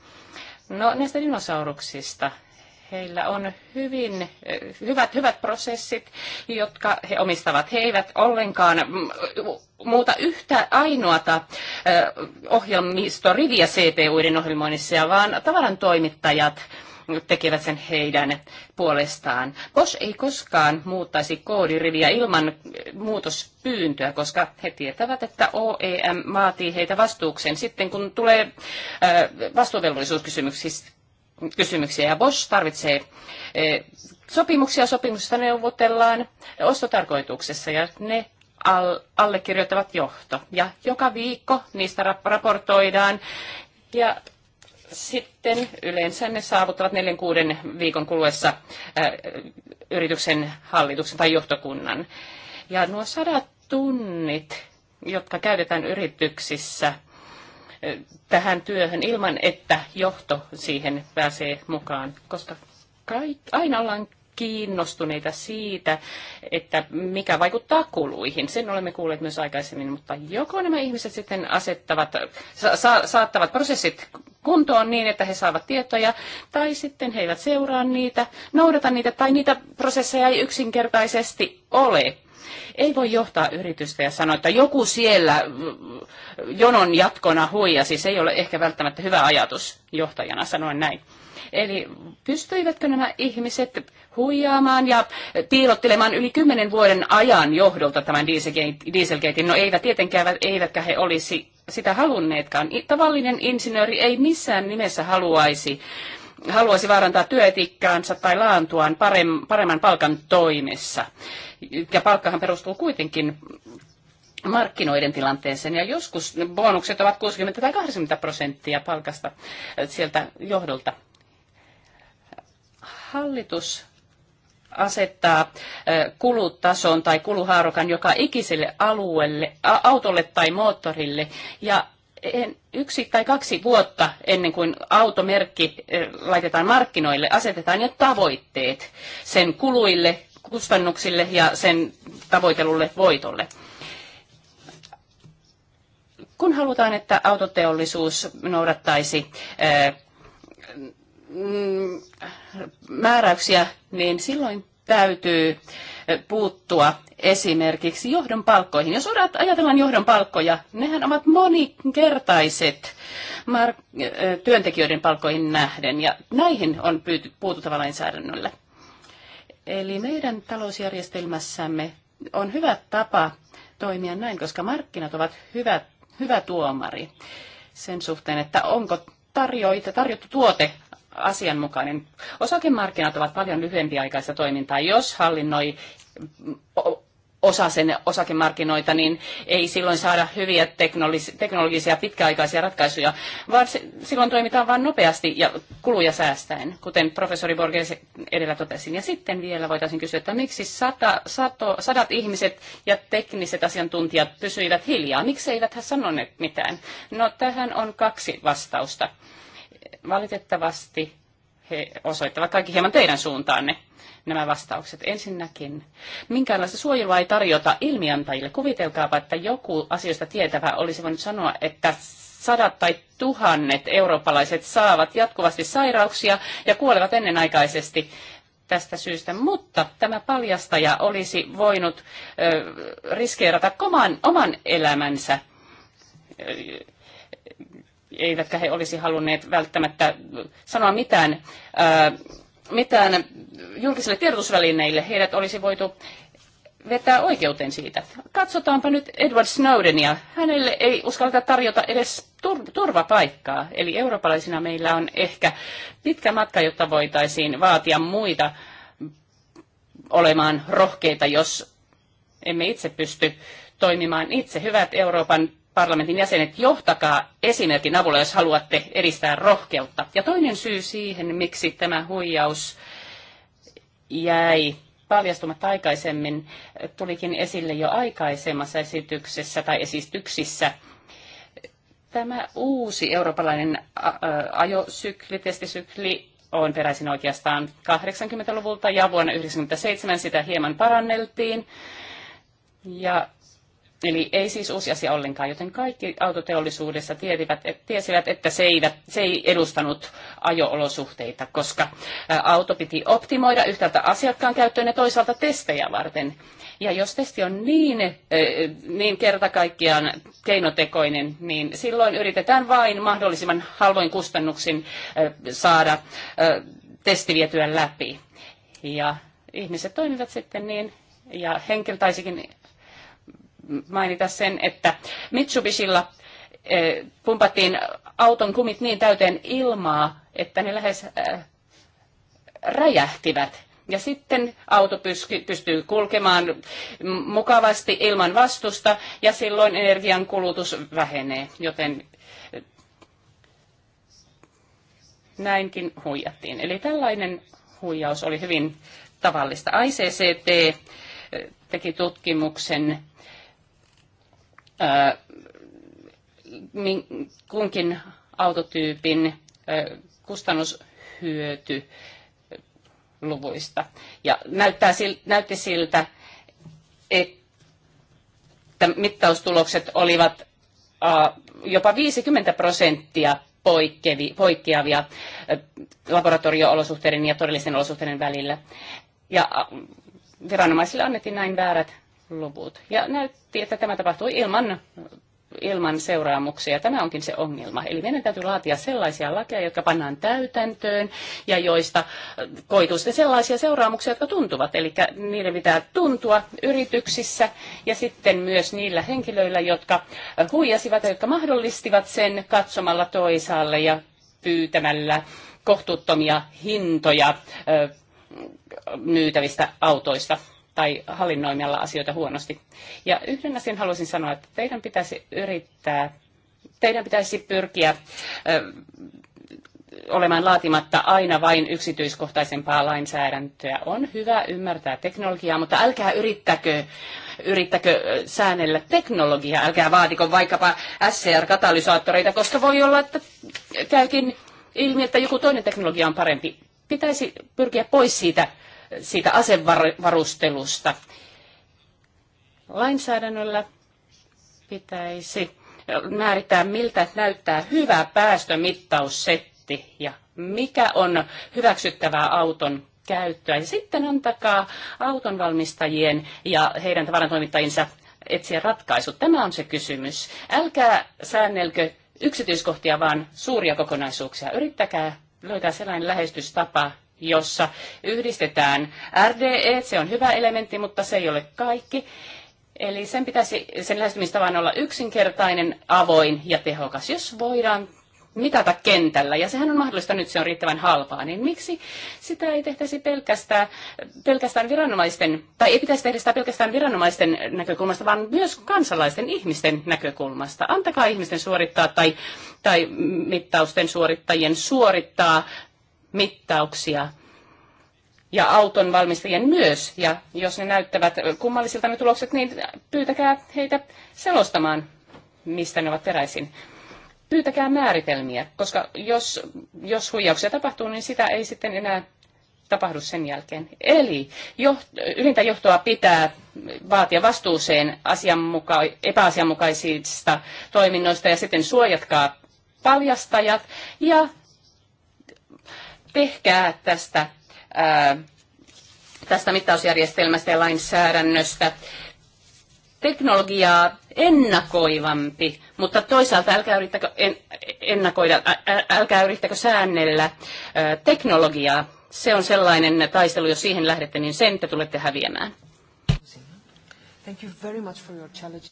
No näistä dinosauruksista heillä on hyvin, eh, hyvät, hyvät prosessit, jotka he omistavat. He eivät ollenkaan muuta yhtä ainoata eh, ohjelmistoriviä CPUiden ohjelmoinnissa, vaan tavaran toimittajat tekevät sen heidän puolestaan. Kos ei koskaan muuttaisi koodiriviä ilman eh, muutospyyntöä, koska he tietävät, että OEM maatii heitä vastuukseen. Sitten kun tulee vastuuvelvollisuuskysymyksistä kysymyksiä. Ja Bosch tarvitsee e, sopimuksia, sopimusta neuvotellaan ostotarkoituksessa ja ne allekirjoittavat johto. Ja joka viikko niistä raportoidaan ja sitten yleensä ne saavuttavat neljän kuuden viikon kuluessa e, yrityksen hallituksen tai johtokunnan. Ja nuo sadat tunnit, jotka käytetään yrityksissä tähän työhön ilman, että johto siihen pääsee mukaan, koska kaik, aina ollaan kiinnostuneita siitä, että mikä vaikuttaa kuluihin. Sen olemme kuulleet myös aikaisemmin, mutta joko nämä ihmiset sitten asettavat, sa- saattavat prosessit kuntoon niin, että he saavat tietoja, tai sitten he eivät seuraa niitä, noudata niitä, tai niitä prosesseja ei yksinkertaisesti ole ei voi johtaa yritystä ja sanoa, että joku siellä jonon jatkona huijasi. Siis Se ei ole ehkä välttämättä hyvä ajatus johtajana, sanoin näin. Eli pystyivätkö nämä ihmiset huijaamaan ja piilottelemaan yli kymmenen vuoden ajan johdolta tämän Dieselgatein? No eivät tietenkään, eivätkä he olisi sitä halunneetkaan. Tavallinen insinööri ei missään nimessä haluaisi äh, haluaisi vaarantaa työetikkaansa tai laantuaan paremman palkan toimessa. Ja palkkahan perustuu kuitenkin markkinoiden tilanteeseen. Ja joskus bonukset ovat 60 tai 80 prosenttia palkasta äh, sieltä johdolta. Hallitus asettaa äh, kulutason tai kuluhaarukan joka ikiselle alueelle, autolle tai moottorille. Ja yksi tai kaksi vuotta ennen kuin automerkki laitetaan markkinoille, asetetaan jo tavoitteet sen kuluille, kustannuksille ja sen tavoitelulle voitolle. Kun halutaan, että autoteollisuus noudattaisi mm, määräyksiä, niin silloin täytyy puuttua esimerkiksi johdon palkkoihin. Jos ajatellaan johdon palkkoja, nehän ovat moninkertaiset työntekijöiden palkkoihin nähden, ja näihin on puututtava lainsäädännöllä. Eli meidän talousjärjestelmässämme on hyvä tapa toimia näin, koska markkinat ovat hyvä, hyvä tuomari sen suhteen, että onko tarjoita, tarjottu tuote asianmukainen. Osakemarkkinat ovat paljon lyhyempiaikaista toimintaa. Jos hallinnoi osa sen osakemarkkinoita, niin ei silloin saada hyviä teknologisia pitkäaikaisia ratkaisuja, vaan silloin toimitaan vain nopeasti ja kuluja säästäen, kuten professori Borges edellä totesi. Ja sitten vielä voitaisiin kysyä, että miksi sata, sato, sadat ihmiset ja tekniset asiantuntijat pysyivät hiljaa? Miksi eivät he sanoneet mitään? No tähän on kaksi vastausta valitettavasti he osoittavat kaikki hieman teidän suuntaanne nämä vastaukset. Ensinnäkin, minkäänlaista suojelua ei tarjota ilmiantajille. Kuvitelkaapa, että joku asioista tietävä olisi voinut sanoa, että sadat tai tuhannet eurooppalaiset saavat jatkuvasti sairauksia ja kuolevat ennenaikaisesti tästä syystä, mutta tämä paljastaja olisi voinut ö, riskeerata oman, oman elämänsä eivätkä he olisi halunneet välttämättä sanoa mitään, ää, mitään julkisille tiedotusvälineille. Heidät olisi voitu vetää oikeuteen siitä. Katsotaanpa nyt Edward Snowdenia. Hänelle ei uskalleta tarjota edes tur- turvapaikkaa. Eli eurooppalaisina meillä on ehkä pitkä matka, jotta voitaisiin vaatia muita olemaan rohkeita, jos emme itse pysty toimimaan itse. Hyvät Euroopan parlamentin jäsenet, johtakaa esimerkin avulla, jos haluatte edistää rohkeutta. Ja toinen syy siihen, miksi tämä huijaus jäi paljastumatta aikaisemmin, tulikin esille jo aikaisemmassa esityksessä tai esityksissä. Tämä uusi eurooppalainen ajosykli, testisykli, on peräisin oikeastaan 80-luvulta ja vuonna 1997 sitä hieman paranneltiin. Ja Eli ei siis uusi asia ollenkaan, joten kaikki autoteollisuudessa tiesivät, et, tiesivät että se, se ei edustanut ajo-olosuhteita, koska auto piti optimoida yhtäältä asiakkaan käyttöön ja toisaalta testejä varten. Ja jos testi on niin, niin kerta kaikkiaan keinotekoinen, niin silloin yritetään vain mahdollisimman halvoin kustannuksin saada testi vietyä läpi. Ja ihmiset toimivat sitten niin, ja henkilö taisikin mainita sen, että Mitsubishilla eh, pumpattiin auton kumit niin täyteen ilmaa, että ne lähes eh, räjähtivät. Ja sitten auto pystyy kulkemaan mukavasti ilman vastusta ja silloin energian kulutus vähenee, joten eh, näinkin huijattiin. Eli tällainen huijaus oli hyvin tavallista. ICCT teki tutkimuksen kunkin autotyypin kustannushyöty luvuista. Ja näyttää, näytti siltä, että mittaustulokset olivat jopa 50 prosenttia poikkeavia laboratorioolosuhteiden ja todellisten olosuhteiden välillä. Ja viranomaisille annettiin näin väärät luvut. Ja näytti, että tämä tapahtui ilman, ilman seuraamuksia. Tämä onkin se ongelma. Eli meidän täytyy laatia sellaisia lakeja, jotka pannaan täytäntöön ja joista koituu sitten sellaisia seuraamuksia, jotka tuntuvat. Eli niiden pitää tuntua yrityksissä ja sitten myös niillä henkilöillä, jotka huijasivat ja jotka mahdollistivat sen katsomalla toisaalle ja pyytämällä kohtuuttomia hintoja myytävistä autoista tai hallinnoimalla asioita huonosti. Ja yhden asian haluaisin sanoa, että teidän pitäisi yrittää, teidän pitäisi pyrkiä ö, olemaan laatimatta aina vain yksityiskohtaisempaa lainsäädäntöä. On hyvä ymmärtää teknologiaa, mutta älkää yrittäkö, yrittäkö säännellä teknologiaa. Älkää vaatiko vaikkapa SCR-katalysaattoreita, koska voi olla, että käykin ilmi, että joku toinen teknologia on parempi. Pitäisi pyrkiä pois siitä siitä asevarustelusta. Lainsäädännöllä pitäisi määrittää, miltä näyttää hyvä päästömittaussetti ja mikä on hyväksyttävää auton käyttöä. Ja sitten antakaa autonvalmistajien ja heidän tavarantoimittajinsa etsiä ratkaisut. Tämä on se kysymys. Älkää säännelkö yksityiskohtia, vaan suuria kokonaisuuksia. Yrittäkää löytää sellainen lähestystapa, jossa yhdistetään RDE, se on hyvä elementti, mutta se ei ole kaikki. Eli sen pitäisi sen lähestymistavan olla yksinkertainen, avoin ja tehokas. Jos voidaan mitata kentällä, ja sehän on mahdollista nyt, se on riittävän halpaa, niin miksi sitä ei tehtäisi pelkästään, pelkästään viranomaisten, tai ei pitäisi tehdä sitä pelkästään viranomaisten näkökulmasta, vaan myös kansalaisten ihmisten näkökulmasta. Antakaa ihmisten suorittaa tai, tai mittausten suorittajien suorittaa mittauksia ja auton valmistajien myös. Ja jos ne näyttävät kummallisilta ne tulokset, niin pyytäkää heitä selostamaan, mistä ne ovat peräisin. Pyytäkää määritelmiä, koska jos, jos huijauksia tapahtuu, niin sitä ei sitten enää tapahdu sen jälkeen. Eli joht, ylintä johtoa pitää vaatia vastuuseen asianmuka, epäasianmukaisista toiminnoista ja sitten suojatkaa paljastajat ja tehkää tästä, ää, tästä mittausjärjestelmästä ja lainsäädännöstä teknologiaa ennakoivampi, mutta toisaalta älkää yrittäkö en, ennakoida, älkää yrittäkö säännellä ää, teknologiaa. Se on sellainen taistelu, jos siihen lähdette, niin sen te tulette häviämään. Thank you very much for your challenge.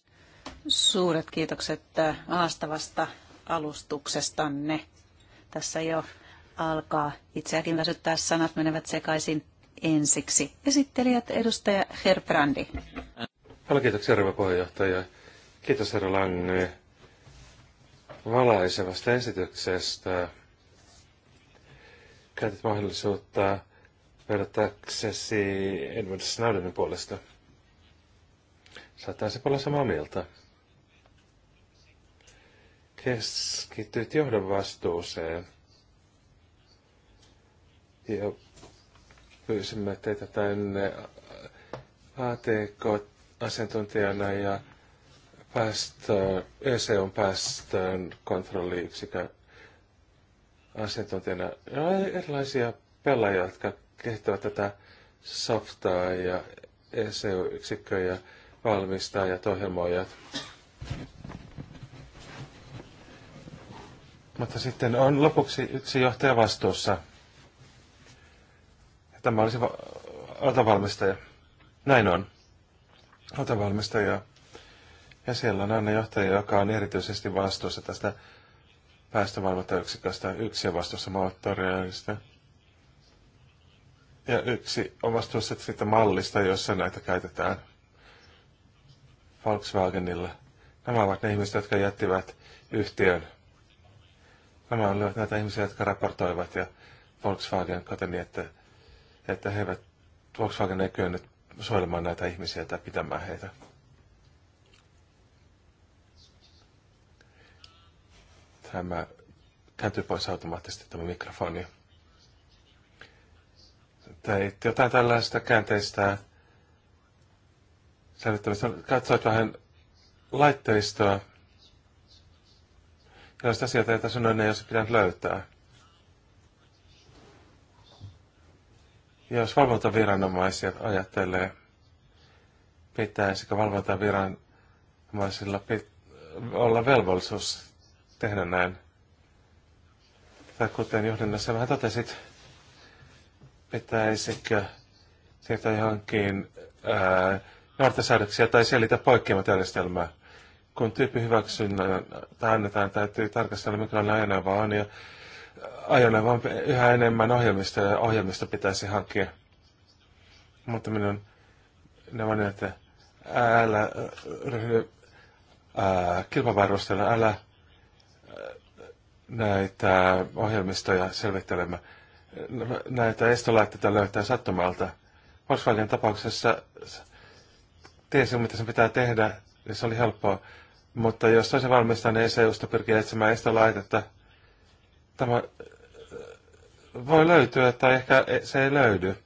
Suuret kiitokset haastavasta alustuksestanne. Tässä jo alkaa. Itseäkin väsyttää, sanat menevät sekaisin ensiksi. Esittelijät edustaja Herbrandi. Paljon kiitoksia, herra puheenjohtaja. Kiitos, herra Lange, valaisevasta esityksestä. Käytit mahdollisuutta vedotaksesi Edward Snowdenin puolesta. Saattaisi olla samaa mieltä. Keskityt johdon vastuuseen – ja pyysimme teitä tänne ATK-asiantuntijana ja päästö, ECOn päästöön kontrolliyksikön asiantuntijana. ja erilaisia pelaajia, jotka kehittävät tätä softaa ja ECO-yksikköjä, valmistajat, ohjelmoijat. Mutta sitten on lopuksi yksi johtaja vastuussa – tämä olisi va- autovalmistaja. Näin on. Autovalmistaja. Ja siellä on aina johtaja, joka on erityisesti vastuussa tästä päästövalvontayksiköstä. Yksi on vastuussa moottoreista. Ja yksi on vastuussa siitä mallista, jossa näitä käytetään Volkswagenilla. Nämä ovat ne ihmiset, jotka jättivät yhtiön. Nämä olivat näitä ihmisiä, jotka raportoivat ja Volkswagen koteni, että että he eivät, Volkswagen ei kyennyt suojelemaan näitä ihmisiä tai pitämään heitä. Tämä kääntyy pois automaattisesti tämä mikrofoni. Tai jotain tällaista käänteistä säilyttämistä. Katsoit vähän laitteistoa. Jos asioita, joita sanoin, ei olisi pitänyt löytää. Jos valvontaviranomaisia ajattelee, pitäisikö valvontaviranomaisilla pit- olla velvollisuus tehdä näin? Tai kuten johdannassa vähän totesit, pitäisikö siirtää johonkin ää, nuorten säädöksiä tai selitä poikkeamatjärjestelmää? kun tyyppihyväksynnän annetaan, täytyy tarkastella, minkälainen ajoneuvo on ja ajona, vaan yhä enemmän ohjelmista ja ohjelmista pitäisi hakea. Mutta minun ne on, että älä äh, ryhdy äh, kilpavarustella, älä äh, näitä ohjelmistoja selvittelemään. Näitä estolaitteita löytää sattumalta. Volkswagen tapauksessa tiesin, mitä sen pitää tehdä, ja niin se oli helppoa. Mutta jos toisen valmistajan niin just pyrkii etsimään estolaitetta, Tämä äh, voi löytyä tai ehkä e, se ei löydy.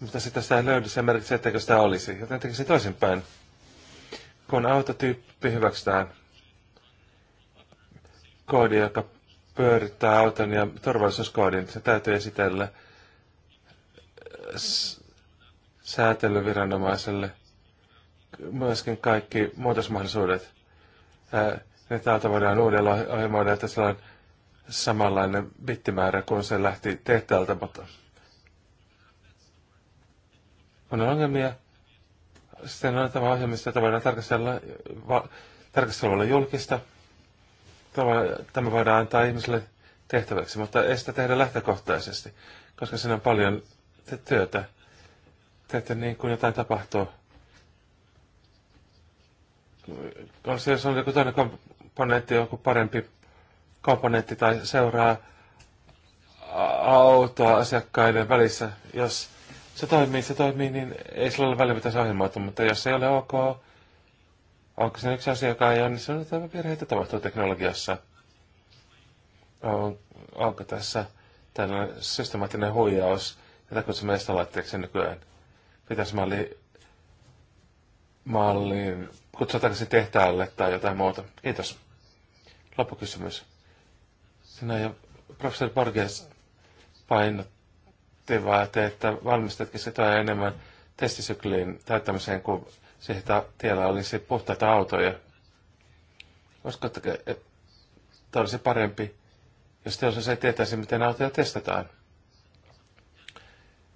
Mutta sitä sitä ei löydy, se merkitsee, etteikö sitä olisi. Joten tekisin toisinpäin. Kun autotyyppi hyväksytään koodi, joka pyörittää auton ja turvallisuuskoodin, se täytyy esitellä äh, säätelyviranomaiselle myöskin kaikki muutosmahdollisuudet. Ää, äh, täältä auto voidaan uudella ohjelmoida, että sillä on samanlainen bittimäärä kuin se lähti tehtäältä, mutta on ongelmia. Sitten on tämä ohjelmisto, jota voidaan tarkastella, va, tarkastella julkista. Tämä voidaan antaa ihmisille tehtäväksi, mutta ei sitä tehdä lähtökohtaisesti, koska siinä on paljon työtä. Teette niin kuin jotain tapahtuu. Jos on joku toinen komponentti, joku parempi komponentti tai seuraa autoa asiakkaiden välissä. Jos se toimii, se toimii, niin ei sillä ole väliä, mitä se mutta jos se ei ole ok, onko se yksi asia, joka ei ole, niin se on jotain virheitä tapahtuu teknologiassa. On, onko tässä tällainen systemaattinen huijaus, jota meistä laitteeksi nykyään? Pitäisi malli, malliin kutsua se tehtaalle tai jotain muuta. Kiitos. Loppukysymys. Sinä ja professor Borges painottivat, että valmistajat keskitytään enemmän testisykliin täyttämiseen kuin siihen, tiellä olisi puhtaita autoja. Uskotteko, että olisi parempi, jos te osaisi tietäisi, miten autoja testataan?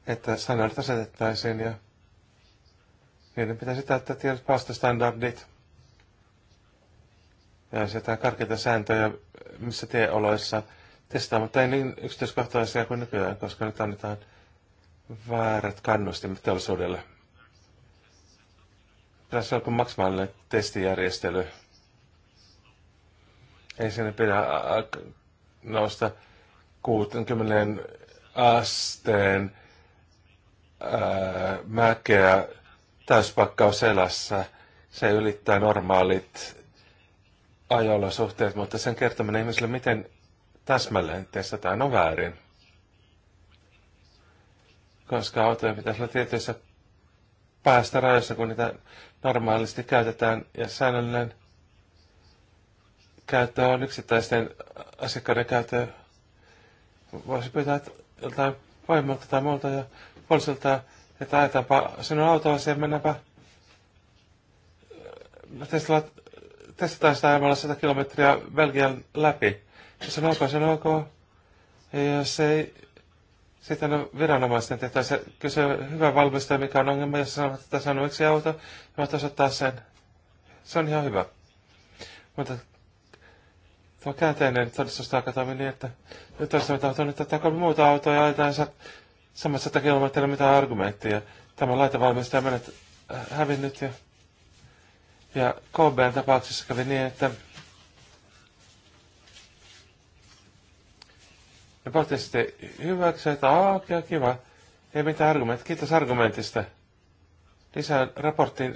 Että standardit asetettaisiin ja niiden pitäisi täyttää tiedot päästöstandardit ja asetetaan karkeita sääntöjä, missä tieoloissa testaa, mutta ei niin yksityiskohtaisia kuin nykyään, koska nyt annetaan väärät kannustimet teollisuudelle. Tässä on maksimaalinen testijärjestely. Ei sinne pidä nousta 60 asteen ää, mäkeä täyspakkaus elässä. Se ylittää normaalit ajolosuhteet, mutta sen kertominen ihmiselle, miten täsmälleen testataan, on väärin. Koska autoja pitäisi olla tietyissä päästä rajoissa, kun niitä normaalisti käytetään, ja säännöllinen käyttö on yksittäisten asiakkaiden käyttö. Voisi pyytää joltain vaimolta tai muulta ja puolisolta, että ajetaanpa sinun autoasi ja mennäänpä no, testailla tässä taisi ajamalla 100 kilometriä Belgian läpi. Se on ok, se on ok. Ja se ei, sitten on viranomaisten tehtävä se kysyy hyvä valmistaja, mikä on ongelma, jos sanoo, että tässä on yksi auto, ja se osoittaa sen. Se on ihan hyvä. Mutta tuo käänteinen taakka toimi niin, että nyt toistamme autoa, nyt ottaa kolme muuta autoa ja ajetaan samassa 100 kilometriä mitään argumenttia. Tämä laitevalmistaja menet äh, hävinnyt ja ja KBn tapauksessa kävi niin, että ne pohtivat sitten hyväksyä, että aah, okay, kiva, ei mitään argumenttia, kiitos argumentista. Lisään raporttiin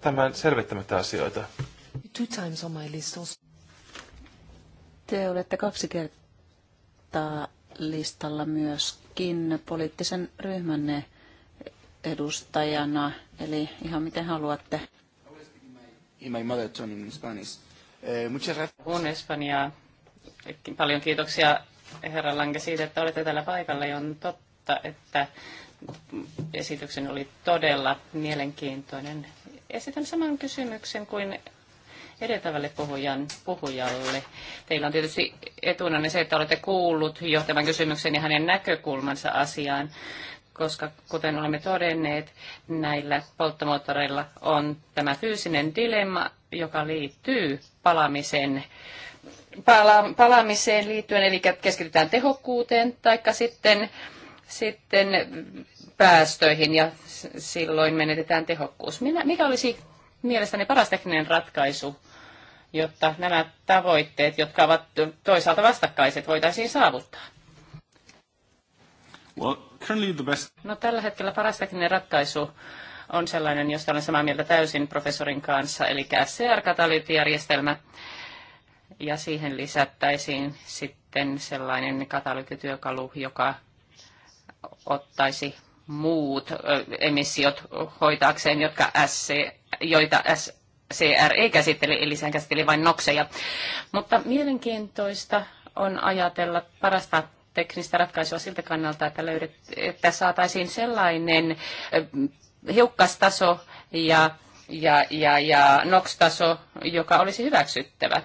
tämän selvittämättä asioita. Two times on my list also. Te olette kaksi kertaa listalla myöskin poliittisen ryhmänne edustajana, eli ihan miten haluatte in my mother tongue in Spanish. Eh, muchas gracias. Paljon kiitoksia herra Lange siitä, että olette tällä paikalla. Ja on totta, että esityksen oli todella mielenkiintoinen. Esitän saman kysymyksen kuin edeltävälle puhujan, puhujalle. Teillä on tietysti etuna se, että olette kuullut jo tämän kysymyksen ja hänen näkökulmansa asiaan, koska kuten olemme todenneet, näillä polttomoottoreilla on tämä fyysinen dilemma, joka liittyy palamiseen pala- palamiseen liittyen, eli keskitytään tehokkuuteen tai sitten, sitten päästöihin ja silloin menetetään tehokkuus. Minä, mikä olisi mielestäni paras tekninen ratkaisu, jotta nämä tavoitteet, jotka ovat toisaalta vastakkaiset, voitaisiin saavuttaa? Well, No tällä hetkellä paras tekninen ratkaisu on sellainen, josta olen samaa mieltä täysin professorin kanssa, eli SCR-katalyytijärjestelmä. Ja siihen lisättäisiin sitten sellainen katalyytityökalu, joka ottaisi muut emissiot hoitaakseen, jotka SC, joita SCR ei käsitteli, eli sehän käsitteli vain nokseja. Mutta mielenkiintoista on ajatella parasta teknistä ratkaisua siltä kannalta, että, löydet, että saataisiin sellainen hiukkastaso ja, ja, ja, ja NOx-taso, joka olisi hyväksyttävä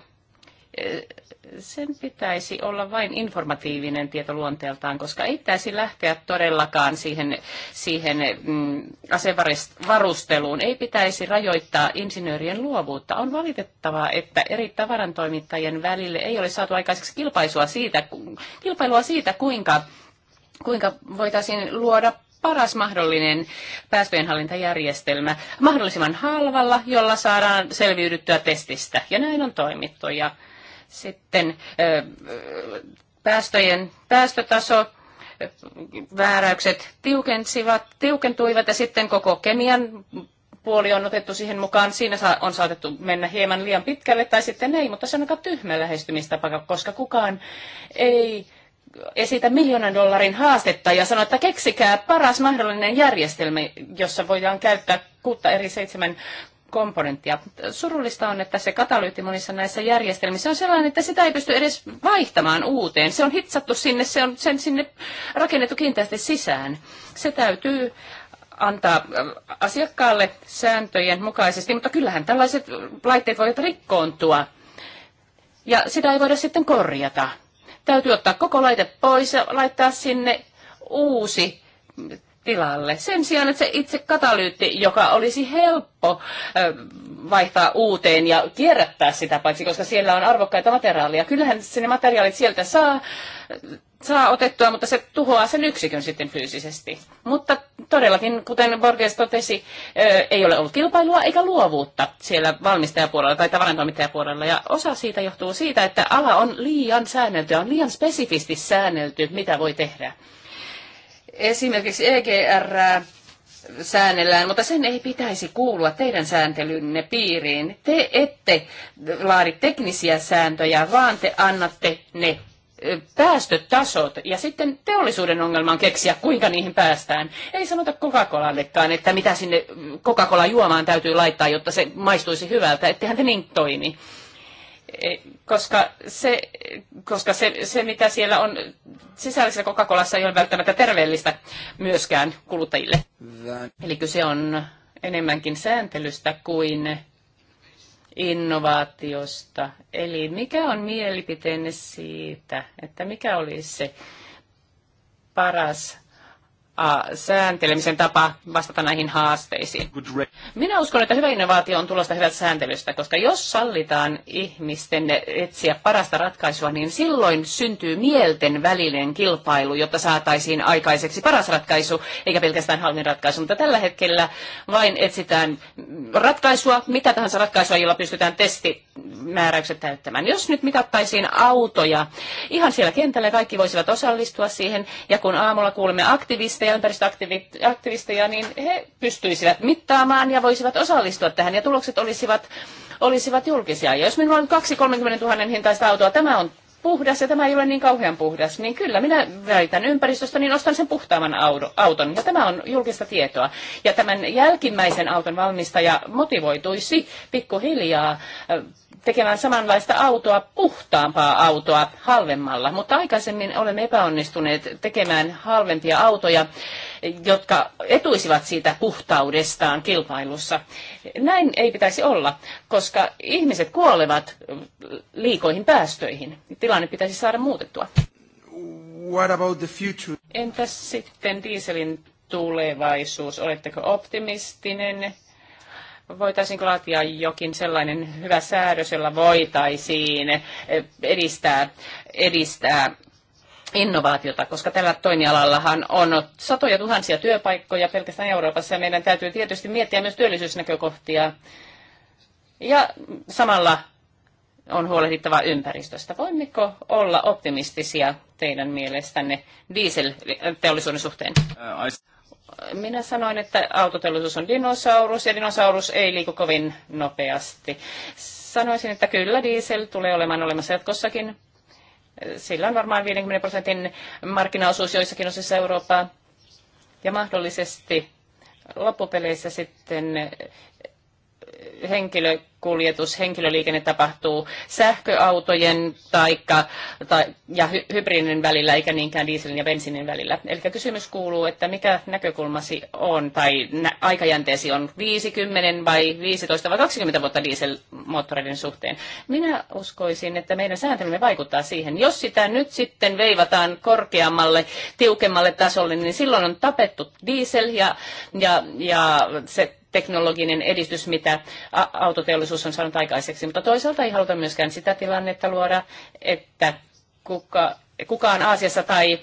sen pitäisi olla vain informatiivinen tieto luonteeltaan, koska ei pitäisi lähteä todellakaan siihen, siihen mm, asevarusteluun. Ei pitäisi rajoittaa insinöörien luovuutta. On valitettavaa, että eri tavarantoimittajien välille ei ole saatu aikaiseksi kilpailua siitä, kilpailua siitä kuinka, kuinka voitaisiin luoda paras mahdollinen päästöjenhallintajärjestelmä mahdollisimman halvalla, jolla saadaan selviydyttyä testistä. Ja näin on toimittu. Ja sitten päästöjen päästötaso, vääräykset tiukensivat, tiukentuivat ja sitten koko kemian puoli on otettu siihen mukaan. Siinä on saatettu mennä hieman liian pitkälle tai sitten ei, mutta se on aika tyhmä lähestymistapa, koska kukaan ei esitä miljoonan dollarin haastetta ja sanoo, että keksikää paras mahdollinen järjestelmä, jossa voidaan käyttää kuutta eri seitsemän komponenttia. Surullista on, että se katalyytti monissa näissä järjestelmissä on sellainen, että sitä ei pysty edes vaihtamaan uuteen. Se on hitsattu sinne, se on sen sinne rakennettu kiinteästi sisään. Se täytyy antaa äh, asiakkaalle sääntöjen mukaisesti, mutta kyllähän tällaiset laitteet voivat rikkoontua. Ja sitä ei voida sitten korjata. Täytyy ottaa koko laite pois ja laittaa sinne uusi tilalle. Sen sijaan, että se itse katalyytti, joka olisi helppo vaihtaa uuteen ja kierrättää sitä paitsi, koska siellä on arvokkaita materiaaleja. Kyllähän se ne materiaalit sieltä saa, saa otettua, mutta se tuhoaa sen yksikön sitten fyysisesti. Mutta todellakin, kuten Borges totesi, ei ole ollut kilpailua eikä luovuutta siellä valmistajapuolella tai tavarantoimittajapuolella. Ja osa siitä johtuu siitä, että ala on liian säännelty ja on liian spesifisti säännelty, mitä voi tehdä. Esimerkiksi EGR säännellään, mutta sen ei pitäisi kuulua teidän sääntelynne piiriin. Te ette laadi teknisiä sääntöjä, vaan te annatte ne päästötasot ja sitten teollisuuden ongelman keksiä, kuinka niihin päästään. Ei sanota Coca-Colallekaan, että mitä sinne Coca-Cola juomaan täytyy laittaa, jotta se maistuisi hyvältä. Ettehän te niin toimi. Eh, koska, se, koska se, se, mitä siellä on sisällisessä Coca-Colassa, ei ole välttämättä terveellistä myöskään kuluttajille. Eli kyse on enemmänkin sääntelystä kuin innovaatiosta. Eli mikä on mielipiteenne siitä, että mikä olisi se paras sääntelemisen tapa vastata näihin haasteisiin. Minä uskon, että hyvä innovaatio on tulosta hyvältä sääntelystä, koska jos sallitaan ihmisten etsiä parasta ratkaisua, niin silloin syntyy mielten välinen kilpailu, jotta saataisiin aikaiseksi paras ratkaisu, eikä pelkästään halvin ratkaisu. Mutta tällä hetkellä vain etsitään ratkaisua, mitä tahansa ratkaisua, jolla pystytään testimääräykset täyttämään. Jos nyt mitattaisiin autoja, ihan siellä kentällä kaikki voisivat osallistua siihen, ja kun aamulla kuulemme aktivisteja, ja ympäristöaktivisteja, niin he pystyisivät mittaamaan ja voisivat osallistua tähän ja tulokset olisivat, olisivat julkisia. Ja jos minulla on 2-30 000 hintaista autoa, tämä on puhdas ja tämä ei ole niin kauhean puhdas, niin kyllä minä välitän ympäristöstä, niin ostan sen puhtaamman auton. Ja tämä on julkista tietoa. Ja tämän jälkimmäisen auton valmistaja motivoituisi pikkuhiljaa äh, tekemään samanlaista autoa, puhtaampaa autoa halvemmalla. Mutta aikaisemmin olemme epäonnistuneet tekemään halvempia autoja, jotka etuisivat siitä puhtaudestaan kilpailussa. Näin ei pitäisi olla, koska ihmiset kuolevat liikoihin päästöihin. Tilanne pitäisi saada muutettua. What about the future? Entäs sitten dieselin tulevaisuus? Oletteko optimistinen? voitaisiinko laatia jokin sellainen hyvä säädös, jolla voitaisiin eh, edistää, edistää innovaatiota, koska tällä toimialallahan on satoja tuhansia työpaikkoja pelkästään Euroopassa ja meidän täytyy tietysti miettiä myös työllisyysnäkökohtia. Ja samalla on huolehdittava ympäristöstä. Voimmeko olla optimistisia teidän mielestänne diesel-teollisuuden suhteen? Äh, minä sanoin, että autoteollisuus on dinosaurus ja dinosaurus ei liiku kovin nopeasti. Sanoisin, että kyllä diesel tulee olemaan olemassa jatkossakin. Sillä on varmaan 50 prosentin markkinaosuus joissakin osissa Eurooppaa. Ja mahdollisesti loppupeleissä sitten henkilö kuljetus, henkilöliikenne tapahtuu sähköautojen taikka, tai, ja hy, hybridin välillä, eikä niinkään dieselin ja bensiinin välillä. Eli kysymys kuuluu, että mikä näkökulmasi on, tai nä, aikajänteesi on 50 vai 15 vai 20 vuotta dieselmoottoreiden suhteen. Minä uskoisin, että meidän sääntelymme vaikuttaa siihen. Jos sitä nyt sitten veivataan korkeammalle, tiukemmalle tasolle, niin silloin on tapettu diesel ja, ja, ja se teknologinen edistys, mitä autoteollisuus on saanut aikaiseksi. Mutta toisaalta ei haluta myöskään sitä tilannetta luoda, että kuka, kukaan Aasiassa tai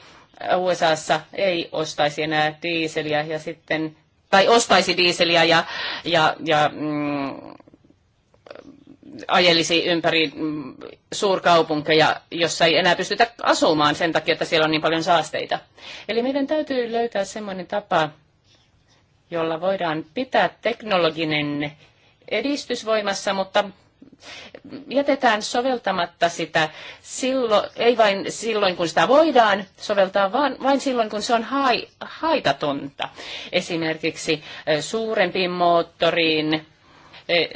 USAssa ei ostaisi enää diiseliä ja sitten, tai ostaisi diiseliä ja, ja, ja mm, ajelisi ympäri mm, suurkaupunkeja, jossa ei enää pystytä asumaan sen takia, että siellä on niin paljon saasteita. Eli meidän täytyy löytää sellainen tapa, jolla voidaan pitää teknologinen edistys voimassa, mutta jätetään soveltamatta sitä silloin, ei vain silloin, kun sitä voidaan soveltaa, vaan vain silloin, kun se on hai, haitatonta. Esimerkiksi suurempiin moottoriin,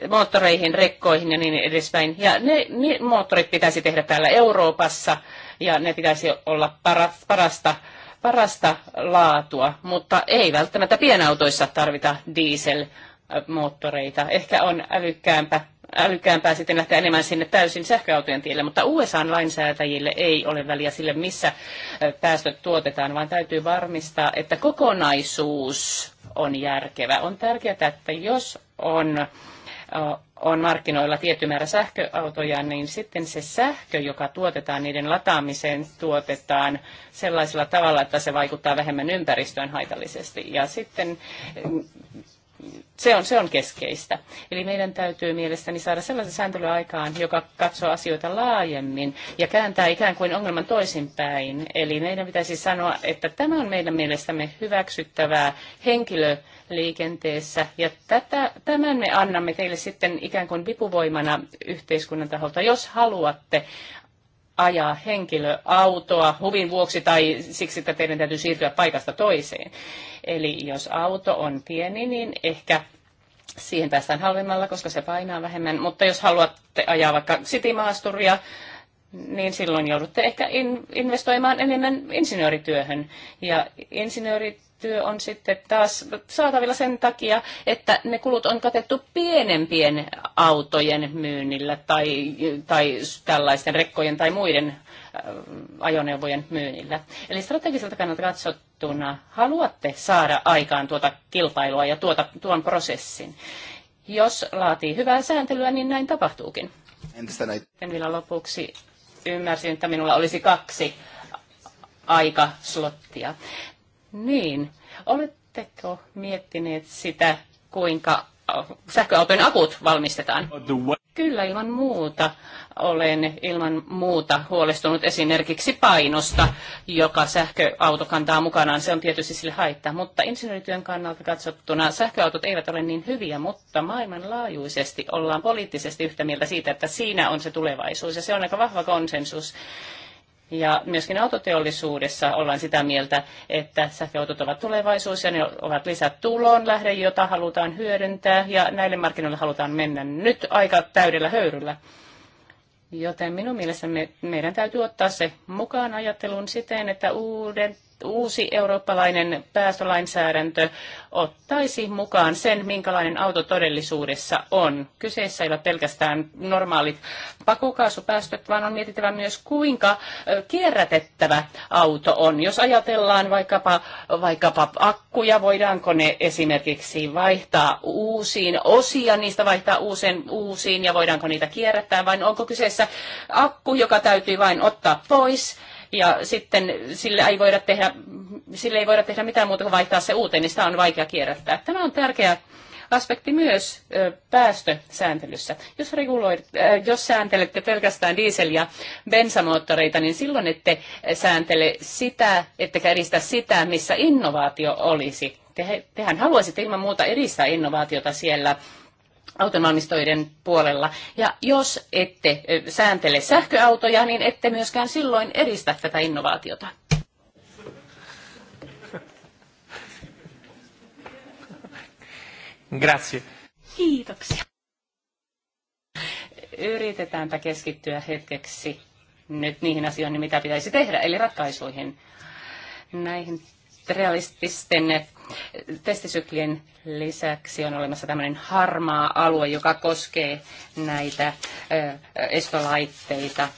moottoreihin, rekkoihin ja niin edespäin. Ja ne, ne moottorit pitäisi tehdä täällä Euroopassa ja ne pitäisi olla parasta parasta laatua, mutta ei välttämättä pienautoissa tarvita dieselmoottoreita. Ehkä on älykkäämpä, älykkäämpää sitten lähteä enemmän sinne täysin sähköautojen tielle, mutta USA-lainsäätäjille ei ole väliä sille, missä päästöt tuotetaan, vaan täytyy varmistaa, että kokonaisuus on järkevä. On tärkeää, että jos on on markkinoilla tietty määrä sähköautoja, niin sitten se sähkö, joka tuotetaan niiden lataamiseen, tuotetaan sellaisella tavalla, että se vaikuttaa vähemmän ympäristöön haitallisesti. Ja sitten se on, se on keskeistä. Eli meidän täytyy mielestäni saada sellaisen sääntelyä aikaan, joka katsoo asioita laajemmin ja kääntää ikään kuin ongelman toisinpäin. Eli meidän pitäisi sanoa, että tämä on meidän mielestämme hyväksyttävää henkilö liikenteessä. Ja tätä, tämän me annamme teille sitten ikään kuin vipuvoimana yhteiskunnan taholta, jos haluatte ajaa henkilöautoa huvin vuoksi tai siksi, että teidän täytyy siirtyä paikasta toiseen. Eli jos auto on pieni, niin ehkä siihen päästään halvemmalla, koska se painaa vähemmän. Mutta jos haluatte ajaa vaikka sitimaasturia, niin silloin joudutte ehkä in, investoimaan enemmän insinöörityöhön. Ja insinöörit työ on sitten taas saatavilla sen takia, että ne kulut on katettu pienempien autojen myynnillä tai, tai tällaisten rekkojen tai muiden äh, ajoneuvojen myynnillä. Eli strategiselta kannalta katsottuna haluatte saada aikaan tuota kilpailua ja tuota, tuon prosessin. Jos laatii hyvää sääntelyä, niin näin tapahtuukin. Entistä näin. Vielä lopuksi ymmärsin, että minulla olisi kaksi aikaslottia. Niin. Oletteko miettineet sitä, kuinka sähköautojen akut valmistetaan? Kyllä ilman muuta. Olen ilman muuta huolestunut esimerkiksi painosta, joka sähköauto kantaa mukanaan. Se on tietysti sille haittaa, mutta insinöörityön kannalta katsottuna sähköautot eivät ole niin hyviä, mutta maailmanlaajuisesti ollaan poliittisesti yhtä mieltä siitä, että siinä on se tulevaisuus ja se on aika vahva konsensus. Ja myöskin autoteollisuudessa ollaan sitä mieltä, että sähköautot ovat tulevaisuus ja ne ovat lisätulon lähde, jota halutaan hyödyntää ja näille markkinoille halutaan mennä nyt aika täydellä höyryllä. Joten minun mielestäni me, meidän täytyy ottaa se mukaan ajattelun siten, että uudet uusi eurooppalainen päästölainsäädäntö ottaisi mukaan sen, minkälainen auto todellisuudessa on. Kyseessä ei ole pelkästään normaalit pakokaasupäästöt, vaan on mietittävä myös, kuinka kierrätettävä auto on. Jos ajatellaan vaikkapa, vaikkapa akkuja, voidaanko ne esimerkiksi vaihtaa uusiin osia, niistä vaihtaa uusien, uusiin ja voidaanko niitä kierrättää, vai onko kyseessä akku, joka täytyy vain ottaa pois, ja sitten sille ei voida tehdä, sille ei voida tehdä mitään muuta kuin vaihtaa se uuteen, niin sitä on vaikea kierrättää. Tämä on tärkeä aspekti myös päästösääntelyssä. Jos, reguloit, jos sääntelette pelkästään diesel- ja bensamoottoreita, niin silloin ette sääntele sitä, ettekä edistä sitä, missä innovaatio olisi. Te, tehän haluaisitte ilman muuta edistää innovaatiota siellä autonvalmistajien puolella. Ja jos ette sääntele sähköautoja, niin ette myöskään silloin edistä tätä innovaatiota. Grazie. Kiitoksia. Yritetäänpä keskittyä hetkeksi nyt niihin asioihin, mitä pitäisi tehdä, eli ratkaisuihin. Näihin realististen Testisyklien lisäksi on olemassa tämmöinen harmaa alue, joka koskee näitä estolaitteita.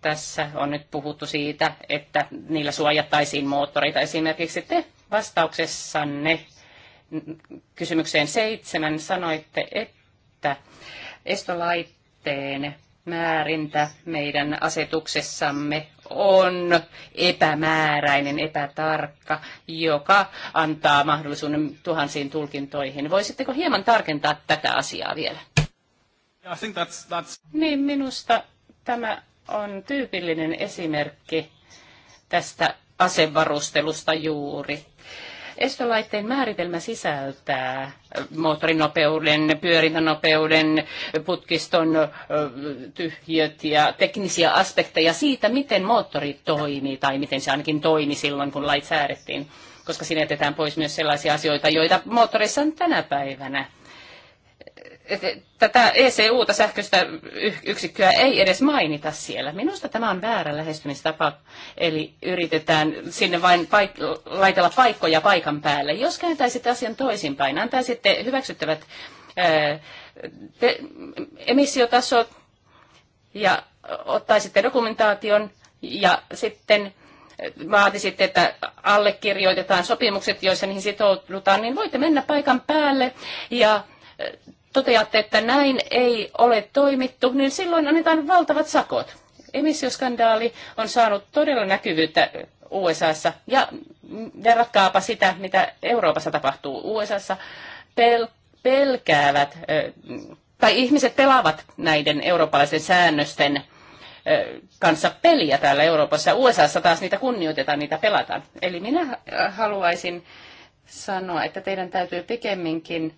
Tässä on nyt puhuttu siitä, että niillä suojattaisiin moottoreita. Esimerkiksi te vastauksessanne kysymykseen seitsemän sanoitte, että estolaitteen määrintä meidän asetuksessamme on epämääräinen, epätarkka, joka antaa mahdollisuuden tuhansiin tulkintoihin. Voisitteko hieman tarkentaa tätä asiaa vielä? Yeah, I think that's, that's... Niin, minusta tämä on tyypillinen esimerkki tästä asevarustelusta juuri. Estolaitteen määritelmä sisältää moottorinopeuden, pyörintänopeuden, putkiston tyhjöt ja teknisiä aspekteja siitä, miten moottori toimii tai miten se ainakin toimi silloin, kun lait säädettiin koska sinne jätetään pois myös sellaisia asioita, joita moottorissa on tänä päivänä tätä EU-ta sähköistä yksikköä ei edes mainita siellä. Minusta tämä on väärä lähestymistapa, eli yritetään sinne vain paik- laitella paikkoja paikan päälle. Jos kääntäisit asian toisinpäin, antaisitte hyväksyttävät ää, te, emissiotasot ja ottaisitte dokumentaation ja sitten vaatisitte, että allekirjoitetaan sopimukset, joissa niihin sitoudutaan, niin voitte mennä paikan päälle ja toteatte, että näin ei ole toimittu, niin silloin annetaan valtavat sakot. Emissioskandaali on saanut todella näkyvyyttä USAssa ja verratkaapa sitä, mitä Euroopassa tapahtuu. USAssa pel- pelkäävät, tai ihmiset pelaavat näiden eurooppalaisen säännösten kanssa peliä täällä Euroopassa. USAssa taas niitä kunnioitetaan, niitä pelataan. Eli minä haluaisin sanoa, että teidän täytyy pikemminkin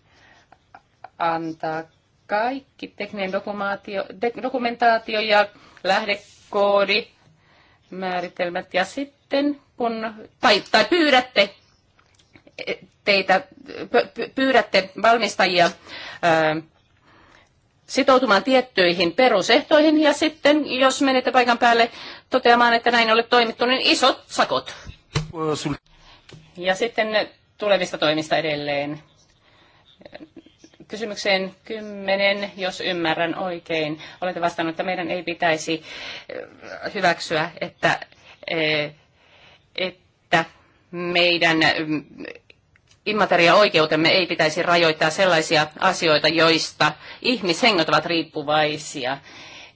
antaa kaikki tekninen dokumentaatio, dokumentaatio ja lähdekoodi, määritelmät ja sitten kun, tai, tai pyydätte teitä, pyydätte valmistajia ää, sitoutumaan tiettyihin perusehtoihin ja sitten jos menette paikan päälle toteamaan, että näin ole toimittu, niin isot sakot. Ja sitten tulevista toimista edelleen kysymykseen kymmenen, jos ymmärrän oikein, olette vastannut, että meidän ei pitäisi eh, hyväksyä, että, eh, että meidän mm, immateriaoikeutemme ei pitäisi rajoittaa sellaisia asioita, joista ihmishengot ovat riippuvaisia.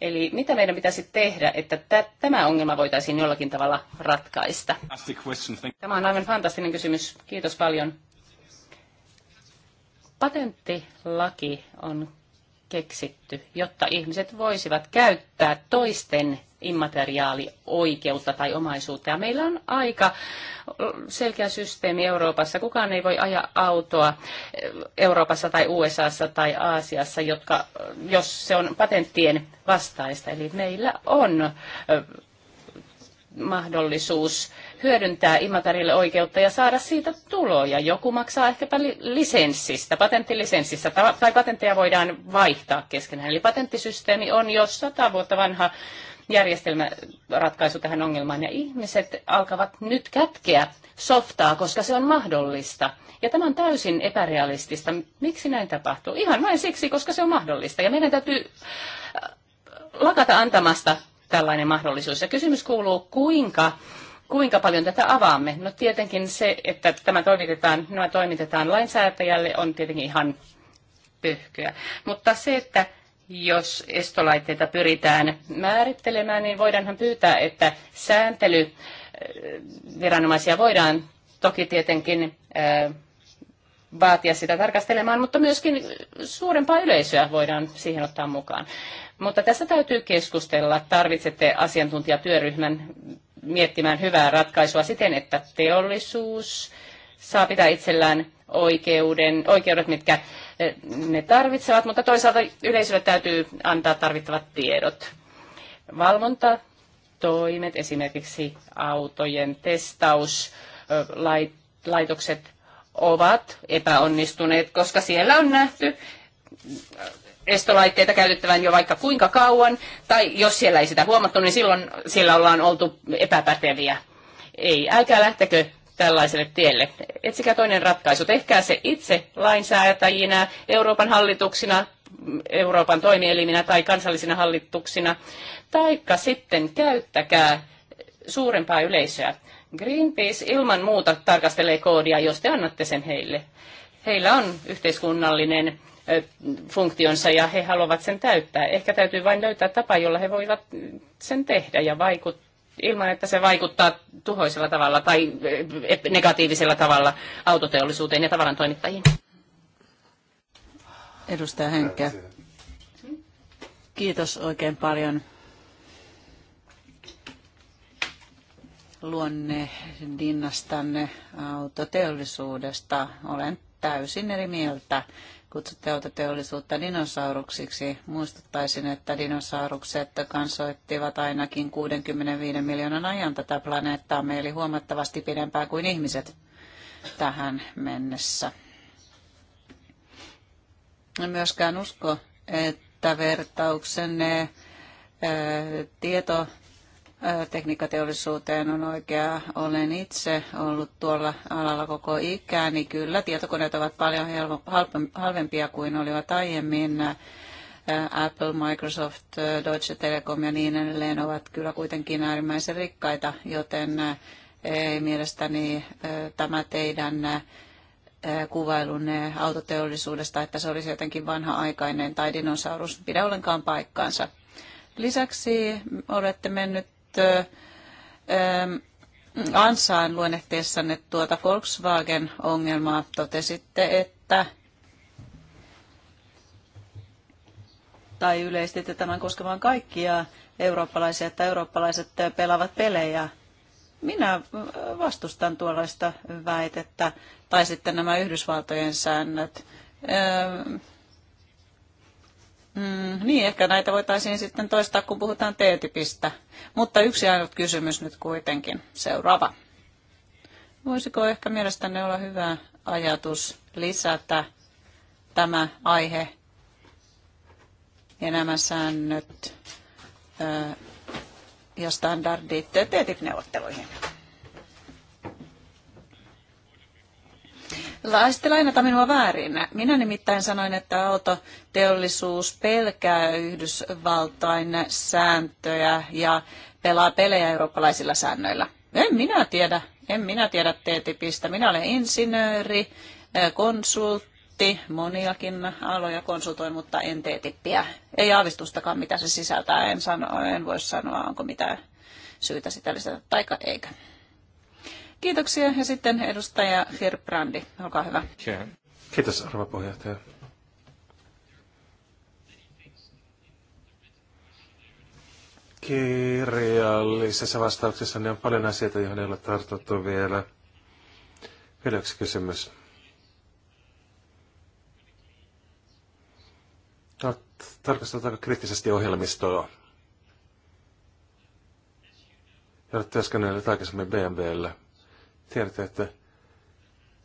Eli mitä meidän pitäisi tehdä, että tämä ongelma voitaisiin jollakin tavalla ratkaista? Tämä on aivan fantastinen kysymys. Kiitos paljon. Patenttilaki on keksitty, jotta ihmiset voisivat käyttää toisten immateriaalioikeutta tai omaisuutta. Ja meillä on aika selkeä systeemi Euroopassa. Kukaan ei voi ajaa autoa Euroopassa tai USAssa tai Aasiassa, jotka, jos se on patenttien vastaista. Eli meillä on mahdollisuus hyödyntää imatarille oikeutta ja saada siitä tuloja. Joku maksaa ehkäpä lisenssistä, patenttilisenssistä, tai patentteja voidaan vaihtaa keskenään. Eli patenttisysteemi on jo sata vuotta vanha järjestelmäratkaisu tähän ongelmaan, ja ihmiset alkavat nyt kätkeä softaa, koska se on mahdollista. Ja tämä on täysin epärealistista. Miksi näin tapahtuu? Ihan vain siksi, koska se on mahdollista. Ja meidän täytyy äh, lakata antamasta tällainen mahdollisuus. Ja kysymys kuuluu, kuinka Kuinka paljon tätä avaamme? No tietenkin se, että tämä toimitetaan, nämä toimitetaan lainsäätäjälle, on tietenkin ihan pöhköä. Mutta se, että jos estolaitteita pyritään määrittelemään, niin voidaanhan pyytää, että sääntelyviranomaisia voidaan toki tietenkin vaatia sitä tarkastelemaan, mutta myöskin suurempaa yleisöä voidaan siihen ottaa mukaan. Mutta tässä täytyy keskustella. Tarvitsette asiantuntijatyöryhmän miettimään hyvää ratkaisua siten, että teollisuus saa pitää itsellään oikeuden, oikeudet, mitkä eh, ne tarvitsevat, mutta toisaalta yleisölle täytyy antaa tarvittavat tiedot. Valvonta toimet, esimerkiksi autojen testaus, eh, laitokset ovat epäonnistuneet, koska siellä on nähty estolaitteita käytettävän jo vaikka kuinka kauan, tai jos siellä ei sitä huomattu, niin silloin siellä ollaan oltu epäpäteviä. Ei, älkää lähtekö tällaiselle tielle. Etsikää toinen ratkaisu. Tehkää se itse lainsäätäjinä, Euroopan hallituksina, Euroopan toimieliminä tai kansallisina hallituksina, taikka sitten käyttäkää suurempaa yleisöä. Greenpeace ilman muuta tarkastelee koodia, jos te annatte sen heille. Heillä on yhteiskunnallinen funktionsa ja he haluavat sen täyttää. Ehkä täytyy vain löytää tapa, jolla he voivat sen tehdä ja vaikuttaa ilman, että se vaikuttaa tuhoisella tavalla tai negatiivisella tavalla autoteollisuuteen ja tavallaan toimittajiin. Edustaja Henkkä. Kiitos oikein paljon luonne luonnedinnastanne autoteollisuudesta. Olen täysin eri mieltä. Kutsutte autoteollisuutta dinosauruksiksi. Muistuttaisin, että dinosaurukset kansoittivat ainakin 65 miljoonan ajan tätä planeettaa eli huomattavasti pidempää kuin ihmiset tähän mennessä. En myöskään usko, että vertauksenne tieto tekniikkateollisuuteen on oikea. Olen itse ollut tuolla alalla koko ikäni. Niin kyllä tietokoneet ovat paljon halvempia kuin olivat aiemmin. Apple, Microsoft, Deutsche Telekom ja niin edelleen ovat kyllä kuitenkin äärimmäisen rikkaita, joten ei mielestäni tämä teidän kuvailun autoteollisuudesta, että se olisi jotenkin vanha-aikainen tai dinosaurus, pidä ollenkaan paikkaansa. Lisäksi olette mennyt ansaan luonnehteessanne tuota Volkswagen-ongelmaa totesitte, että tai yleistitte tämän koskemaan kaikkia eurooppalaisia, että eurooppalaiset pelaavat pelejä. Minä vastustan tuollaista väitettä, tai sitten nämä Yhdysvaltojen säännöt. Mm, niin, ehkä näitä voitaisiin sitten toistaa, kun puhutaan T-typistä. Mutta yksi ainut kysymys nyt kuitenkin. Seuraava. Voisiko ehkä mielestäni olla hyvä ajatus lisätä tämä aihe ja nämä säännöt ja standardit T-typneuvotteluihin? Sitten lainata minua väärin. Minä nimittäin sanoin, että autoteollisuus pelkää Yhdysvaltain sääntöjä ja pelaa pelejä eurooppalaisilla säännöillä. En minä tiedä. En minä tiedä TTIPistä. Minä olen insinööri, konsultti, moniakin aloja konsultoin, mutta en TTIPiä. Ei aavistustakaan, mitä se sisältää. En, sano, en voi sanoa, onko mitään syytä sitä lisätä, taika eikä. Kiitoksia ja sitten edustaja Herbrandi, olkaa hyvä. Kiitos arvo puheenjohtaja. Kirjallisessa vastauksessa on paljon asioita, joihin ei ole tartuttu vielä. Vielä yksi kysymys. No, tarkastetaanko kriittisesti ohjelmistoa? Ja olet työskennellyt aikaisemmin BMWlle tiedätte, että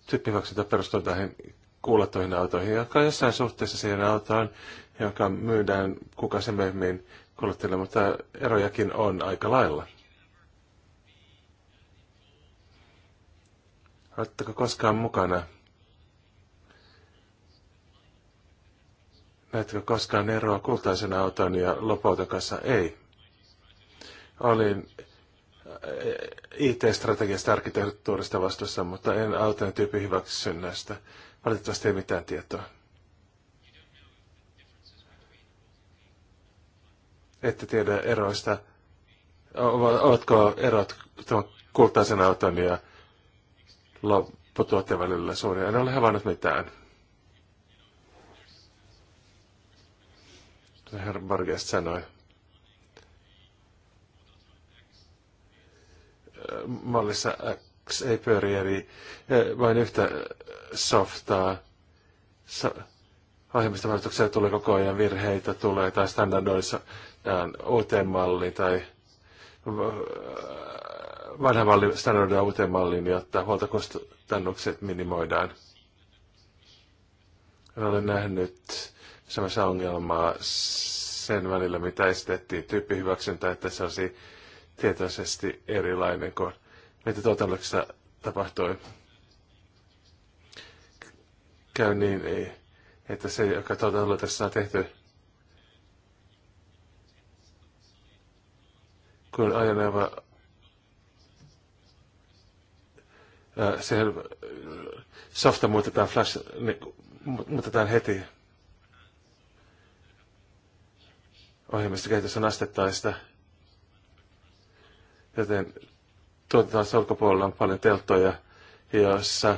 tyyppihyväksyntä perustuu tähän kuulettuihin autoihin, jotka on jossain suhteessa siihen autoon, joka myydään kuka se myöhemmin kuluttajille, mutta erojakin on aika lailla. Oletteko koskaan mukana? Näettekö koskaan eroa kultaisen auton ja lopulta kanssa ei? Olin IT-strategiasta arkkitehtuurista vastuussa, mutta en autojen tyypin näistä. Valitettavasti ei mitään tietoa. Ette tiedä eroista. Ovatko erot tuon kultaisen auton ja lopputuotteen välillä suuria? En ole havainnut mitään. Herr Borges sanoi. mallissa X ei pyöri eri, eh, vain yhtä softaa. So, ohjelmistovalituksia tulee koko ajan virheitä, tulee tai standardoissa uuteen malliin tai eh, vanha malli standardoidaan uuteen malliin, jotta huoltokustannukset minimoidaan. En ole nähnyt samassa ongelmaa sen välillä, mitä esitettiin tyyppihyväksyntä, että se olisi tietoisesti erilainen kuin mitä tuotannoksessa tapahtui. Käy niin, että se, joka tuotannolla on tehty, kun ajoneuvo se softa muutetaan flash, niin, muutetaan heti. Ohjelmistokehitys on astettaista. Joten tuotetaan ulkopuolella on paljon telttoja, joissa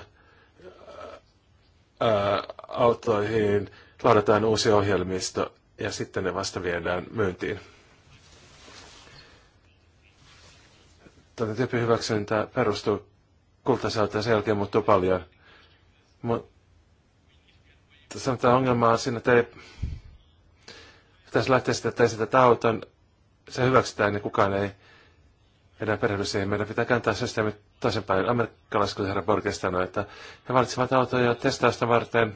autoihin ladataan uusi ohjelmisto ja sitten ne vasta viedään myyntiin. Tämä tuota tyyppi hyväksyntä perustuu kultasältä ja sen jälkeen muuttuu paljon. Mutta sanotaan ongelmaa on siinä, että ei pitäisi lähteä sitä, että sitä auton, se hyväksytään, niin kukaan ei enää perehdy siihen. Meidän pitää kääntää systeemi toisinpäin. Amerikkalaiset, kuten herra Borges sanoi, että he valitsevat autoja testausta varten.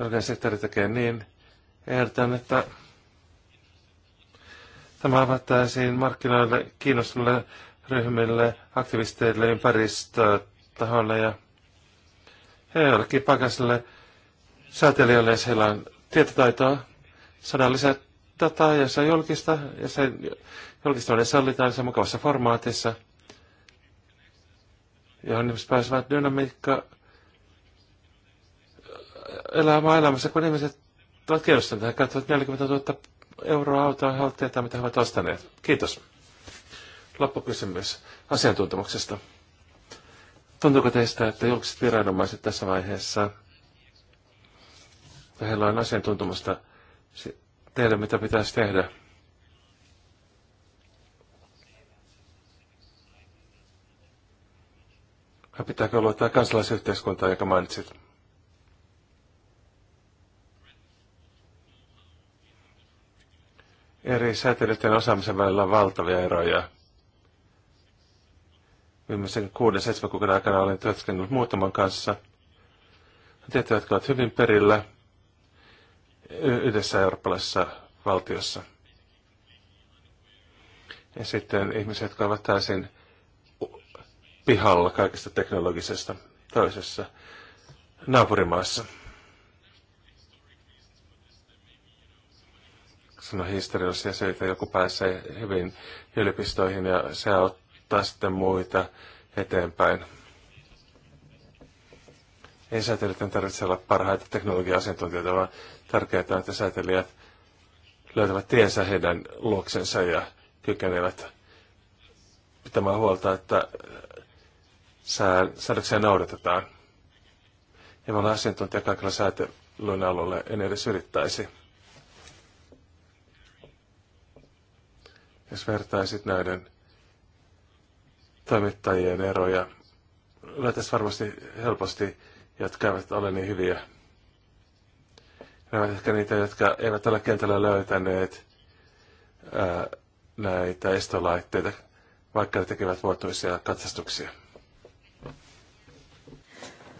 Julkinen sektori tekee niin. Ehdotan, että tämä avattaisiin markkinoille kiinnostuneille ryhmille, aktivisteille, ympäristötahoille ja joillekin paikallisille säätelijöille, jos heillä on tietotaitoa, saadaan lisää tota, ja on julkista, ja sen julkistaminen sallitaan se mukavassa formaatissa, johon ihmiset pääsevät dynamiikka elämään elämässä, kun ihmiset ovat kiinnostuneet ja katsovat 40 000 euroa autoa ja tietää, mitä he ovat ostaneet. Kiitos. Loppukysymys asiantuntemuksesta. Tuntuuko teistä, että julkiset viranomaiset tässä vaiheessa, heillä on asiantuntemusta tehdä, mitä pitäisi tehdä. Vai pitääkö tämä kansalaisyhteiskunta, joka mainitsit? Eri säätelyiden osaamisen välillä on valtavia eroja. Viimeisen kuuden, seitsemän kuukauden aikana olen työskennellyt muutaman kanssa. Tietävät, jotka ovat hyvin perillä – yhdessä eurooppalaisessa valtiossa. Ja sitten ihmiset, jotka ovat täysin pihalla kaikesta teknologisesta toisessa naapurimaassa. Sano historiallisia syitä, joku pääsee hyvin yliopistoihin ja se auttaa sitten muita eteenpäin. Ei säätelijöiden tarvitse olla parhaita teknologia-asiantuntijoita, vaan tärkeää on, että säätelijät löytävät tiensä heidän luoksensa ja kykenevät pitämään huolta, että säädöksiä noudatetaan. Ja me ollaan asiantuntija kaikilla säätelyn alueella, en edes yrittäisi. Jos vertaisit näiden toimittajien eroja, löytäisi varmasti helposti jotka eivät ole niin hyviä. Ne ovat ehkä niitä, jotka eivät ole kentällä löytäneet ää, näitä estolaitteita, vaikka ne tekevät vuotuisia katsastuksia.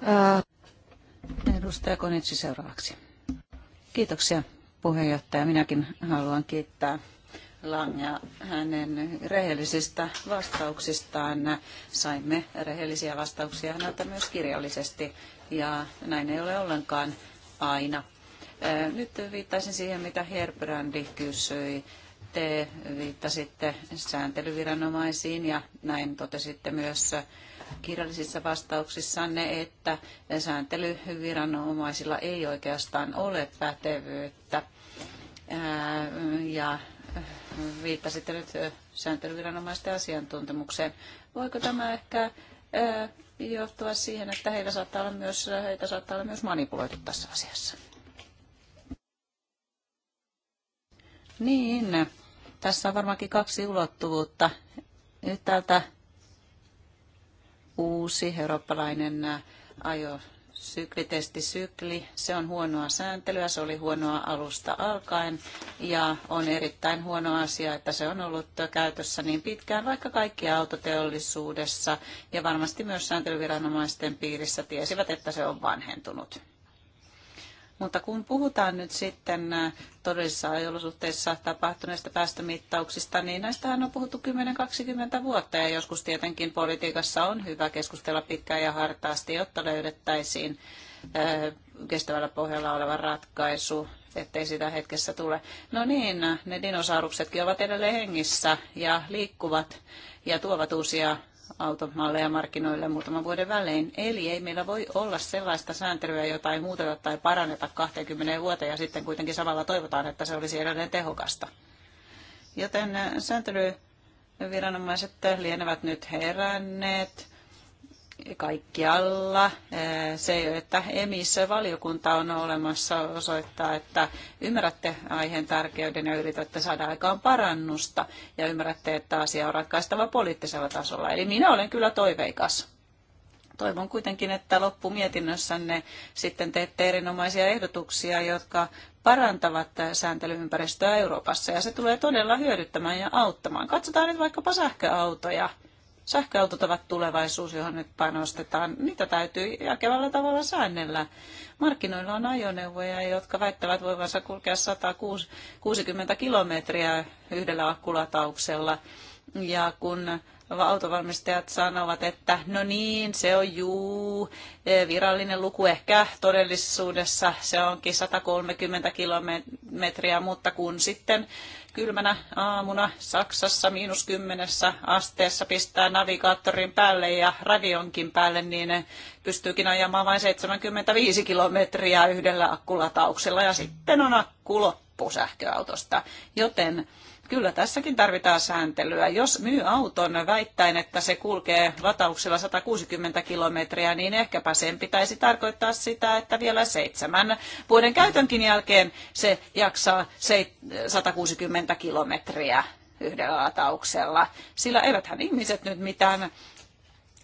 Ää, edustaja Konitsi seuraavaksi. Kiitoksia puheenjohtaja. Minäkin haluan kiittää Langea hänen rehellisistä vastauksistaan. Saimme rehellisiä vastauksia häneltä myös kirjallisesti ja näin ei ole ollenkaan aina. Nyt viittaisin siihen, mitä Herbrandi kysyi. Te viittasitte sääntelyviranomaisiin ja näin totesitte myös kirjallisissa vastauksissanne, että sääntelyviranomaisilla ei oikeastaan ole pätevyyttä. Ja viittasitte nyt sääntelyviranomaisten asiantuntemukseen. Voiko tämä ehkä johtua siihen, että heitä saattaa olla myös, heitä saattaa olla myös manipuloitu tässä asiassa. Niin, tässä on varmaankin kaksi ulottuvuutta. Yhtäältä uusi eurooppalainen ajo sykli, Se on huonoa sääntelyä, se oli huonoa alusta alkaen ja on erittäin huono asia, että se on ollut käytössä niin pitkään, vaikka kaikki autoteollisuudessa ja varmasti myös sääntelyviranomaisten piirissä tiesivät, että se on vanhentunut. Mutta kun puhutaan nyt sitten äh, todellisissa ajolosuhteissa tapahtuneista päästömittauksista, niin näistähän on puhuttu 10-20 vuotta ja joskus tietenkin politiikassa on hyvä keskustella pitkään ja hartaasti, jotta löydettäisiin äh, kestävällä pohjalla oleva ratkaisu, ettei sitä hetkessä tule. No niin, ne dinosauruksetkin ovat edelleen hengissä ja liikkuvat ja tuovat uusia automalleja markkinoille muutaman vuoden välein. Eli ei meillä voi olla sellaista sääntelyä, jota ei muuteta tai paranneta 20 vuotta ja sitten kuitenkin samalla toivotaan, että se olisi edelleen tehokasta. Joten sääntelyviranomaiset lienevät nyt heränneet kaikkialla se, että emissä valiokunta on olemassa osoittaa, että ymmärrätte aiheen tärkeyden ja yritätte saada aikaan parannusta ja ymmärrätte, että asia on ratkaistava poliittisella tasolla. Eli minä olen kyllä toiveikas. Toivon kuitenkin, että loppumietinnössänne sitten teette erinomaisia ehdotuksia, jotka parantavat sääntelyympäristöä Euroopassa ja se tulee todella hyödyttämään ja auttamaan. Katsotaan nyt vaikkapa sähköautoja sähköautot ovat tulevaisuus, johon nyt panostetaan. Niitä täytyy jakevalla tavalla säännellä. Markkinoilla on ajoneuvoja, jotka väittävät voivansa kulkea 160 kilometriä yhdellä akkulatauksella. Ja kun autovalmistajat sanovat, että no niin, se on juu, e, virallinen luku ehkä todellisuudessa se onkin 130 kilometriä, mutta kun sitten kylmänä aamuna Saksassa miinus kymmenessä asteessa pistää navigaattorin päälle ja radionkin päälle, niin pystyykin ajamaan vain 75 kilometriä yhdellä akkulatauksella ja sitten on akku loppu sähköautosta. Joten Kyllä tässäkin tarvitaan sääntelyä. Jos myy auton väittäen, että se kulkee latauksella 160 kilometriä, niin ehkäpä sen pitäisi tarkoittaa sitä, että vielä seitsemän vuoden käytönkin jälkeen se jaksaa 160 kilometriä yhdellä latauksella. Sillä eiväthän ihmiset nyt mitään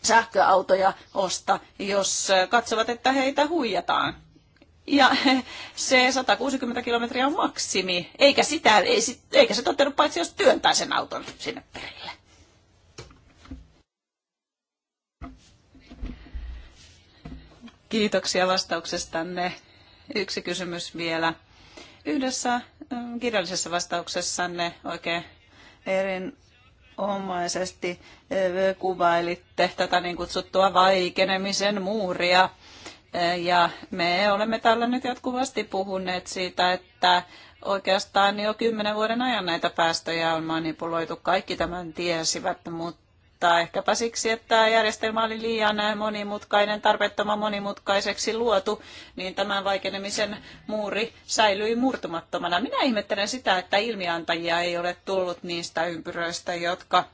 sähköautoja osta, jos katsovat, että heitä huijataan. Ja se 160 kilometriä on maksimi, eikä, sitä, ei, eikä se toteudu paitsi jos työntää sen auton sinne perille. Kiitoksia vastauksestanne. Yksi kysymys vielä. Yhdessä mm, kirjallisessa vastauksessanne oikein erinomaisesti kuvailitte tätä niin kutsuttua vaikenemisen muuria – ja me olemme täällä nyt jatkuvasti puhuneet siitä, että oikeastaan jo kymmenen vuoden ajan näitä päästöjä on manipuloitu. Kaikki tämän tiesivät, mutta ehkäpä siksi, että järjestelmä oli liian monimutkainen, tarpeettoman monimutkaiseksi luotu, niin tämän vaikenemisen muuri säilyi murtumattomana. Minä ihmettelen sitä, että ilmiantajia ei ole tullut niistä ympyröistä, jotka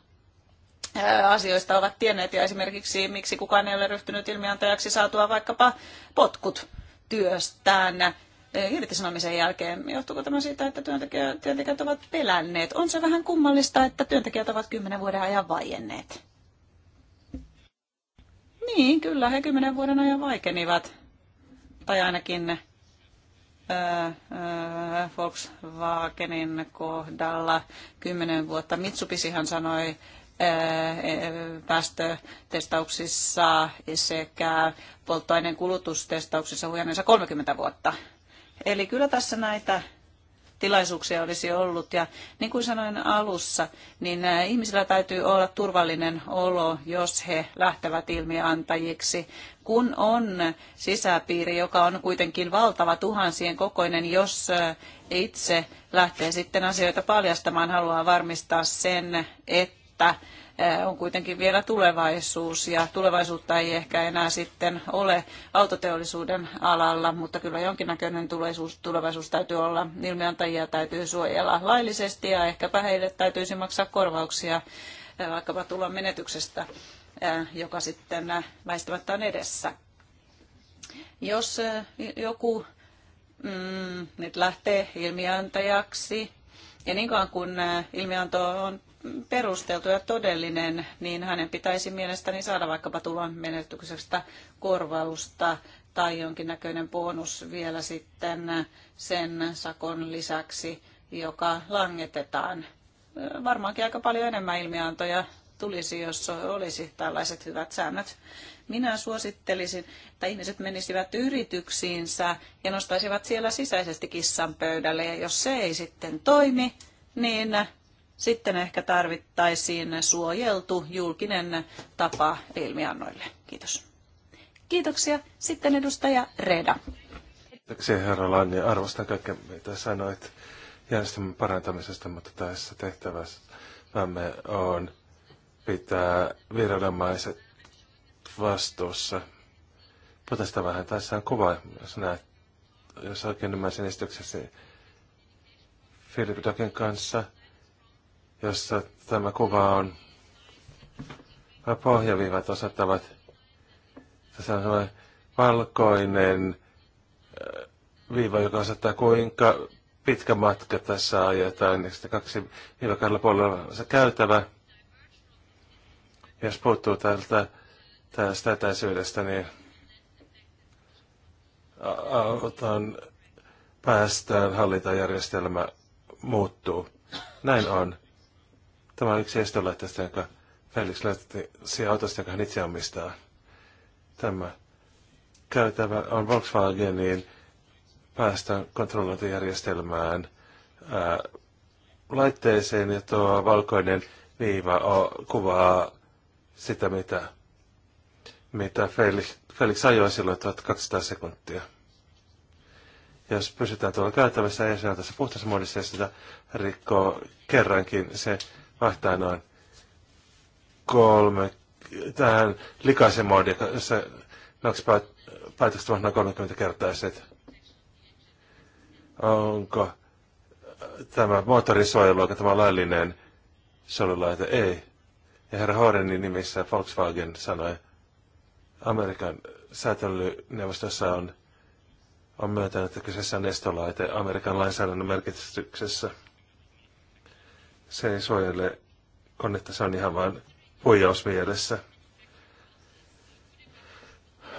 asioista ovat tienneet ja esimerkiksi miksi kukaan ei ole ryhtynyt ilmiantajaksi saatua vaikkapa potkut työstään irtisanomisen jälkeen. Johtuuko tämä siitä, että työntekijät, työntekijät ovat pelänneet? On se vähän kummallista, että työntekijät ovat kymmenen vuoden ajan vaienneet. Niin, kyllä he kymmenen vuoden ajan vaikenivat. Tai ainakin Volkswagenin kohdalla kymmenen vuotta. Mitsubishihan sanoi päästötestauksissa sekä polttoaineen kulutustestauksissa huijanneensa 30 vuotta. Eli kyllä tässä näitä tilaisuuksia olisi ollut. Ja niin kuin sanoin alussa, niin ihmisillä täytyy olla turvallinen olo, jos he lähtevät ilmiantajiksi. Kun on sisäpiiri, joka on kuitenkin valtava tuhansien kokoinen, jos itse lähtee sitten asioita paljastamaan, haluaa varmistaa sen, että että on kuitenkin vielä tulevaisuus ja tulevaisuutta ei ehkä enää sitten ole autoteollisuuden alalla, mutta kyllä jonkinnäköinen tulevaisuus, tulevaisuus täytyy olla. Ilmiantajia täytyy suojella laillisesti ja ehkäpä heille täytyisi maksaa korvauksia vaikkapa tulon menetyksestä, joka sitten väistämättä on edessä. Jos joku mm, nyt lähtee ilmiantajaksi, ja niin kauan kun ilmianto on perusteltu ja todellinen, niin hänen pitäisi mielestäni saada vaikkapa tulon menetyksestä korvausta tai jonkinnäköinen bonus vielä sitten sen sakon lisäksi, joka langetetaan. Varmaankin aika paljon enemmän ilmiantoja tulisi, jos olisi tällaiset hyvät säännöt. Minä suosittelisin, että ihmiset menisivät yrityksiinsä ja nostaisivat siellä sisäisesti kissan pöydälle, ja jos se ei sitten toimi, niin sitten ehkä tarvittaisiin suojeltu julkinen tapa ilmiannoille. Kiitos. Kiitoksia. Sitten edustaja Reda. Kiitoksia herra Lanni. Arvostan kaikkea, mitä sanoit järjestelmän parantamisesta, mutta tässä tehtävässä me on pitää viranomaiset vastuussa. Potesta vähän. Tässä on kuva, jos, näet, jos oikein ymmärsin esityksessä Philip Dokin kanssa – jossa tämä kuva on pohjaviivat osoittavat. Tässä on sellainen valkoinen äh, viiva, joka osoittaa kuinka pitkä matka tässä ajetaan. Ja sitten kaksi viiva kahdella puolella se käytävä. Jos puuttuu tältä tästä etäisyydestä, niin auton päästään hallintajärjestelmä muuttuu. Näin on. Tämä on yksi estolaitteista, jonka Felix lähti siihen autosta, joka hän itse omistaa. Tämä käytävä on Volkswagenin päästä kontrollointijärjestelmään ää, laitteeseen ja tuo valkoinen viiva o, kuvaa sitä, mitä, mitä Felix, Felix ajoi silloin 1200 sekuntia. Jos pysytään tuolla käytävässä ja se on tässä puhtaassa muodissa ja sitä rikkoo kerrankin, se noin, kolme, tähän likaisen moodi, jossa Nox päätökset ovat noin 30 kertaiset. Onko tämä moottorisuojelu, onko tämä laillinen solulaite? Ei. Ja herra Horenin nimissä Volkswagen sanoi, Amerikan säätelyneuvostossa on, on myöntänyt, että kyseessä on estolaite Amerikan lainsäädännön merkityksessä. Se ei suojele konetta, se on ihan vain mielessä.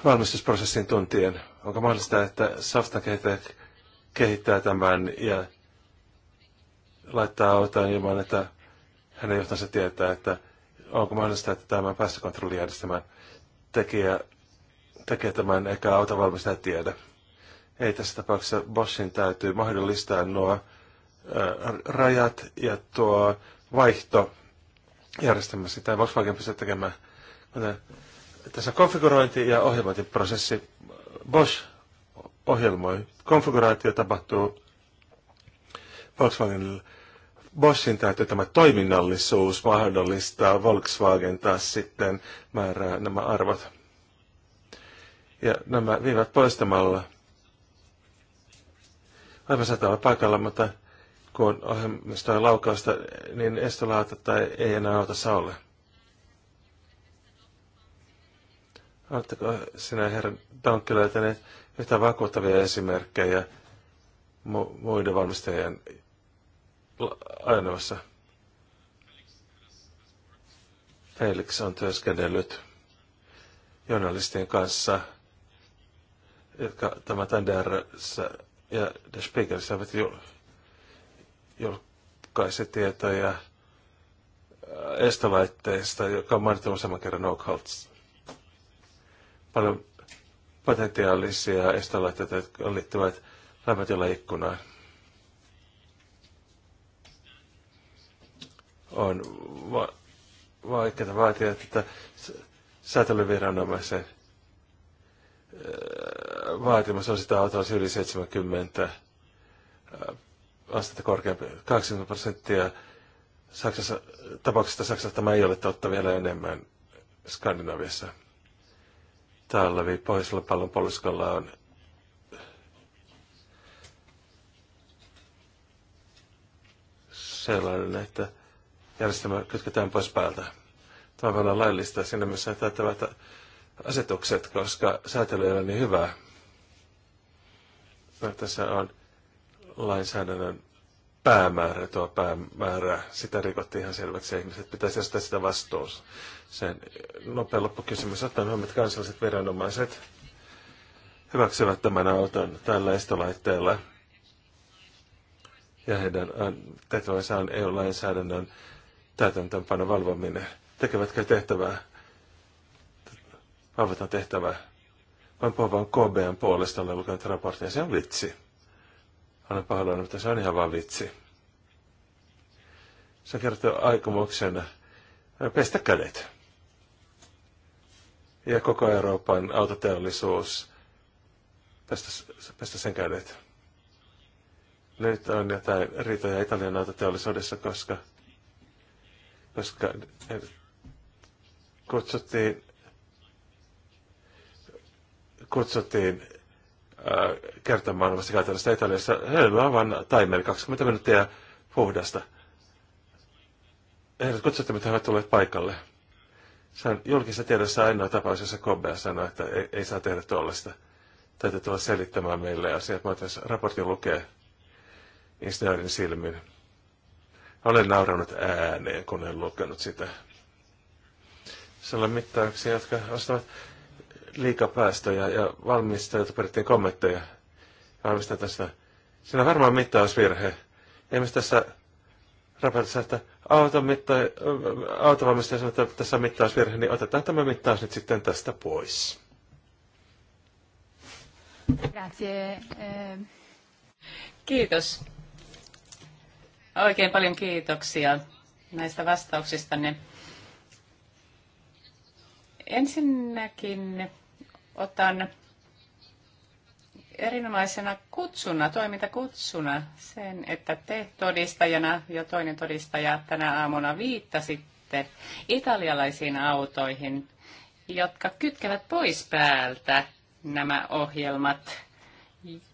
Valmistusprosessin tuntien. Onko mahdollista, että softan kehittää tämän ja laittaa autoon ilman, että hänen johtansa tietää, että onko mahdollista, että tämä päästökontrollijärjestelmän tekijä tekee tämän eikä autovalmistaja tiedä. Ei tässä tapauksessa Boschin täytyy mahdollistaa nuo rajat ja tuo vaihtojärjestelmä, sitä Volkswagen pystyy tekemään. Tässä konfigurointi- ja ohjelmointiprosessi. Bosch ohjelmoi. Konfiguraatio tapahtuu Volkswagen Boschin täytyy tämä toiminnallisuus mahdollistaa. Volkswagen taas sitten määrää nämä arvot. Ja nämä viivät poistamalla. Aivan olla paikalla, mutta kun ohjelmistojen laukausta, niin tai ei enää auta saulle. Oletteko sinä, herra Donkki, löytäneet yhtä vakuuttavia esimerkkejä muiden valmistajien ajoneuvossa? Felix on työskennellyt journalistien kanssa, jotka tämä Tandera ja The Spiegelissä ovat julkaisua julkaisi tietoja äh, estolaitteista, joka on mainittu useamman kerran Oakholts. No Paljon potentiaalisia estolaitteita, jotka liittyvät ikkunaan. On va- vaikeaa vaatia, että säätelyviranomaisen äh, vaatimus on sitä autoa yli 70 astetta korkeampi, 80 prosenttia. Saksassa, tapauksesta Saksassa tämä ei ole totta vielä enemmän Skandinaviassa. Täällä pohjoisella pallonpuoliskolla on sellainen, että järjestelmä kytketään pois päältä. Tämä on olla laillista siinä missä täyttävät asetukset, koska säätely ei ole niin hyvää. No, tässä on lainsäädännön päämäärä, tuo päämäärä, sitä rikottiin ihan selväksi, ihmiset pitäisi estää sitä vastuus. Sen nopea loppukysymys, ottaen huomioon, että kansalliset viranomaiset hyväksyvät tämän auton tällä estolaitteella. Ja heidän tehtävänsä on EU-lainsäädännön täytäntöönpano valvominen. Tekevätkö tehtävää? Valvotaan tehtävää. Vain puhuvan KBn puolesta, olen lukenut raportin, se on vitsi. Olen pahoillani, mutta se on ihan vaan vitsi. Se kertoo aikomuksen pestä kädet. Ja koko Euroopan autoteollisuus pestä, pestä sen kädet. Nyt on jotain riitoja Italian autoteollisuudessa, koska, koska kutsuttiin kutsuttiin Äh, kertomaan omasta käytännöstä Italiassa. Heillä on vain timer 20 minuuttia puhdasta. Herrat, kutsuttiin, mitä he ovat tulleet paikalle. Se on julkisessa tiedossa ainoa tapaus, jossa Kobea sanoi, että ei, ei saa tehdä tuollaista. Täytyy tulla selittämään meille asiat. Mä tässä raportin lukee insinöörin silmin. Olen nauranut ääneen, kun en lukenut sitä. Sillä on mittauksia, jotka ostavat päästöjä ja valmistajilta perittiin kommentteja valmistaa tästä. Siinä on varmaan mittausvirhe. Esimerkiksi tässä raportissa, että auton mitta, autovalmistaja sanoo, että tässä on mittausvirhe, niin otetaan tämä mittaus nyt sitten tästä pois. Eh. Kiitos. Oikein paljon kiitoksia näistä vastauksistanne. Ensinnäkin otan erinomaisena kutsuna, toimintakutsuna sen, että te todistajana ja toinen todistaja tänä aamuna viittasitte italialaisiin autoihin, jotka kytkevät pois päältä nämä ohjelmat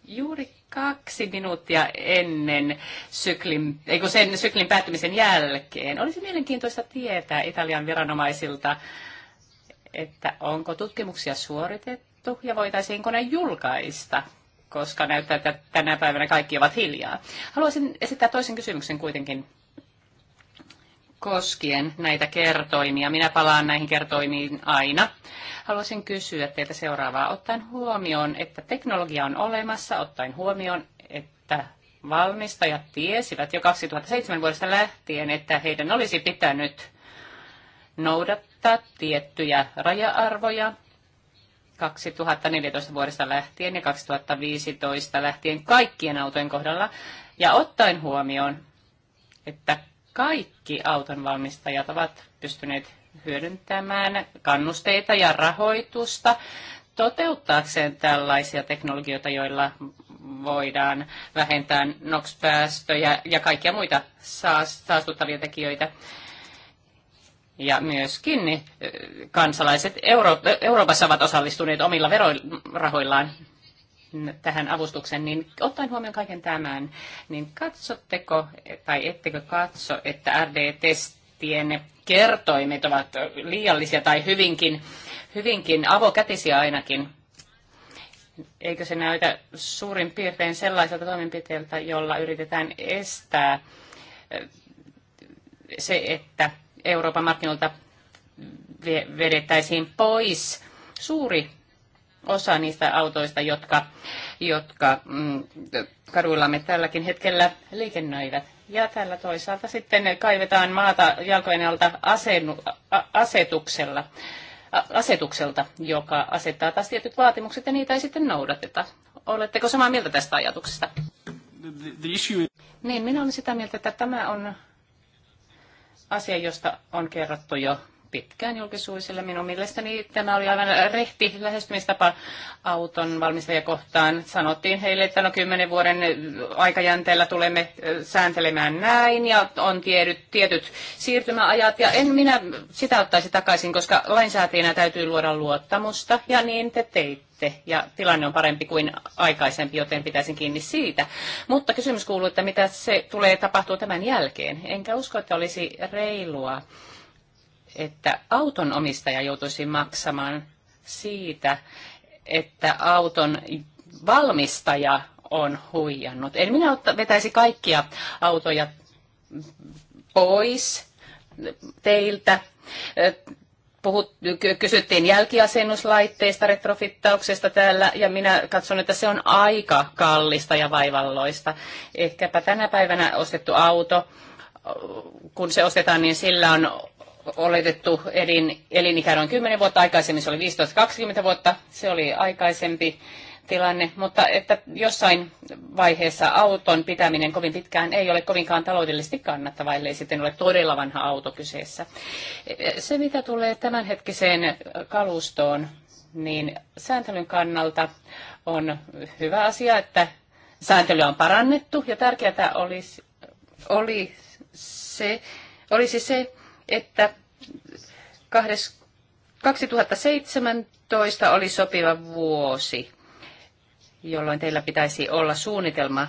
juuri kaksi minuuttia ennen syklin, ei sen syklin päättymisen jälkeen. Olisi mielenkiintoista tietää Italian viranomaisilta, että onko tutkimuksia suoritettu ja voitaisiinko ne julkaista, koska näyttää, että tänä päivänä kaikki ovat hiljaa. Haluaisin esittää toisen kysymyksen kuitenkin koskien näitä kertoimia. Minä palaan näihin kertoimiin aina. Haluaisin kysyä teiltä seuraavaa. Ottaen huomioon, että teknologia on olemassa, ottaen huomioon, että valmistajat tiesivät jo 2007 vuodesta lähtien, että heidän olisi pitänyt noudattaa noudattaa tiettyjä raja-arvoja 2014 vuodesta lähtien ja 2015 lähtien kaikkien autojen kohdalla ja ottaen huomioon, että kaikki auton valmistajat ovat pystyneet hyödyntämään kannusteita ja rahoitusta toteuttaakseen tällaisia teknologioita, joilla voidaan vähentää NOx-päästöjä ja kaikkia muita saastuttavia tekijöitä ja myöskin niin, kansalaiset Euro- Euroopassa ovat osallistuneet omilla verorahoillaan tähän avustukseen, niin ottaen huomioon kaiken tämän, niin katsotteko tai ettekö katso, että RD-testien kertoimet ovat liiallisia tai hyvinkin, hyvinkin avokätisiä ainakin? Eikö se näytä suurin piirtein sellaiselta toimenpiteeltä, jolla yritetään estää se, että Euroopan markkinoilta vedettäisiin pois suuri osa niistä autoista, jotka, jotka mm, kaduillamme tälläkin hetkellä liikennöivät. Ja tällä toisaalta sitten kaivetaan maata jalkojen alta asennu, a, asetuksella, a, asetukselta, joka asettaa taas tietyt vaatimukset ja niitä ei sitten noudateta. Oletteko samaa mieltä tästä ajatuksesta? The, the issue... Niin, minä olen sitä mieltä, että tämä on asia, josta on kerrottu jo pitkään julkisuudelle. Minun mielestäni tämä oli aivan rehti lähestymistapa auton valmistajakohtaan. Sanottiin heille, että no kymmenen vuoden aikajänteellä tulemme sääntelemään näin ja on tiedyt, tietyt siirtymäajat. Ja en minä sitä ottaisi takaisin, koska lainsäätäjänä täytyy luoda luottamusta ja niin te teitte sitten ja tilanne on parempi kuin aikaisempi, joten pitäisin kiinni siitä. Mutta kysymys kuuluu, että mitä se tulee tapahtua tämän jälkeen. Enkä usko, että olisi reilua, että auton omistaja joutuisi maksamaan siitä, että auton valmistaja on huijannut. Eli minä vetäisi kaikkia autoja pois teiltä puhut, kysyttiin jälkiasennuslaitteista, retrofittauksesta täällä, ja minä katson, että se on aika kallista ja vaivalloista. Ehkäpä tänä päivänä ostettu auto, kun se ostetaan, niin sillä on oletettu elin, elinikä noin 10 vuotta, aikaisemmin se oli 15-20 vuotta, se oli aikaisempi tilanne, mutta että jossain vaiheessa auton pitäminen kovin pitkään ei ole kovinkaan taloudellisesti kannattava, ellei sitten ole todella vanha auto kyseessä. Se, mitä tulee tämänhetkiseen kalustoon, niin sääntelyn kannalta on hyvä asia, että sääntely on parannettu ja tärkeää olisi, oli se, olisi se, että 2017 oli sopiva vuosi jolloin teillä pitäisi olla suunnitelma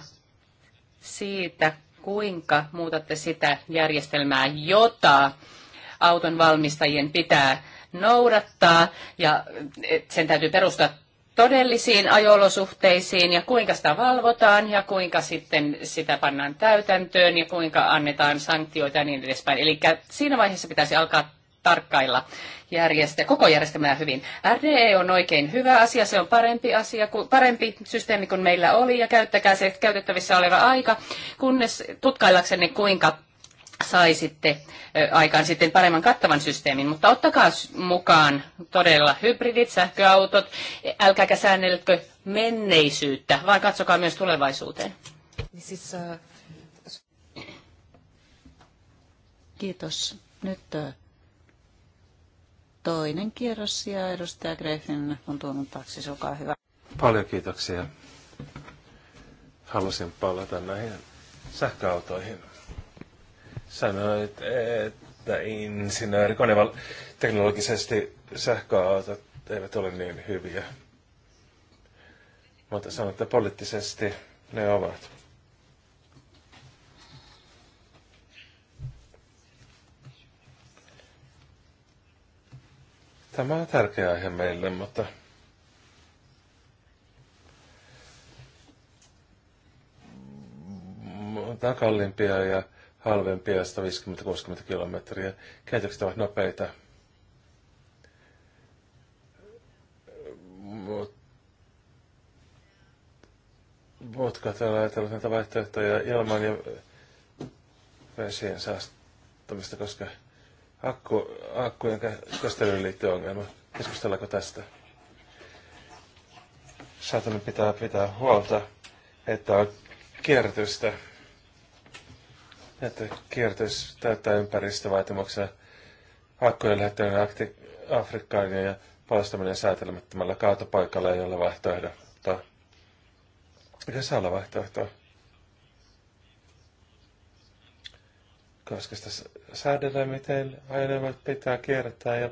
siitä, kuinka muutatte sitä järjestelmää, jota auton valmistajien pitää noudattaa ja eh, sen täytyy perustaa todellisiin ajolosuhteisiin ja kuinka sitä valvotaan ja kuinka sitten sitä pannaan täytäntöön ja kuinka annetaan sanktioita ja niin edespäin. Eli siinä vaiheessa pitäisi alkaa tarkkailla järjestä, koko järjestelmää hyvin. RDE on oikein hyvä asia, se on parempi, asia, parempi systeemi kuin meillä oli ja käyttäkää se käytettävissä oleva aika, kunnes tutkaillakseni kuinka saisitte aikaan sitten paremman kattavan systeemin, mutta ottakaa mukaan todella hybridit, sähköautot, älkääkä säännelkö menneisyyttä, vaan katsokaa myös tulevaisuuteen. Uh, Kiitos. Nyt toinen kierros ja edustaja Greifin on tuonut taksi, olkaa hyvä. Paljon kiitoksia. Halusin palata näihin sähköautoihin. Sanoit, että insinööri, koneval, teknologisesti sähköautot eivät ole niin hyviä. Mutta sanoit, että poliittisesti ne ovat. Tämä on tärkeä aihe meille, mutta mm, tämä on kalliimpia ja halvempia 150-60 kilometriä. Kehitykset ovat nopeita. Voitko täällä ajatella näitä vaihtoehtoja ilman ja vesien saastamista, koska akku, akkujen käsittelyyn liittyy ongelma. Keskustellaanko tästä? Saatamme pitää pitää huolta, että on kierrätystä. Että kierrätys täyttää ympäristövaatimuksia. Akkujen lähettäminen Afrikkaan ja poistaminen säätelemättömällä kaatopaikalla ei ole vaihtoehto. Mikä saa olla vaihtoehtoa? koska sitä säädellään, miten ajoneuvot pitää kiertää ja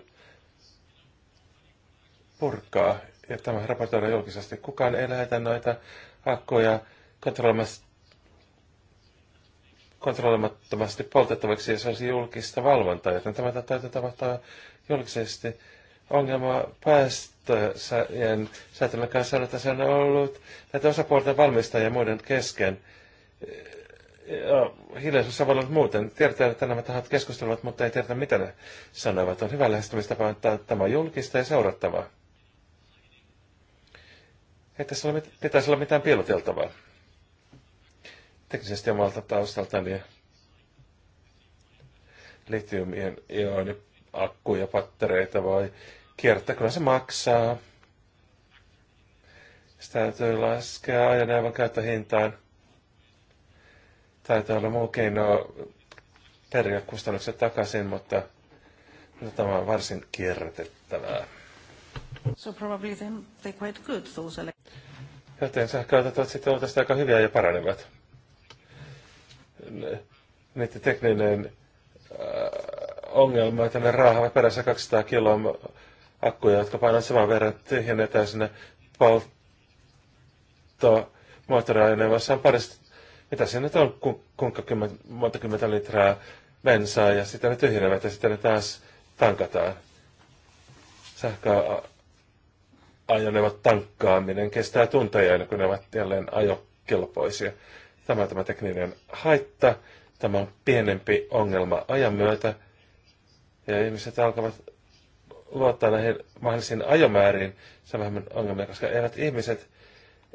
purkaa. Ja tämä raportoidaan julkisesti. Kukaan ei lähetä noita akkuja kontrolloimattomasti poltettavaksi ja se olisi julkista valvontaa, joten tämä täytyy tapahtua julkisesti. Ongelma päästöjen säätelmän kanssa on, että se on ollut näitä osapuolten valmistajien ja muiden kesken hiljaisuus voi olla muuten. Tiedetään, että nämä tahat keskustelevat, mutta ei tiedetä, mitä ne sanovat. On hyvä lähestymistapa, että tämä on julkista ja seurattavaa. Ei tässä ole, pitäisi olla mitään piiloteltavaa. Teknisesti omalta taustalta niin litiumien ioni akkuja, pattereita voi kiertää, kyllä se maksaa. Sitä täytyy laskea ajoneuvan käyttöhintaan Taitaa olla muu keino periä kustannukset takaisin, mutta tämä on varsin kierrätettävää. So probably then they're quite good, those Joten sähköautot ovat sitten olleet aika hyviä ja paranevat. Niiden tekninen äh, ongelma, että ne raahavat perässä 200 kiloa akkuja, jotka painavat saman verran tyhjennetään sinne polttomoottoriaineen, vaan se on parista mitä se nyt on, ku, kuinka kymmen, monta kymmentä litraa bensaa ja sitten ne tyhjenevät ja sitten ne taas tankataan. Sähköajoneuvot tankkaaminen kestää tunteja ennen kuin ne ovat jälleen ajokelpoisia. Tämä on tämä tekninen haitta, tämä on pienempi ongelma ajan myötä ja ihmiset alkavat luottaa näihin mahdollisiin ajomääriin, se on vähemmän ongelmia, koska eivät ihmiset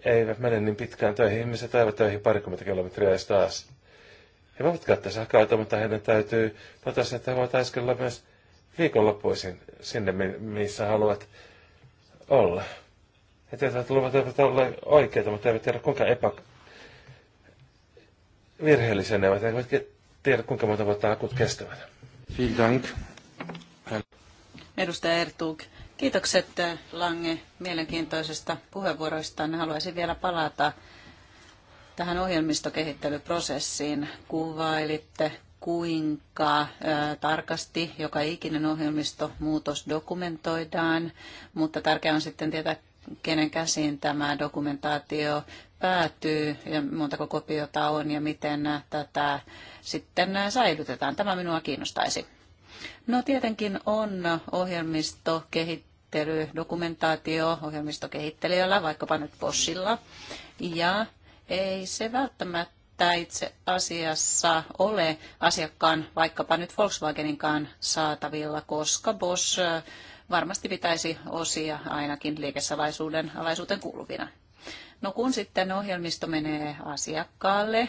eivät mene niin pitkään töihin. Ihmiset eivät töihin parikymmentä kilometriä edes taas. He voivat käyttää sähköautoa, mutta heidän täytyy totesi, että he voivat äskellä myös viikonloppuisin sinne, missä haluat olla. He tietävät, että luvat eivät ole oikeita, mutta eivät tiedä kuinka epä... virheellisiä ne ovat, eivät tiedä kuinka monta vuotta akut kestävät. Vielen Edustaja Ertug. Kiitokset eh, Lange mielenkiintoisesta puheenvuoroista. Haluaisin vielä palata tähän ohjelmistokehittelyprosessiin. Kuvailitte, kuinka eh, tarkasti joka ikinen ohjelmistomuutos dokumentoidaan, mutta tärkeää on sitten tietää, kenen käsiin tämä dokumentaatio päätyy ja montako kopiota on ja miten eh, tätä sitten säilytetään. Tämä minua kiinnostaisi. No tietenkin on ohjelmistokehittely kehittely, dokumentaatio ohjelmistokehittelijöillä, vaikkapa nyt bossilla Ja ei se välttämättä itse asiassa ole asiakkaan, vaikkapa nyt Volkswageninkaan saatavilla, koska boss varmasti pitäisi osia ainakin liikesalaisuuden alaisuuteen kuuluvina. No kun sitten ohjelmisto menee asiakkaalle,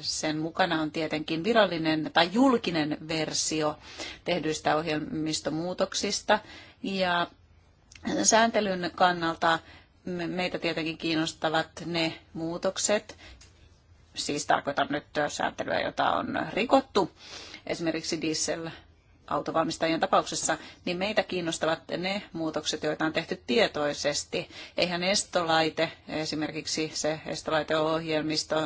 sen mukana on tietenkin virallinen tai julkinen versio tehdyistä ohjelmistomuutoksista ja sääntelyn kannalta meitä tietenkin kiinnostavat ne muutokset, siis tarkoitan nyt sääntelyä, jota on rikottu, esimerkiksi diesel autovalmistajien tapauksessa, niin meitä kiinnostavat ne muutokset, joita on tehty tietoisesti. Eihän estolaite, esimerkiksi se estolaiteohjelmisto,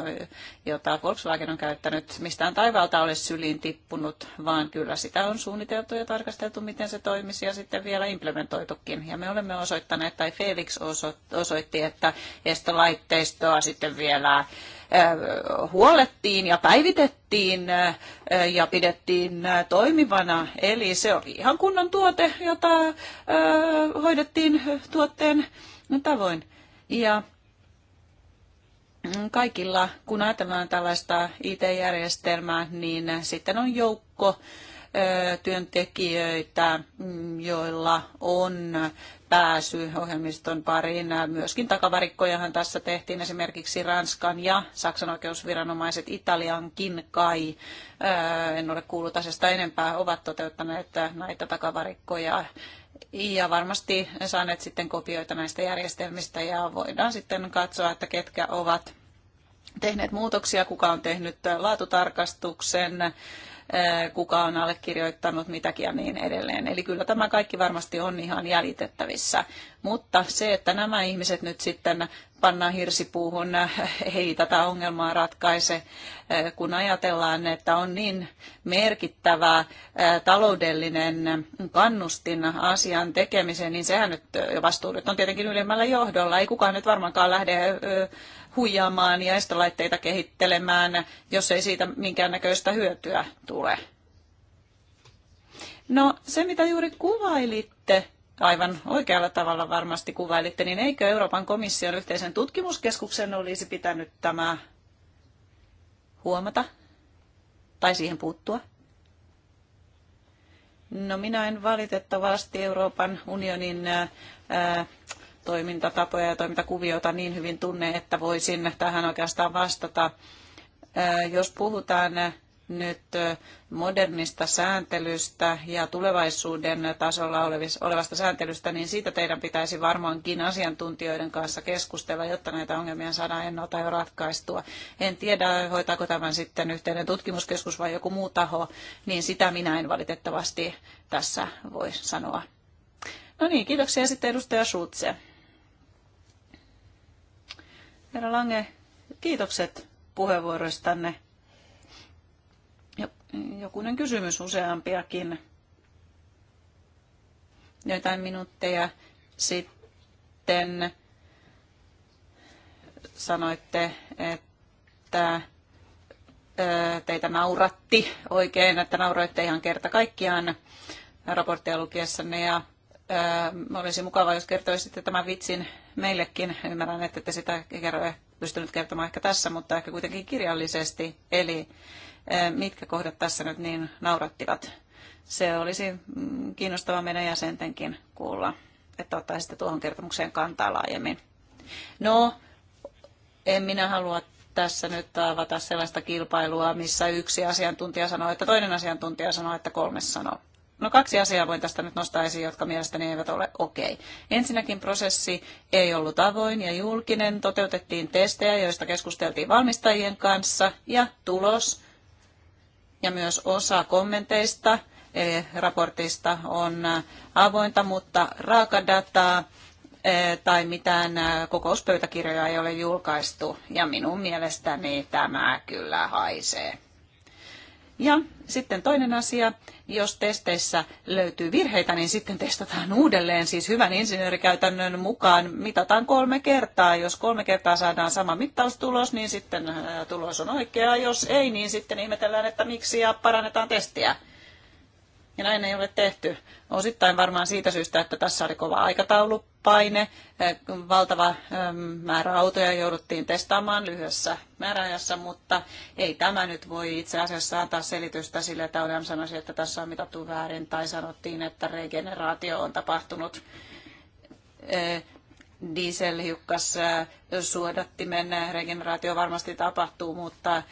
jota Volkswagen on käyttänyt, mistään taivalta ole syliin tippunut, vaan kyllä sitä on suunniteltu ja tarkasteltu, miten se toimisi ja sitten vielä implementoitukin. Ja me olemme osoittaneet, tai Felix osoitti, että estolaitteistoa sitten vielä huolettiin ja päivitettiin ja pidettiin toimivana. Eli se oli ihan kunnon tuote, jota hoidettiin tuotteen tavoin. Ja mm, kaikilla, kun ajatellaan tällaista IT-järjestelmää, niin sitten on joukko työntekijöitä, mm, joilla on pääsy ohjelmiston pariin. Myöskin takavarikkojahan tässä tehtiin esimerkiksi Ranskan ja Saksan oikeusviranomaiset Italiankin kai, en ole kuullut asiasta enempää, ovat toteuttaneet näitä takavarikkoja ja varmasti saaneet sitten kopioita näistä järjestelmistä ja voidaan sitten katsoa, että ketkä ovat tehneet muutoksia, kuka on tehnyt laatutarkastuksen, kuka on allekirjoittanut mitäkin ja niin edelleen. Eli kyllä tämä kaikki varmasti on ihan jäljitettävissä. Mutta se, että nämä ihmiset nyt sitten pannaan hirsipuuhun, ei tätä ongelmaa ratkaise, kun ajatellaan, että on niin merkittävä taloudellinen kannustin asian tekemiseen, niin sehän nyt vastuu nyt on tietenkin ylimmällä johdolla. Ei kukaan nyt varmaankaan lähde huijaamaan ja estolaitteita kehittelemään, jos ei siitä minkäännäköistä hyötyä tule. No se, mitä juuri kuvailitte, aivan oikealla tavalla varmasti kuvailitte, niin eikö Euroopan komission yhteisen tutkimuskeskuksen olisi pitänyt tämä huomata tai siihen puuttua? No minä en valitettavasti Euroopan unionin äh, äh, toimintatapoja ja toimintakuviota niin hyvin tunne, että voisin tähän oikeastaan vastata. Jos puhutaan nyt modernista sääntelystä ja tulevaisuuden tasolla olevasta sääntelystä, niin siitä teidän pitäisi varmaankin asiantuntijoiden kanssa keskustella, jotta näitä ongelmia saadaan ennalta jo ratkaistua. En tiedä, hoitaako tämän sitten yhteinen tutkimuskeskus vai joku muu taho, niin sitä minä en valitettavasti tässä voi sanoa. No niin, kiitoksia sitten edustaja Schulze. Herra Lange, kiitokset puheenvuoroistanne. Jokunen kysymys useampiakin. Joitain minuutteja sitten sanoitte, että teitä nauratti oikein, että nauroitte ihan kerta kaikkiaan raporttia lukiessanne ja olisi mukavaa, jos kertoisitte tämän vitsin meillekin. Ymmärrän, että te sitä kerro pystynyt kertomaan ehkä tässä, mutta ehkä kuitenkin kirjallisesti. Eli mitkä kohdat tässä nyt niin naurattivat? Se olisi mm, kiinnostava meidän jäsentenkin kuulla, että ottaisitte tuohon kertomukseen kantaa laajemmin. No, en minä halua tässä nyt avata sellaista kilpailua, missä yksi asiantuntija sanoo, että toinen asiantuntija sanoo, että kolme sanoo. No kaksi asiaa voin tästä nyt nostaa esiin, jotka mielestäni eivät ole okei. Okay. Ensinnäkin prosessi ei ollut avoin ja julkinen. Toteutettiin testejä, joista keskusteltiin valmistajien kanssa ja tulos ja myös osa kommenteista eh, raportista on eh, avointa, mutta raakadataa eh, tai mitään kokouspöytäkirjoja ei ole julkaistu. Ja minun mielestäni tämä kyllä haisee. Ja sitten toinen asia, jos testeissä löytyy virheitä, niin sitten testataan uudelleen. Siis hyvän insinöörikäytännön mukaan mitataan kolme kertaa. Jos kolme kertaa saadaan sama mittaustulos, niin sitten äh, tulos on oikea. Jos ei, niin sitten ihmetellään, että miksi ja parannetaan testiä. Ja näin ei ole tehty. Osittain varmaan siitä syystä, että tässä oli kova aikataulupaine, eh, valtava ehm, määrä autoja jouduttiin testaamaan lyhyessä määräajassa, mutta ei tämä nyt voi itse asiassa antaa selitystä sille, että Odem sanoisi, että tässä on mitattu väärin, tai sanottiin, että regeneraatio on tapahtunut eh, dieselhiukkas äh, suodattimen äh, regeneraatio varmasti tapahtuu, mutta äh,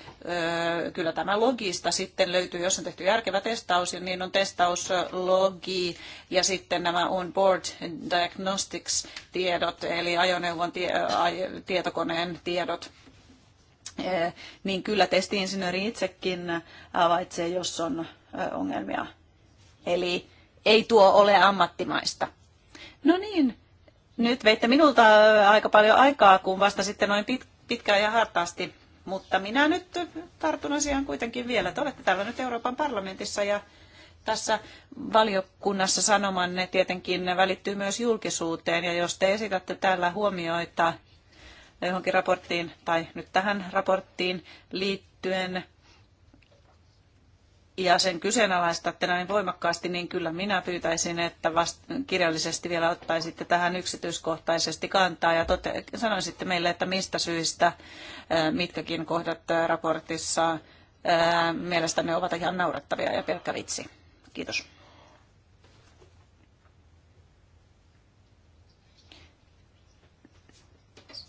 kyllä tämä logista sitten löytyy, jos on tehty järkevä testaus, niin on testauslogi ja sitten nämä on-board diagnostics-tiedot, eli ajoneuvon tie, tietokoneen tiedot niin kyllä testiinsinööri itsekin havaitsee, jos on ongelmia. Eli ei tuo ole ammattimaista. No niin, nyt veitte minulta aika paljon aikaa, kun vasta sitten noin pit, pitkään ja hartaasti. Mutta minä nyt tartun asiaan kuitenkin vielä. Te olette täällä nyt Euroopan parlamentissa ja tässä valiokunnassa sanomanne tietenkin välittyy myös julkisuuteen. Ja jos te esitätte täällä huomioita johonkin raporttiin tai nyt tähän raporttiin liittyen, ja sen kyseenalaistatte näin voimakkaasti, niin kyllä minä pyytäisin, että vast- kirjallisesti vielä ottaisitte tähän yksityiskohtaisesti kantaa ja tote- sanoisitte meille, että mistä syistä mitkäkin kohdat raportissa mielestäni ovat ihan naurettavia ja pelkkä vitsi. Kiitos.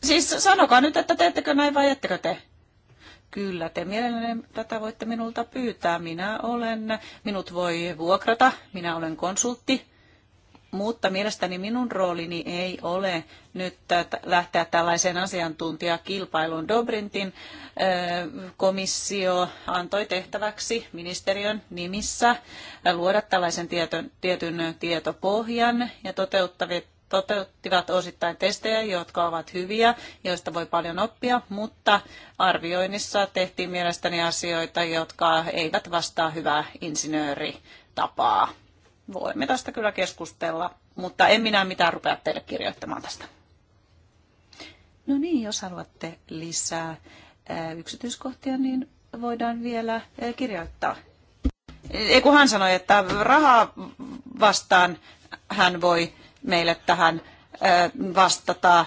Siis sanokaa nyt, että teettekö näin vai ettekö te? Kyllä, te mielelläni tätä voitte minulta pyytää. Minä olen, minut voi vuokrata, minä olen konsultti, mutta mielestäni minun roolini ei ole nyt lähteä tällaiseen asiantuntijakilpailuun. Dobrintin komissio antoi tehtäväksi ministeriön nimissä luoda tällaisen tietyn, tietyn tietopohjan ja toteuttavat toteuttivat osittain testejä, jotka ovat hyviä, joista voi paljon oppia, mutta arvioinnissa tehtiin mielestäni asioita, jotka eivät vastaa hyvää insinööritapaa. Voimme tästä kyllä keskustella, mutta en minä mitään rupea teille kirjoittamaan tästä. No niin, jos haluatte lisää äh, yksityiskohtia, niin voidaan vielä äh, kirjoittaa. Ei kun hän sanoi, että rahaa vastaan hän voi meille tähän vastata.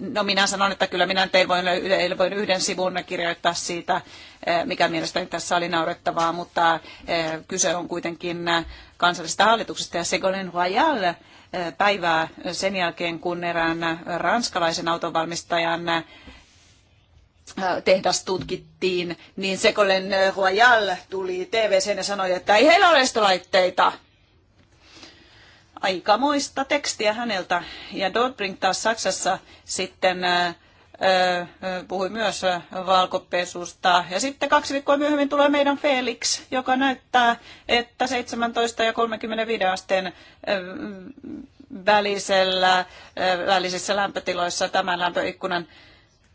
No minä sanon, että kyllä minä tein voin, voin yhden sivun kirjoittaa siitä, mikä mielestäni tässä oli naurettavaa, mutta kyse on kuitenkin kansallisesta hallituksesta ja Segonen Royal päivää sen jälkeen, kun erään ranskalaisen autonvalmistajan tehdas tutkittiin, niin Sekolen Royal tuli TVC ja sanoi, että ei heillä ole estolaitteita aikamoista tekstiä häneltä. Ja Dobrink taas Saksassa sitten puhui myös valkopesusta. Ja sitten kaksi viikkoa myöhemmin tulee meidän Felix, joka näyttää, että 17 ja 35 asteen välisellä, välisissä lämpötiloissa tämän lämpöikkunan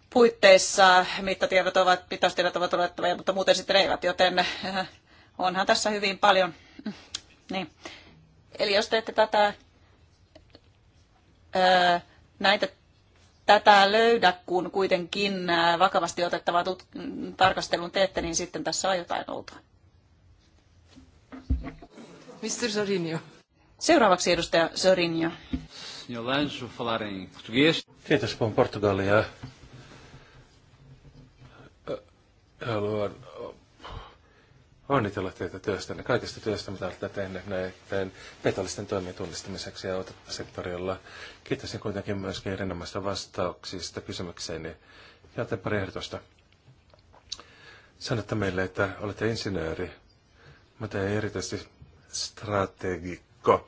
puitteissa mittatiedot ovat, mitaustiedot ovat olettavia, mutta muuten sitten eivät, joten onhan tässä hyvin paljon. Niin. Eli jos teette tätä, ää, näitä, tätä löydä, kun kuitenkin vakavasti otettavaa tut- tarkastelun teette, niin sitten tässä on jotain outoa. Mr. Sorinio. Seuraavaksi edustaja Sorinio. Kiitos, puhun Portugalia. Haluan onnitella teitä työstänne, kaikesta työstä, mitä olette tehneet näiden petollisten toimien tunnistamiseksi ja sektorilla. Kiitosin kuitenkin myöskin erinomaisista vastauksista ja Joten pari ehdotusta. Sanotte meille, että olette insinööri, mutta ei erityisesti strategikko.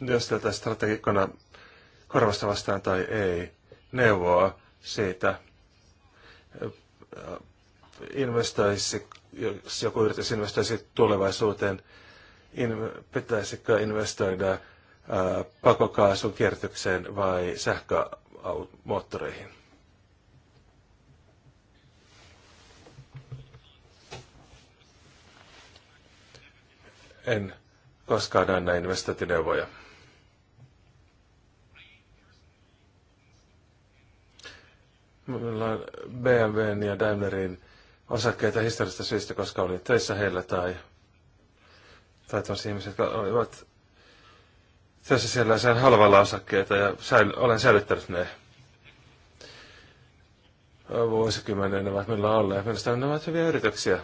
Jos teiltä strategikkona korvasta vastaan tai ei, neuvoa siitä investoisi, jos joku yritys investoisi tulevaisuuteen, in, pitäisikö investoida ää, pakokaasun kierrätykseen vai sähkömoottoreihin? En koskaan anna investointineuvoja. Meillä on BMWn ja Daimlerin osakkeita historiasta syystä, koska oli töissä heillä tai, tai tosi ihmiset, jotka olivat töissä siellä sen halvalla osakkeita ja säil, olen säilyttänyt ne vuosikymmenen ne ovat minulla olleet. Minusta ne ovat hyviä yrityksiä.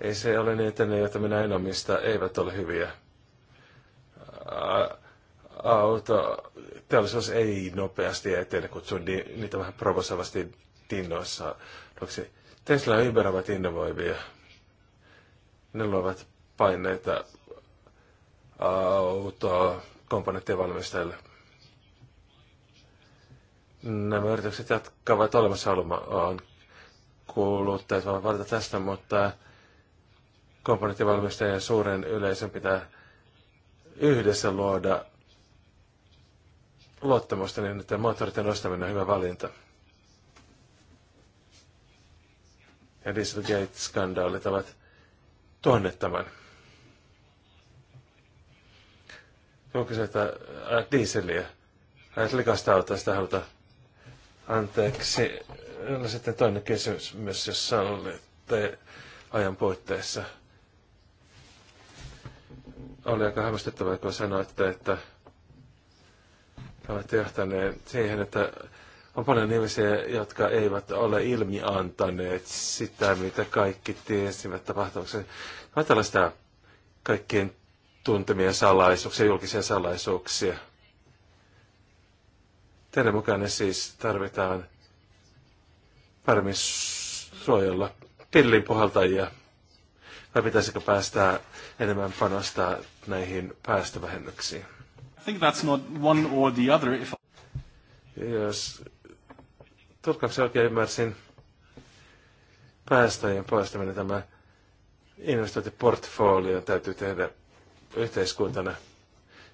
Ei se ole niin, että ne, joita minä en omista, eivät ole hyviä. Auto, teollisuus ei nopeasti etene, kutsun niin niitä vähän provosavasti innoissaaksi. Tesla ja Uber ovat innovoivia. Ne luovat paineita autokomponenttien valmistajille. Nämä yritykset jatkavat on kuluttajat voivat valita tästä, mutta komponenttivalmistajien suuren yleisön pitää yhdessä luoda luottamusta niin, että moottorit ostaminen on hyvä valinta. ja Dieselgate-skandaalit ovat tuonneet tämän. Onko se, että äh, dieseliä, äh, likasta sitä haluta? Anteeksi, ja sitten toinen kysymys myös, jos sallitte ajan puitteissa. Oli aika hämmästyttävää, kun sanoitte, että olette johtaneet siihen, että on paljon ihmisiä, jotka eivät ole ilmiantaneet sitä, mitä kaikki tiesivät tapahtumuksen. Ajatellaan sitä kaikkien tuntemia salaisuuksia, julkisia salaisuuksia. Teidän mukaan siis tarvitaan paremmin suojella pillin puhaltajia. Vai pitäisikö päästä enemmän panostaa näihin päästövähennyksiin? I think that's not one or the other. If... Jos tulkaksi oikein ymmärsin päästöjen poistaminen tämä investointiportfolio täytyy tehdä yhteiskuntana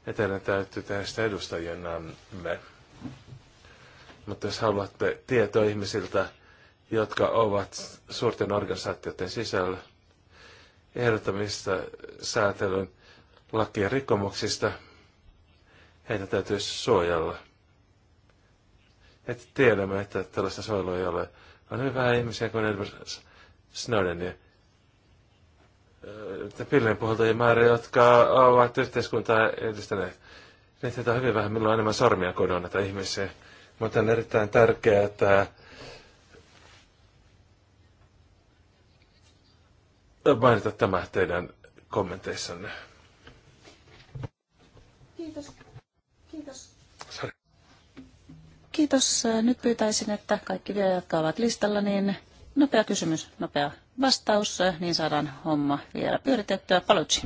ja teidän täytyy tehdä sitä edustajanamme. Mutta jos haluatte tietoa ihmisiltä, jotka ovat suurten organisaatioiden sisällä ehdottamista säätelyn lakien rikkomuksista, heitä täytyy suojella että tiedämme, että tällaista suojelua ei ole. On hyvin vähän ihmisiä kuin Edward Snowden ja äh, pillen puhaltajien määrä, jotka ovat yhteiskuntaa edistäneet. Niitä on hyvin vähän, milloin on enemmän sormia kodon näitä ihmisiä. Mutta on erittäin tärkeää, että mainita tämä teidän kommenteissanne. Kiitos. Kiitos. Nyt pyytäisin, että kaikki vielä, jotka ovat listalla, niin nopea kysymys, nopea vastaus, niin saadaan homma vielä pyöritettyä. Palutsi.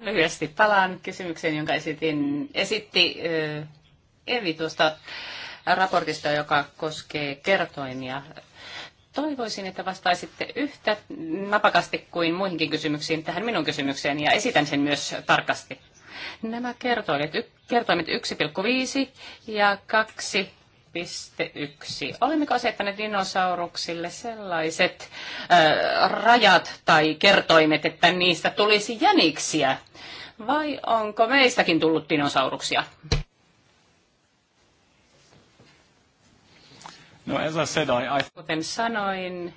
Lyhyesti palaan kysymykseen, jonka esitin, esitti äh, Evi tuosta raportista, joka koskee kertoimia. Toivoisin, että vastaisitte yhtä napakasti kuin muihinkin kysymyksiin tähän minun kysymykseen ja esitän sen myös tarkasti. Nämä kertoimet, kertoimet 1,5 ja 2 yksi. Olemmeko asettaneet dinosauruksille sellaiset ö, äh, rajat tai kertoimet, että niistä tulisi jäniksiä? Vai onko meistäkin tullut dinosauruksia? No, as I said, I, I... Kuten sanoin,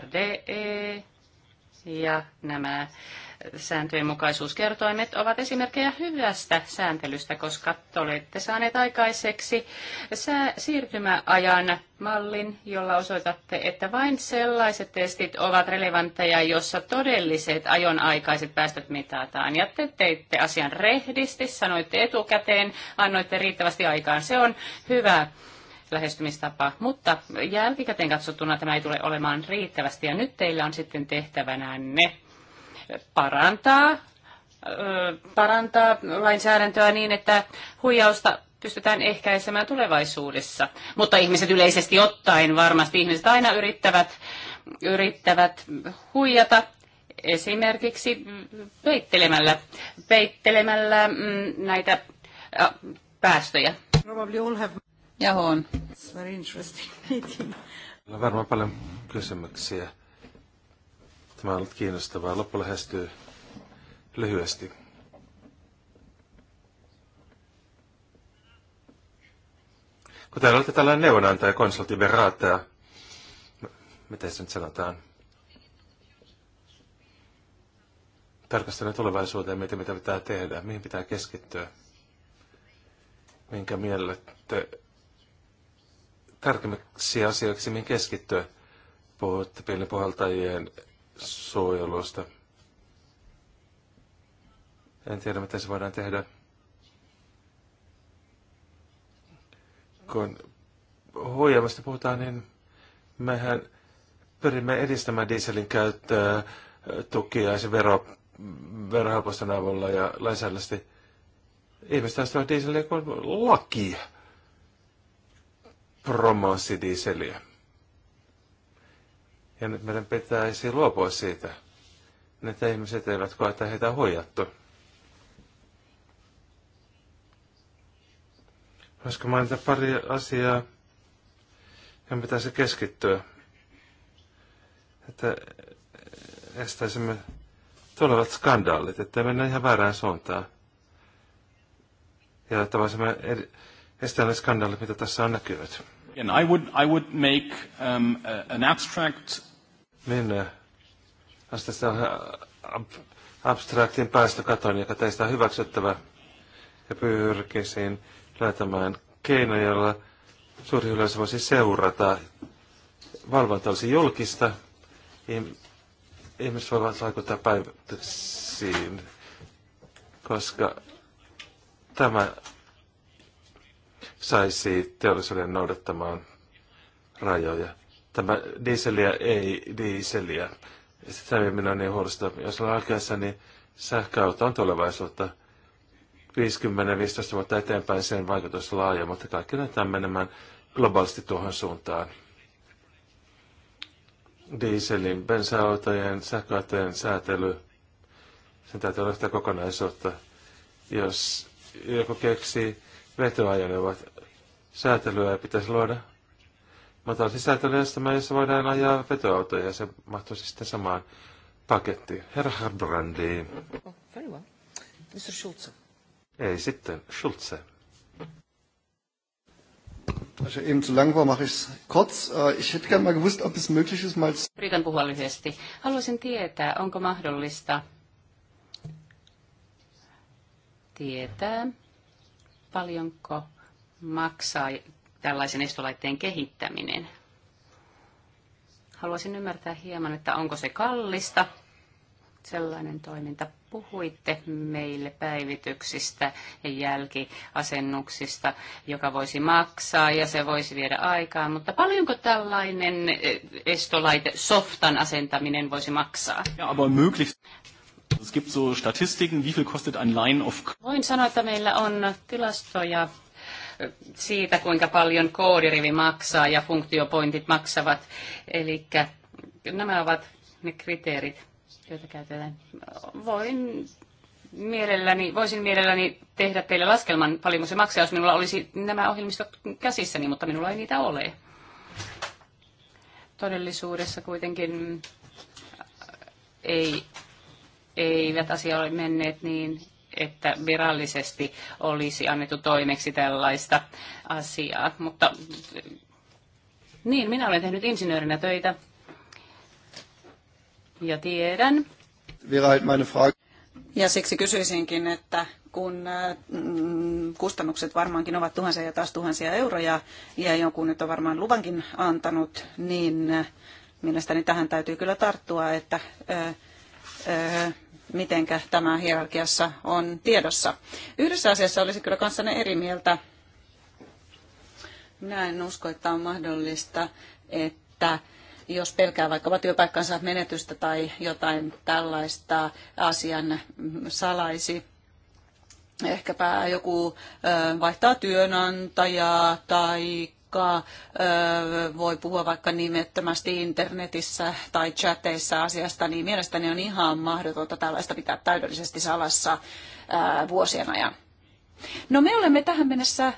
RDE ja nämä sääntöjen mukaisuuskertoimet ovat esimerkkejä hyvästä sääntelystä, koska te olette saaneet aikaiseksi siirtymäajan mallin, jolla osoitatte, että vain sellaiset testit ovat relevantteja, jossa todelliset ajon aikaiset päästöt mitataan. Ja te teitte asian rehdisti, sanoitte etukäteen, annoitte riittävästi aikaan. Se on hyvä lähestymistapa, mutta jälkikäteen katsottuna tämä ei tule olemaan riittävästi ja nyt teillä on sitten tehtävänä ne parantaa, parantaa lainsäädäntöä niin, että huijausta pystytään ehkäisemään tulevaisuudessa. Mutta ihmiset yleisesti ottaen varmasti, ihmiset aina yrittävät, yrittävät huijata esimerkiksi peittelemällä, peittelemällä mm, näitä päästöjä. Ja on. varmaan paljon kysymyksiä. Tämä on ollut kiinnostavaa. Loppu lähestyy lyhyesti. Kun täällä olette tällainen neuvonantaja, konsultti, veraattaja, miten se nyt sanotaan, tarkastelen tulevaisuuteen, mitä, mitä pitää tehdä, mihin pitää keskittyä, minkä mielette tärkeimmäksi asioiksi, mihin keskittyä. Puhutte puhaltajien suojelusta. En tiedä, miten se voidaan tehdä, kun huijamasta puhutaan, niin mehän pyrimme edistämään dieselin käyttöä tukia ja se vero, verohelposten avulla ja lainsäädännöllisesti. Ihmiset ostavat dieseliä kuin laki promosi dieseliä. Ja nyt meidän pitäisi luopua siitä, että ihmiset eivät koe, että heitä on huijattu. Voisiko mainita pari asiaa, johon pitäisi keskittyä, että estäisimme tulevat skandaalit, että mennä ihan väärään suuntaan. Ja että voisimme estää ne skandaalit, mitä tässä on näkynyt. Again, I would, I would make um, a, an abstract... Men, niin, äh, äh, abstraktin päästökaton, joka teistä on hyväksyttävä. Ja pyrkisin löytämään keinoja, jolla suuri yleisö voisi seurata. Valvonta olisi julkista. Ihmiset voivat vaikuttaa päivätyksiin, koska tämä saisi teollisuuden noudattamaan rajoja. Tämä dieseliä ei dieseliä. Sitä minä niin huolestunut. Jos on oikeassa, niin sähköauto on tulevaisuutta. 50-15 vuotta eteenpäin sen vaikutus on laaja, mutta kaikki näyttää menemään globaalisti tuohon suuntaan. Dieselin, bensa-autojen, sähköautojen säätely, sen täytyy olla sitä kokonaisuutta. Jos joku keksii vetoajalle ovat Säätelyä ja pitäisi luoda. Matalaisin säätelyjärjestelmä, jossa voidaan ajaa vetoautoja ja se mahtuisi sitten samaan pakettiin. Herra Harbrandi. Oh, very well. Mr. Schulze. Ei sitten, Schulze. Also eben zu lang war, mache ich es kurz. Äh, ich hätte gerne mal gewusst, ob es möglich ist, mal... Yritän puhua lyhyesti. Haluaisin tietää, onko mahdollista tietää, paljonko maksaa tällaisen estolaitteen kehittäminen. Haluaisin ymmärtää hieman, että onko se kallista, sellainen toiminta. Puhuitte meille päivityksistä ja jälkiasennuksista, joka voisi maksaa ja se voisi viedä aikaa, mutta paljonko tällainen eh, estolaite softan asentaminen voisi maksaa? Ja, aber Es gibt so Statistiken, wie viel kostet ein line of... Voin sanoa, että meillä on tilastoja äh, siitä, kuinka paljon koodirivi maksaa ja funktiopointit maksavat. Eli nämä ovat ne kriteerit, joita käytetään. Voin mielelläni, voisin mielelläni tehdä teille laskelman, paljonko se maksaa, jos minulla olisi nämä ohjelmistot käsissäni, mutta minulla ei niitä ole. Todellisuudessa kuitenkin äh, ei eivät asia ole menneet niin, että virallisesti olisi annettu toimeksi tällaista asiaa. Mutta niin, minä olen tehnyt insinöörinä töitä ja tiedän. Ja siksi kysyisinkin, että kun mm, kustannukset varmaankin ovat tuhansia ja taas tuhansia euroja, ja joku nyt on varmaan luvankin antanut, niin mielestäni tähän täytyy kyllä tarttua, että Äh, Miten tämä hierarkiassa on tiedossa. Yhdessä asiassa olisi kyllä kanssanne eri mieltä. Minä en usko, että on mahdollista, että jos pelkää vaikkapa työpaikkansa menetystä tai jotain tällaista asian salaisi, ehkäpä joku äh, vaihtaa työnantajaa tai ö, voi puhua vaikka nimettömästi internetissä tai chateissa asiasta, niin mielestäni on ihan mahdotonta tällaista pitää täydellisesti salassa vuosien ajan. No me olemme tähän mennessä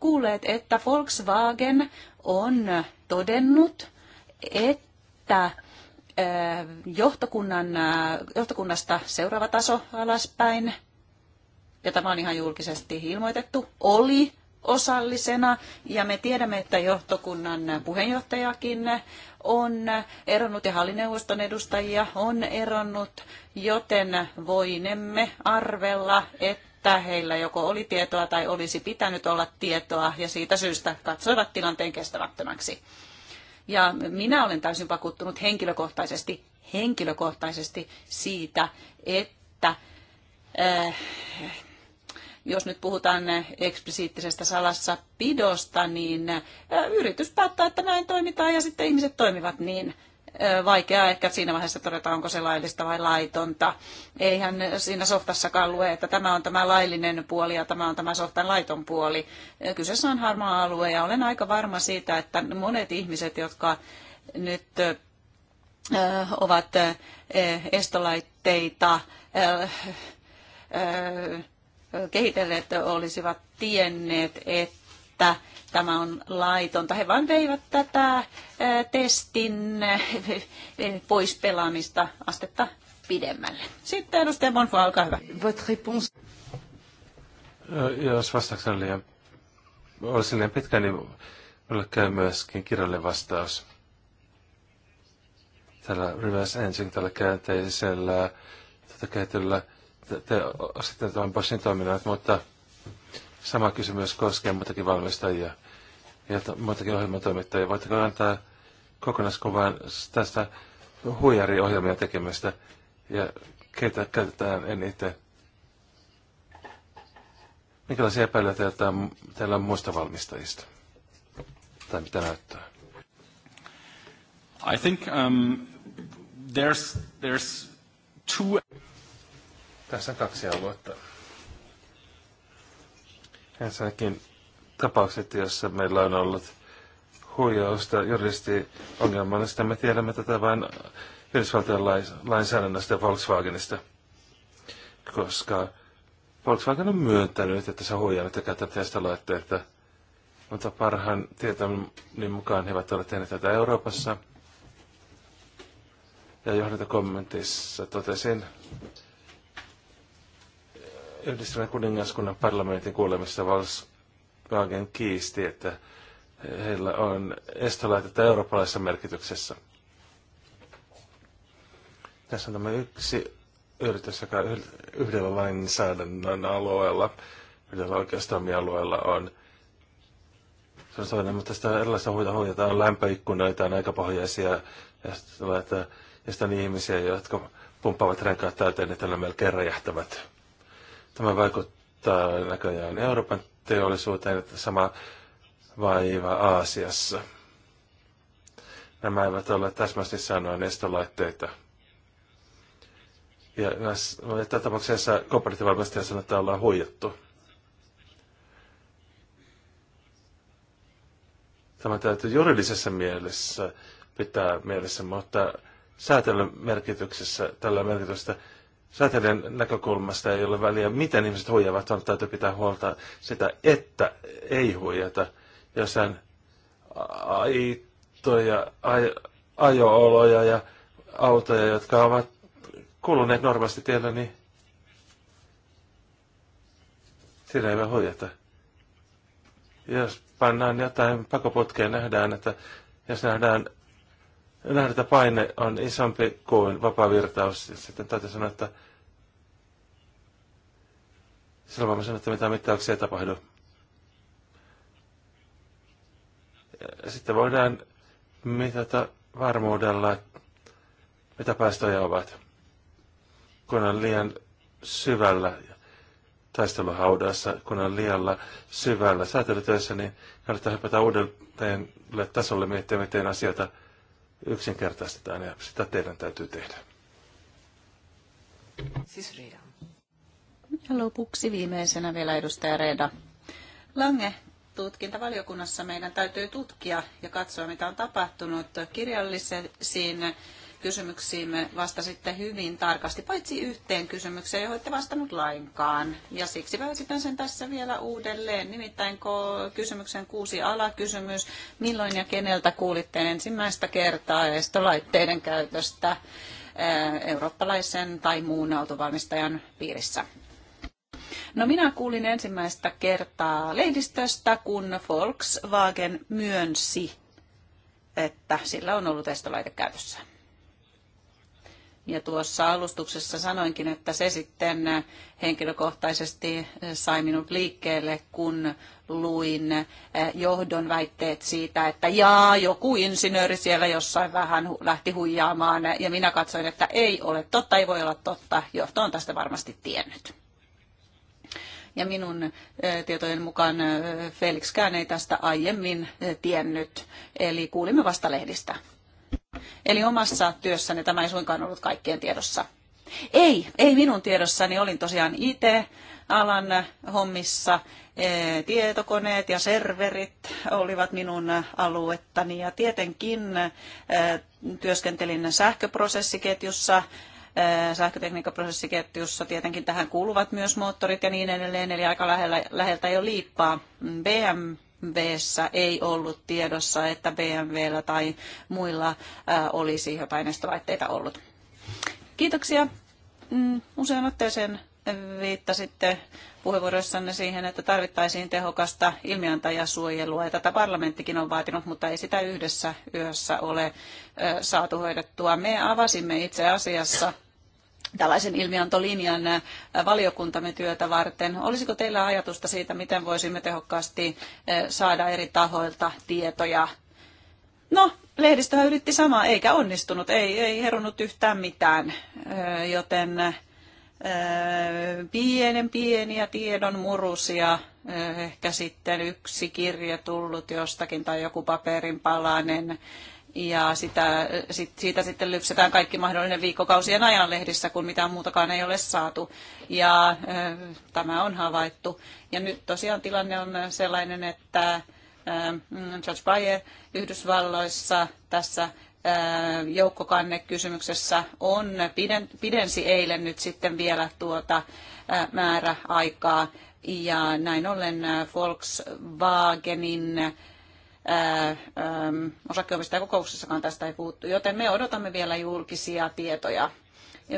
kuulleet, että Volkswagen on todennut, että johtokunnan, johtokunnasta seuraava taso alaspäin, ja tämä on ihan julkisesti ilmoitettu, oli osallisena ja me tiedämme, että johtokunnan puheenjohtajakin on eronnut ja hallineuvoston edustajia on eronnut, joten voinemme arvella, että heillä joko oli tietoa tai olisi pitänyt olla tietoa ja siitä syystä katsoivat tilanteen kestämättömäksi. Ja minä olen täysin vakuuttunut henkilökohtaisesti, henkilökohtaisesti siitä, että eh, jos nyt puhutaan eksplisiittisestä salassa pidosta, niin yritys päättää, että näin toimitaan ja sitten ihmiset toimivat niin. Vaikeaa ehkä siinä vaiheessa todeta, onko se laillista vai laitonta. Eihän siinä softassakaan lue, että tämä on tämä laillinen puoli ja tämä on tämä softan laiton puoli. Kyseessä on harmaa alue ja olen aika varma siitä, että monet ihmiset, jotka nyt ovat e, estolaitteita, kehitelleet olisivat tienneet, että tämä on laitonta. He vain veivät tätä testin pois pelaamista astetta pidemmälle. Sitten edustaja Bonfo, olkaa hyvä. Jos vastauksena liian olisi liian pitkä, niin minulle käy myöskin kirjallinen vastaus. Tällä reverse engine, tällä käänteisellä tätä käytöllä te osittain tämän Boschin toiminnan, mutta sama kysymys koskee muitakin valmistajia ja muitakin ohjelmatoimittajia. Voitteko antaa kokonaiskuvan tästä huijariohjelmia tekemistä ja keitä käytetään eniten? Minkälaisia epäilyjä teillä on, teillä on muista valmistajista? Tai mitä näyttää? I think um, there's, there's two... Tässä on kaksi aluetta. Ensinnäkin tapaukset, joissa meillä on ollut huijausta juristi ongelmallista. Me tiedämme tätä vain Yhdysvaltojen lainsäädännöstä ja Volkswagenista, koska Volkswagen on myöntänyt, että se on huijannut ja käyttänyt tästä laitteita. Mutta parhaan tietoni mukaan he ovat olleet tehneet tätä Euroopassa. Ja johdantokommentissa totesin, Yhdistyneen kuningaskunnan parlamentin kuulemissa Volkswagen kiisti, että heillä on estolaitetta eurooppalaisessa merkityksessä. Tässä on tämä yksi yritys, joka yhdellä lainsäädännön alueella, yhdellä oikeustoimialueella on se on toinen, mutta tästä erilaista huita on lämpöikkunoita, on aikapohjaisia ja sitten, että, ja sitten on ihmisiä, jotka pumppaavat renkaat täyteen, että niin ne melkein räjähtävät. Tämä vaikuttaa näköjään Euroopan teollisuuteen, että sama vaiva Aasiassa. Nämä eivät ole täsmästi sanoen estolaitteita. Ja näissä no, tapauksessa kooperatiivivalmistaja sanoo, että ollaan huijattu. Tämä täytyy juridisessa mielessä pitää mielessä, mutta säätelyn merkityksessä tällä merkitystä säteiden näkökulmasta ei ole väliä, miten ihmiset huijavat, vaan täytyy pitää huolta sitä, että ei huijata. Jos hän aitoja, ajooloja ja autoja, jotka ovat kuluneet normaalisti tiellä, niin sillä ei voi huijata. Jos pannaan jotain pakoputkeen, nähdään, että jos nähdään nähdä, että paine on isompi kuin vapaa virtaus. Sitten täytyy sanoa, että silloin voimme sanoa, että mitä mittauksia ei tapahdu. Ja sitten voidaan mitata varmuudella, mitä päästöjä ovat, kun on liian syvällä taisteluhaudassa, kun on liialla syvällä säätelytöissä, niin kannattaa hypätä uudelleen tasolle miettiä, miten asioita yksinkertaistetaan ja sitä teidän täytyy tehdä. Siis Riida. Ja lopuksi viimeisenä vielä edustaja Reda. Lange, tutkintavaliokunnassa meidän täytyy tutkia ja katsoa, mitä on tapahtunut kirjallisiin kysymyksiimme vastasitte hyvin tarkasti, paitsi yhteen kysymykseen, johon ette vastannut lainkaan. Ja siksi esitän sen tässä vielä uudelleen, nimittäin kysymyksen kuusi alakysymys. Milloin ja keneltä kuulitte ensimmäistä kertaa estolaitteiden käytöstä eh, eurooppalaisen tai muun autovalmistajan piirissä? No minä kuulin ensimmäistä kertaa lehdistöstä, kun Volkswagen myönsi, että sillä on ollut estolaite käytössään. Ja tuossa alustuksessa sanoinkin, että se sitten henkilökohtaisesti sai minut liikkeelle, kun luin eh, johdon väitteet siitä, että jaa, joku insinööri siellä jossain vähän lähti huijaamaan. Ja minä katsoin, että ei ole totta, ei voi olla totta. Johto on tästä varmasti tiennyt. Ja minun eh, tietojen mukaan eh, Felixkään ei tästä aiemmin tiennyt, eli kuulimme vasta lehdistä Eli omassa työssäni tämä ei suinkaan ollut kaikkien tiedossa. Ei, ei minun tiedossani. Olin tosiaan IT-alan hommissa. E, tietokoneet ja serverit olivat minun aluettani ja tietenkin e, työskentelin sähköprosessiketjussa e, sähkötekniikkaprosessiketjussa tietenkin tähän kuuluvat myös moottorit ja niin edelleen, eli aika lähellä, läheltä jo liippaa. BM mm, BMWssä ei ollut tiedossa, että BMWllä tai muilla äh, olisi jotain estolaitteita ollut. Kiitoksia. Mm, usein otteeseen viittasitte puheenvuoroissanne siihen, että tarvittaisiin tehokasta ilmiantajasuojelua. Ja tätä parlamenttikin on vaatinut, mutta ei sitä yhdessä yössä ole äh, saatu hoidettua. Me avasimme itse asiassa tällaisen ilmiantolinjan äh, valiokuntamme työtä varten. Olisiko teillä ajatusta siitä, miten voisimme tehokkaasti äh, saada eri tahoilta tietoja? No, lehdistö yritti samaa, eikä onnistunut, ei, ei herunut yhtään mitään, äh, joten pienen pieniä tiedon murusia, ehkä sitten yksi kirje tullut jostakin tai joku paperin palanen. Niin ja sitä, sit, siitä sitten lypsetään kaikki mahdollinen viikkokausien ajan lehdissä, kun mitään muutakaan ei ole saatu. Ja ö, tämä on havaittu. Ja nyt tosiaan tilanne on sellainen, että George mm, Bayer Yhdysvalloissa tässä joukkokannekysymyksessä on, piden, pidensi eilen nyt sitten vielä tuota määräaikaa. Ja näin ollen Volkswagenin osakkeenomistajakokouksessakaan tästä ei puhuttu, joten me odotamme vielä julkisia tietoja.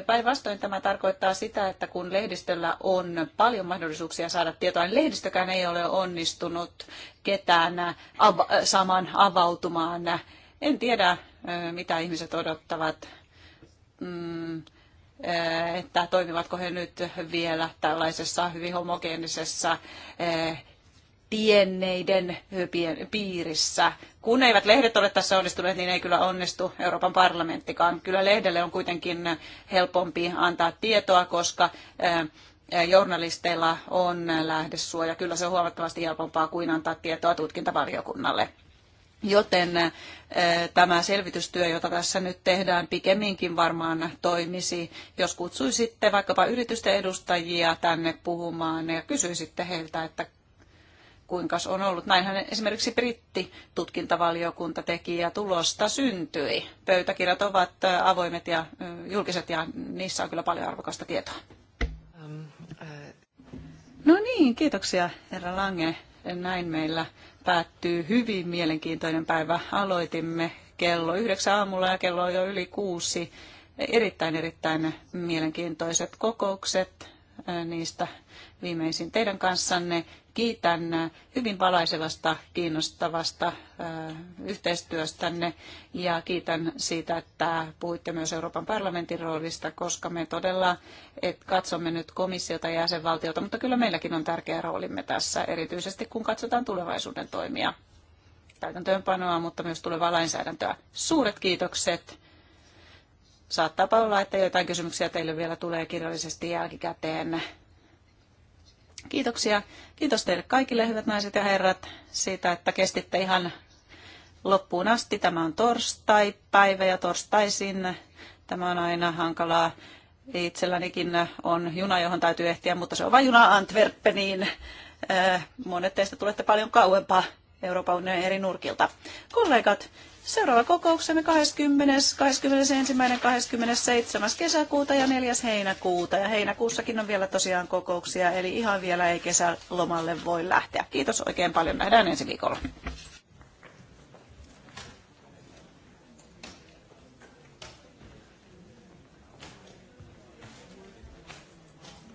Päinvastoin tämä tarkoittaa sitä, että kun lehdistöllä on paljon mahdollisuuksia saada tietoa, niin lehdistökään ei ole onnistunut ketään av- saman avautumaan. En tiedä, mitä ihmiset odottavat. Mm, että toimivatko he nyt vielä tällaisessa hyvin homogeenisessa tienneiden piirissä. Kun eivät lehdet ole tässä onnistuneet, niin ei kyllä onnistu Euroopan parlamenttikaan. Kyllä lehdelle on kuitenkin helpompi antaa tietoa, koska journalisteilla on lähdesuoja. Kyllä se on huomattavasti helpompaa kuin antaa tietoa tutkintavaliokunnalle. Joten tämä selvitystyö, jota tässä nyt tehdään, pikemminkin varmaan toimisi, jos kutsuisitte vaikkapa yritysten edustajia tänne puhumaan ja kysyisitte heiltä, että kuinka on ollut. Näinhän esimerkiksi tutkintavaliokunta teki ja tulosta syntyi. Pöytäkirjat ovat avoimet ja julkiset ja niissä on kyllä paljon arvokasta tietoa. Um, uh, no niin, kiitoksia herra Lange. Näin meillä päättyy hyvin mielenkiintoinen päivä. Aloitimme kello yhdeksän aamulla ja kello on jo yli kuusi. Erittäin, erittäin mielenkiintoiset kokoukset. Niistä viimeisin teidän kanssanne. Kiitän hyvin valaisevasta, kiinnostavasta yhteistyöstänne ja kiitän siitä, että puhuitte myös Euroopan parlamentin roolista, koska me todella et katsomme nyt komissiota ja jäsenvaltiota, mutta kyllä meilläkin on tärkeä roolimme tässä, erityisesti kun katsotaan tulevaisuuden toimia täytäntöönpanoa, mutta myös tulevaa lainsäädäntöä. Suuret kiitokset. Saattaa olla, että jotain kysymyksiä teille vielä tulee kirjallisesti jälkikäteen. Kiitoksia. Kiitos teille kaikille, hyvät naiset ja herrat, siitä, että kestitte ihan loppuun asti. Tämä on torstai-päivä ja torstaisin. Tämä on aina hankalaa. Itsellänikin on juna, johon täytyy ehtiä, mutta se on vain juna Antwerpeniin. Äh, monet teistä tulette paljon kauempaa Euroopan unionin eri nurkilta. Kollegat, Seuraava kokouksemme 20. 21. 27. kesäkuuta ja 4. heinäkuuta. Ja heinäkuussakin on vielä tosiaan kokouksia, eli ihan vielä ei kesälomalle voi lähteä. Kiitos oikein paljon. Nähdään ensi viikolla.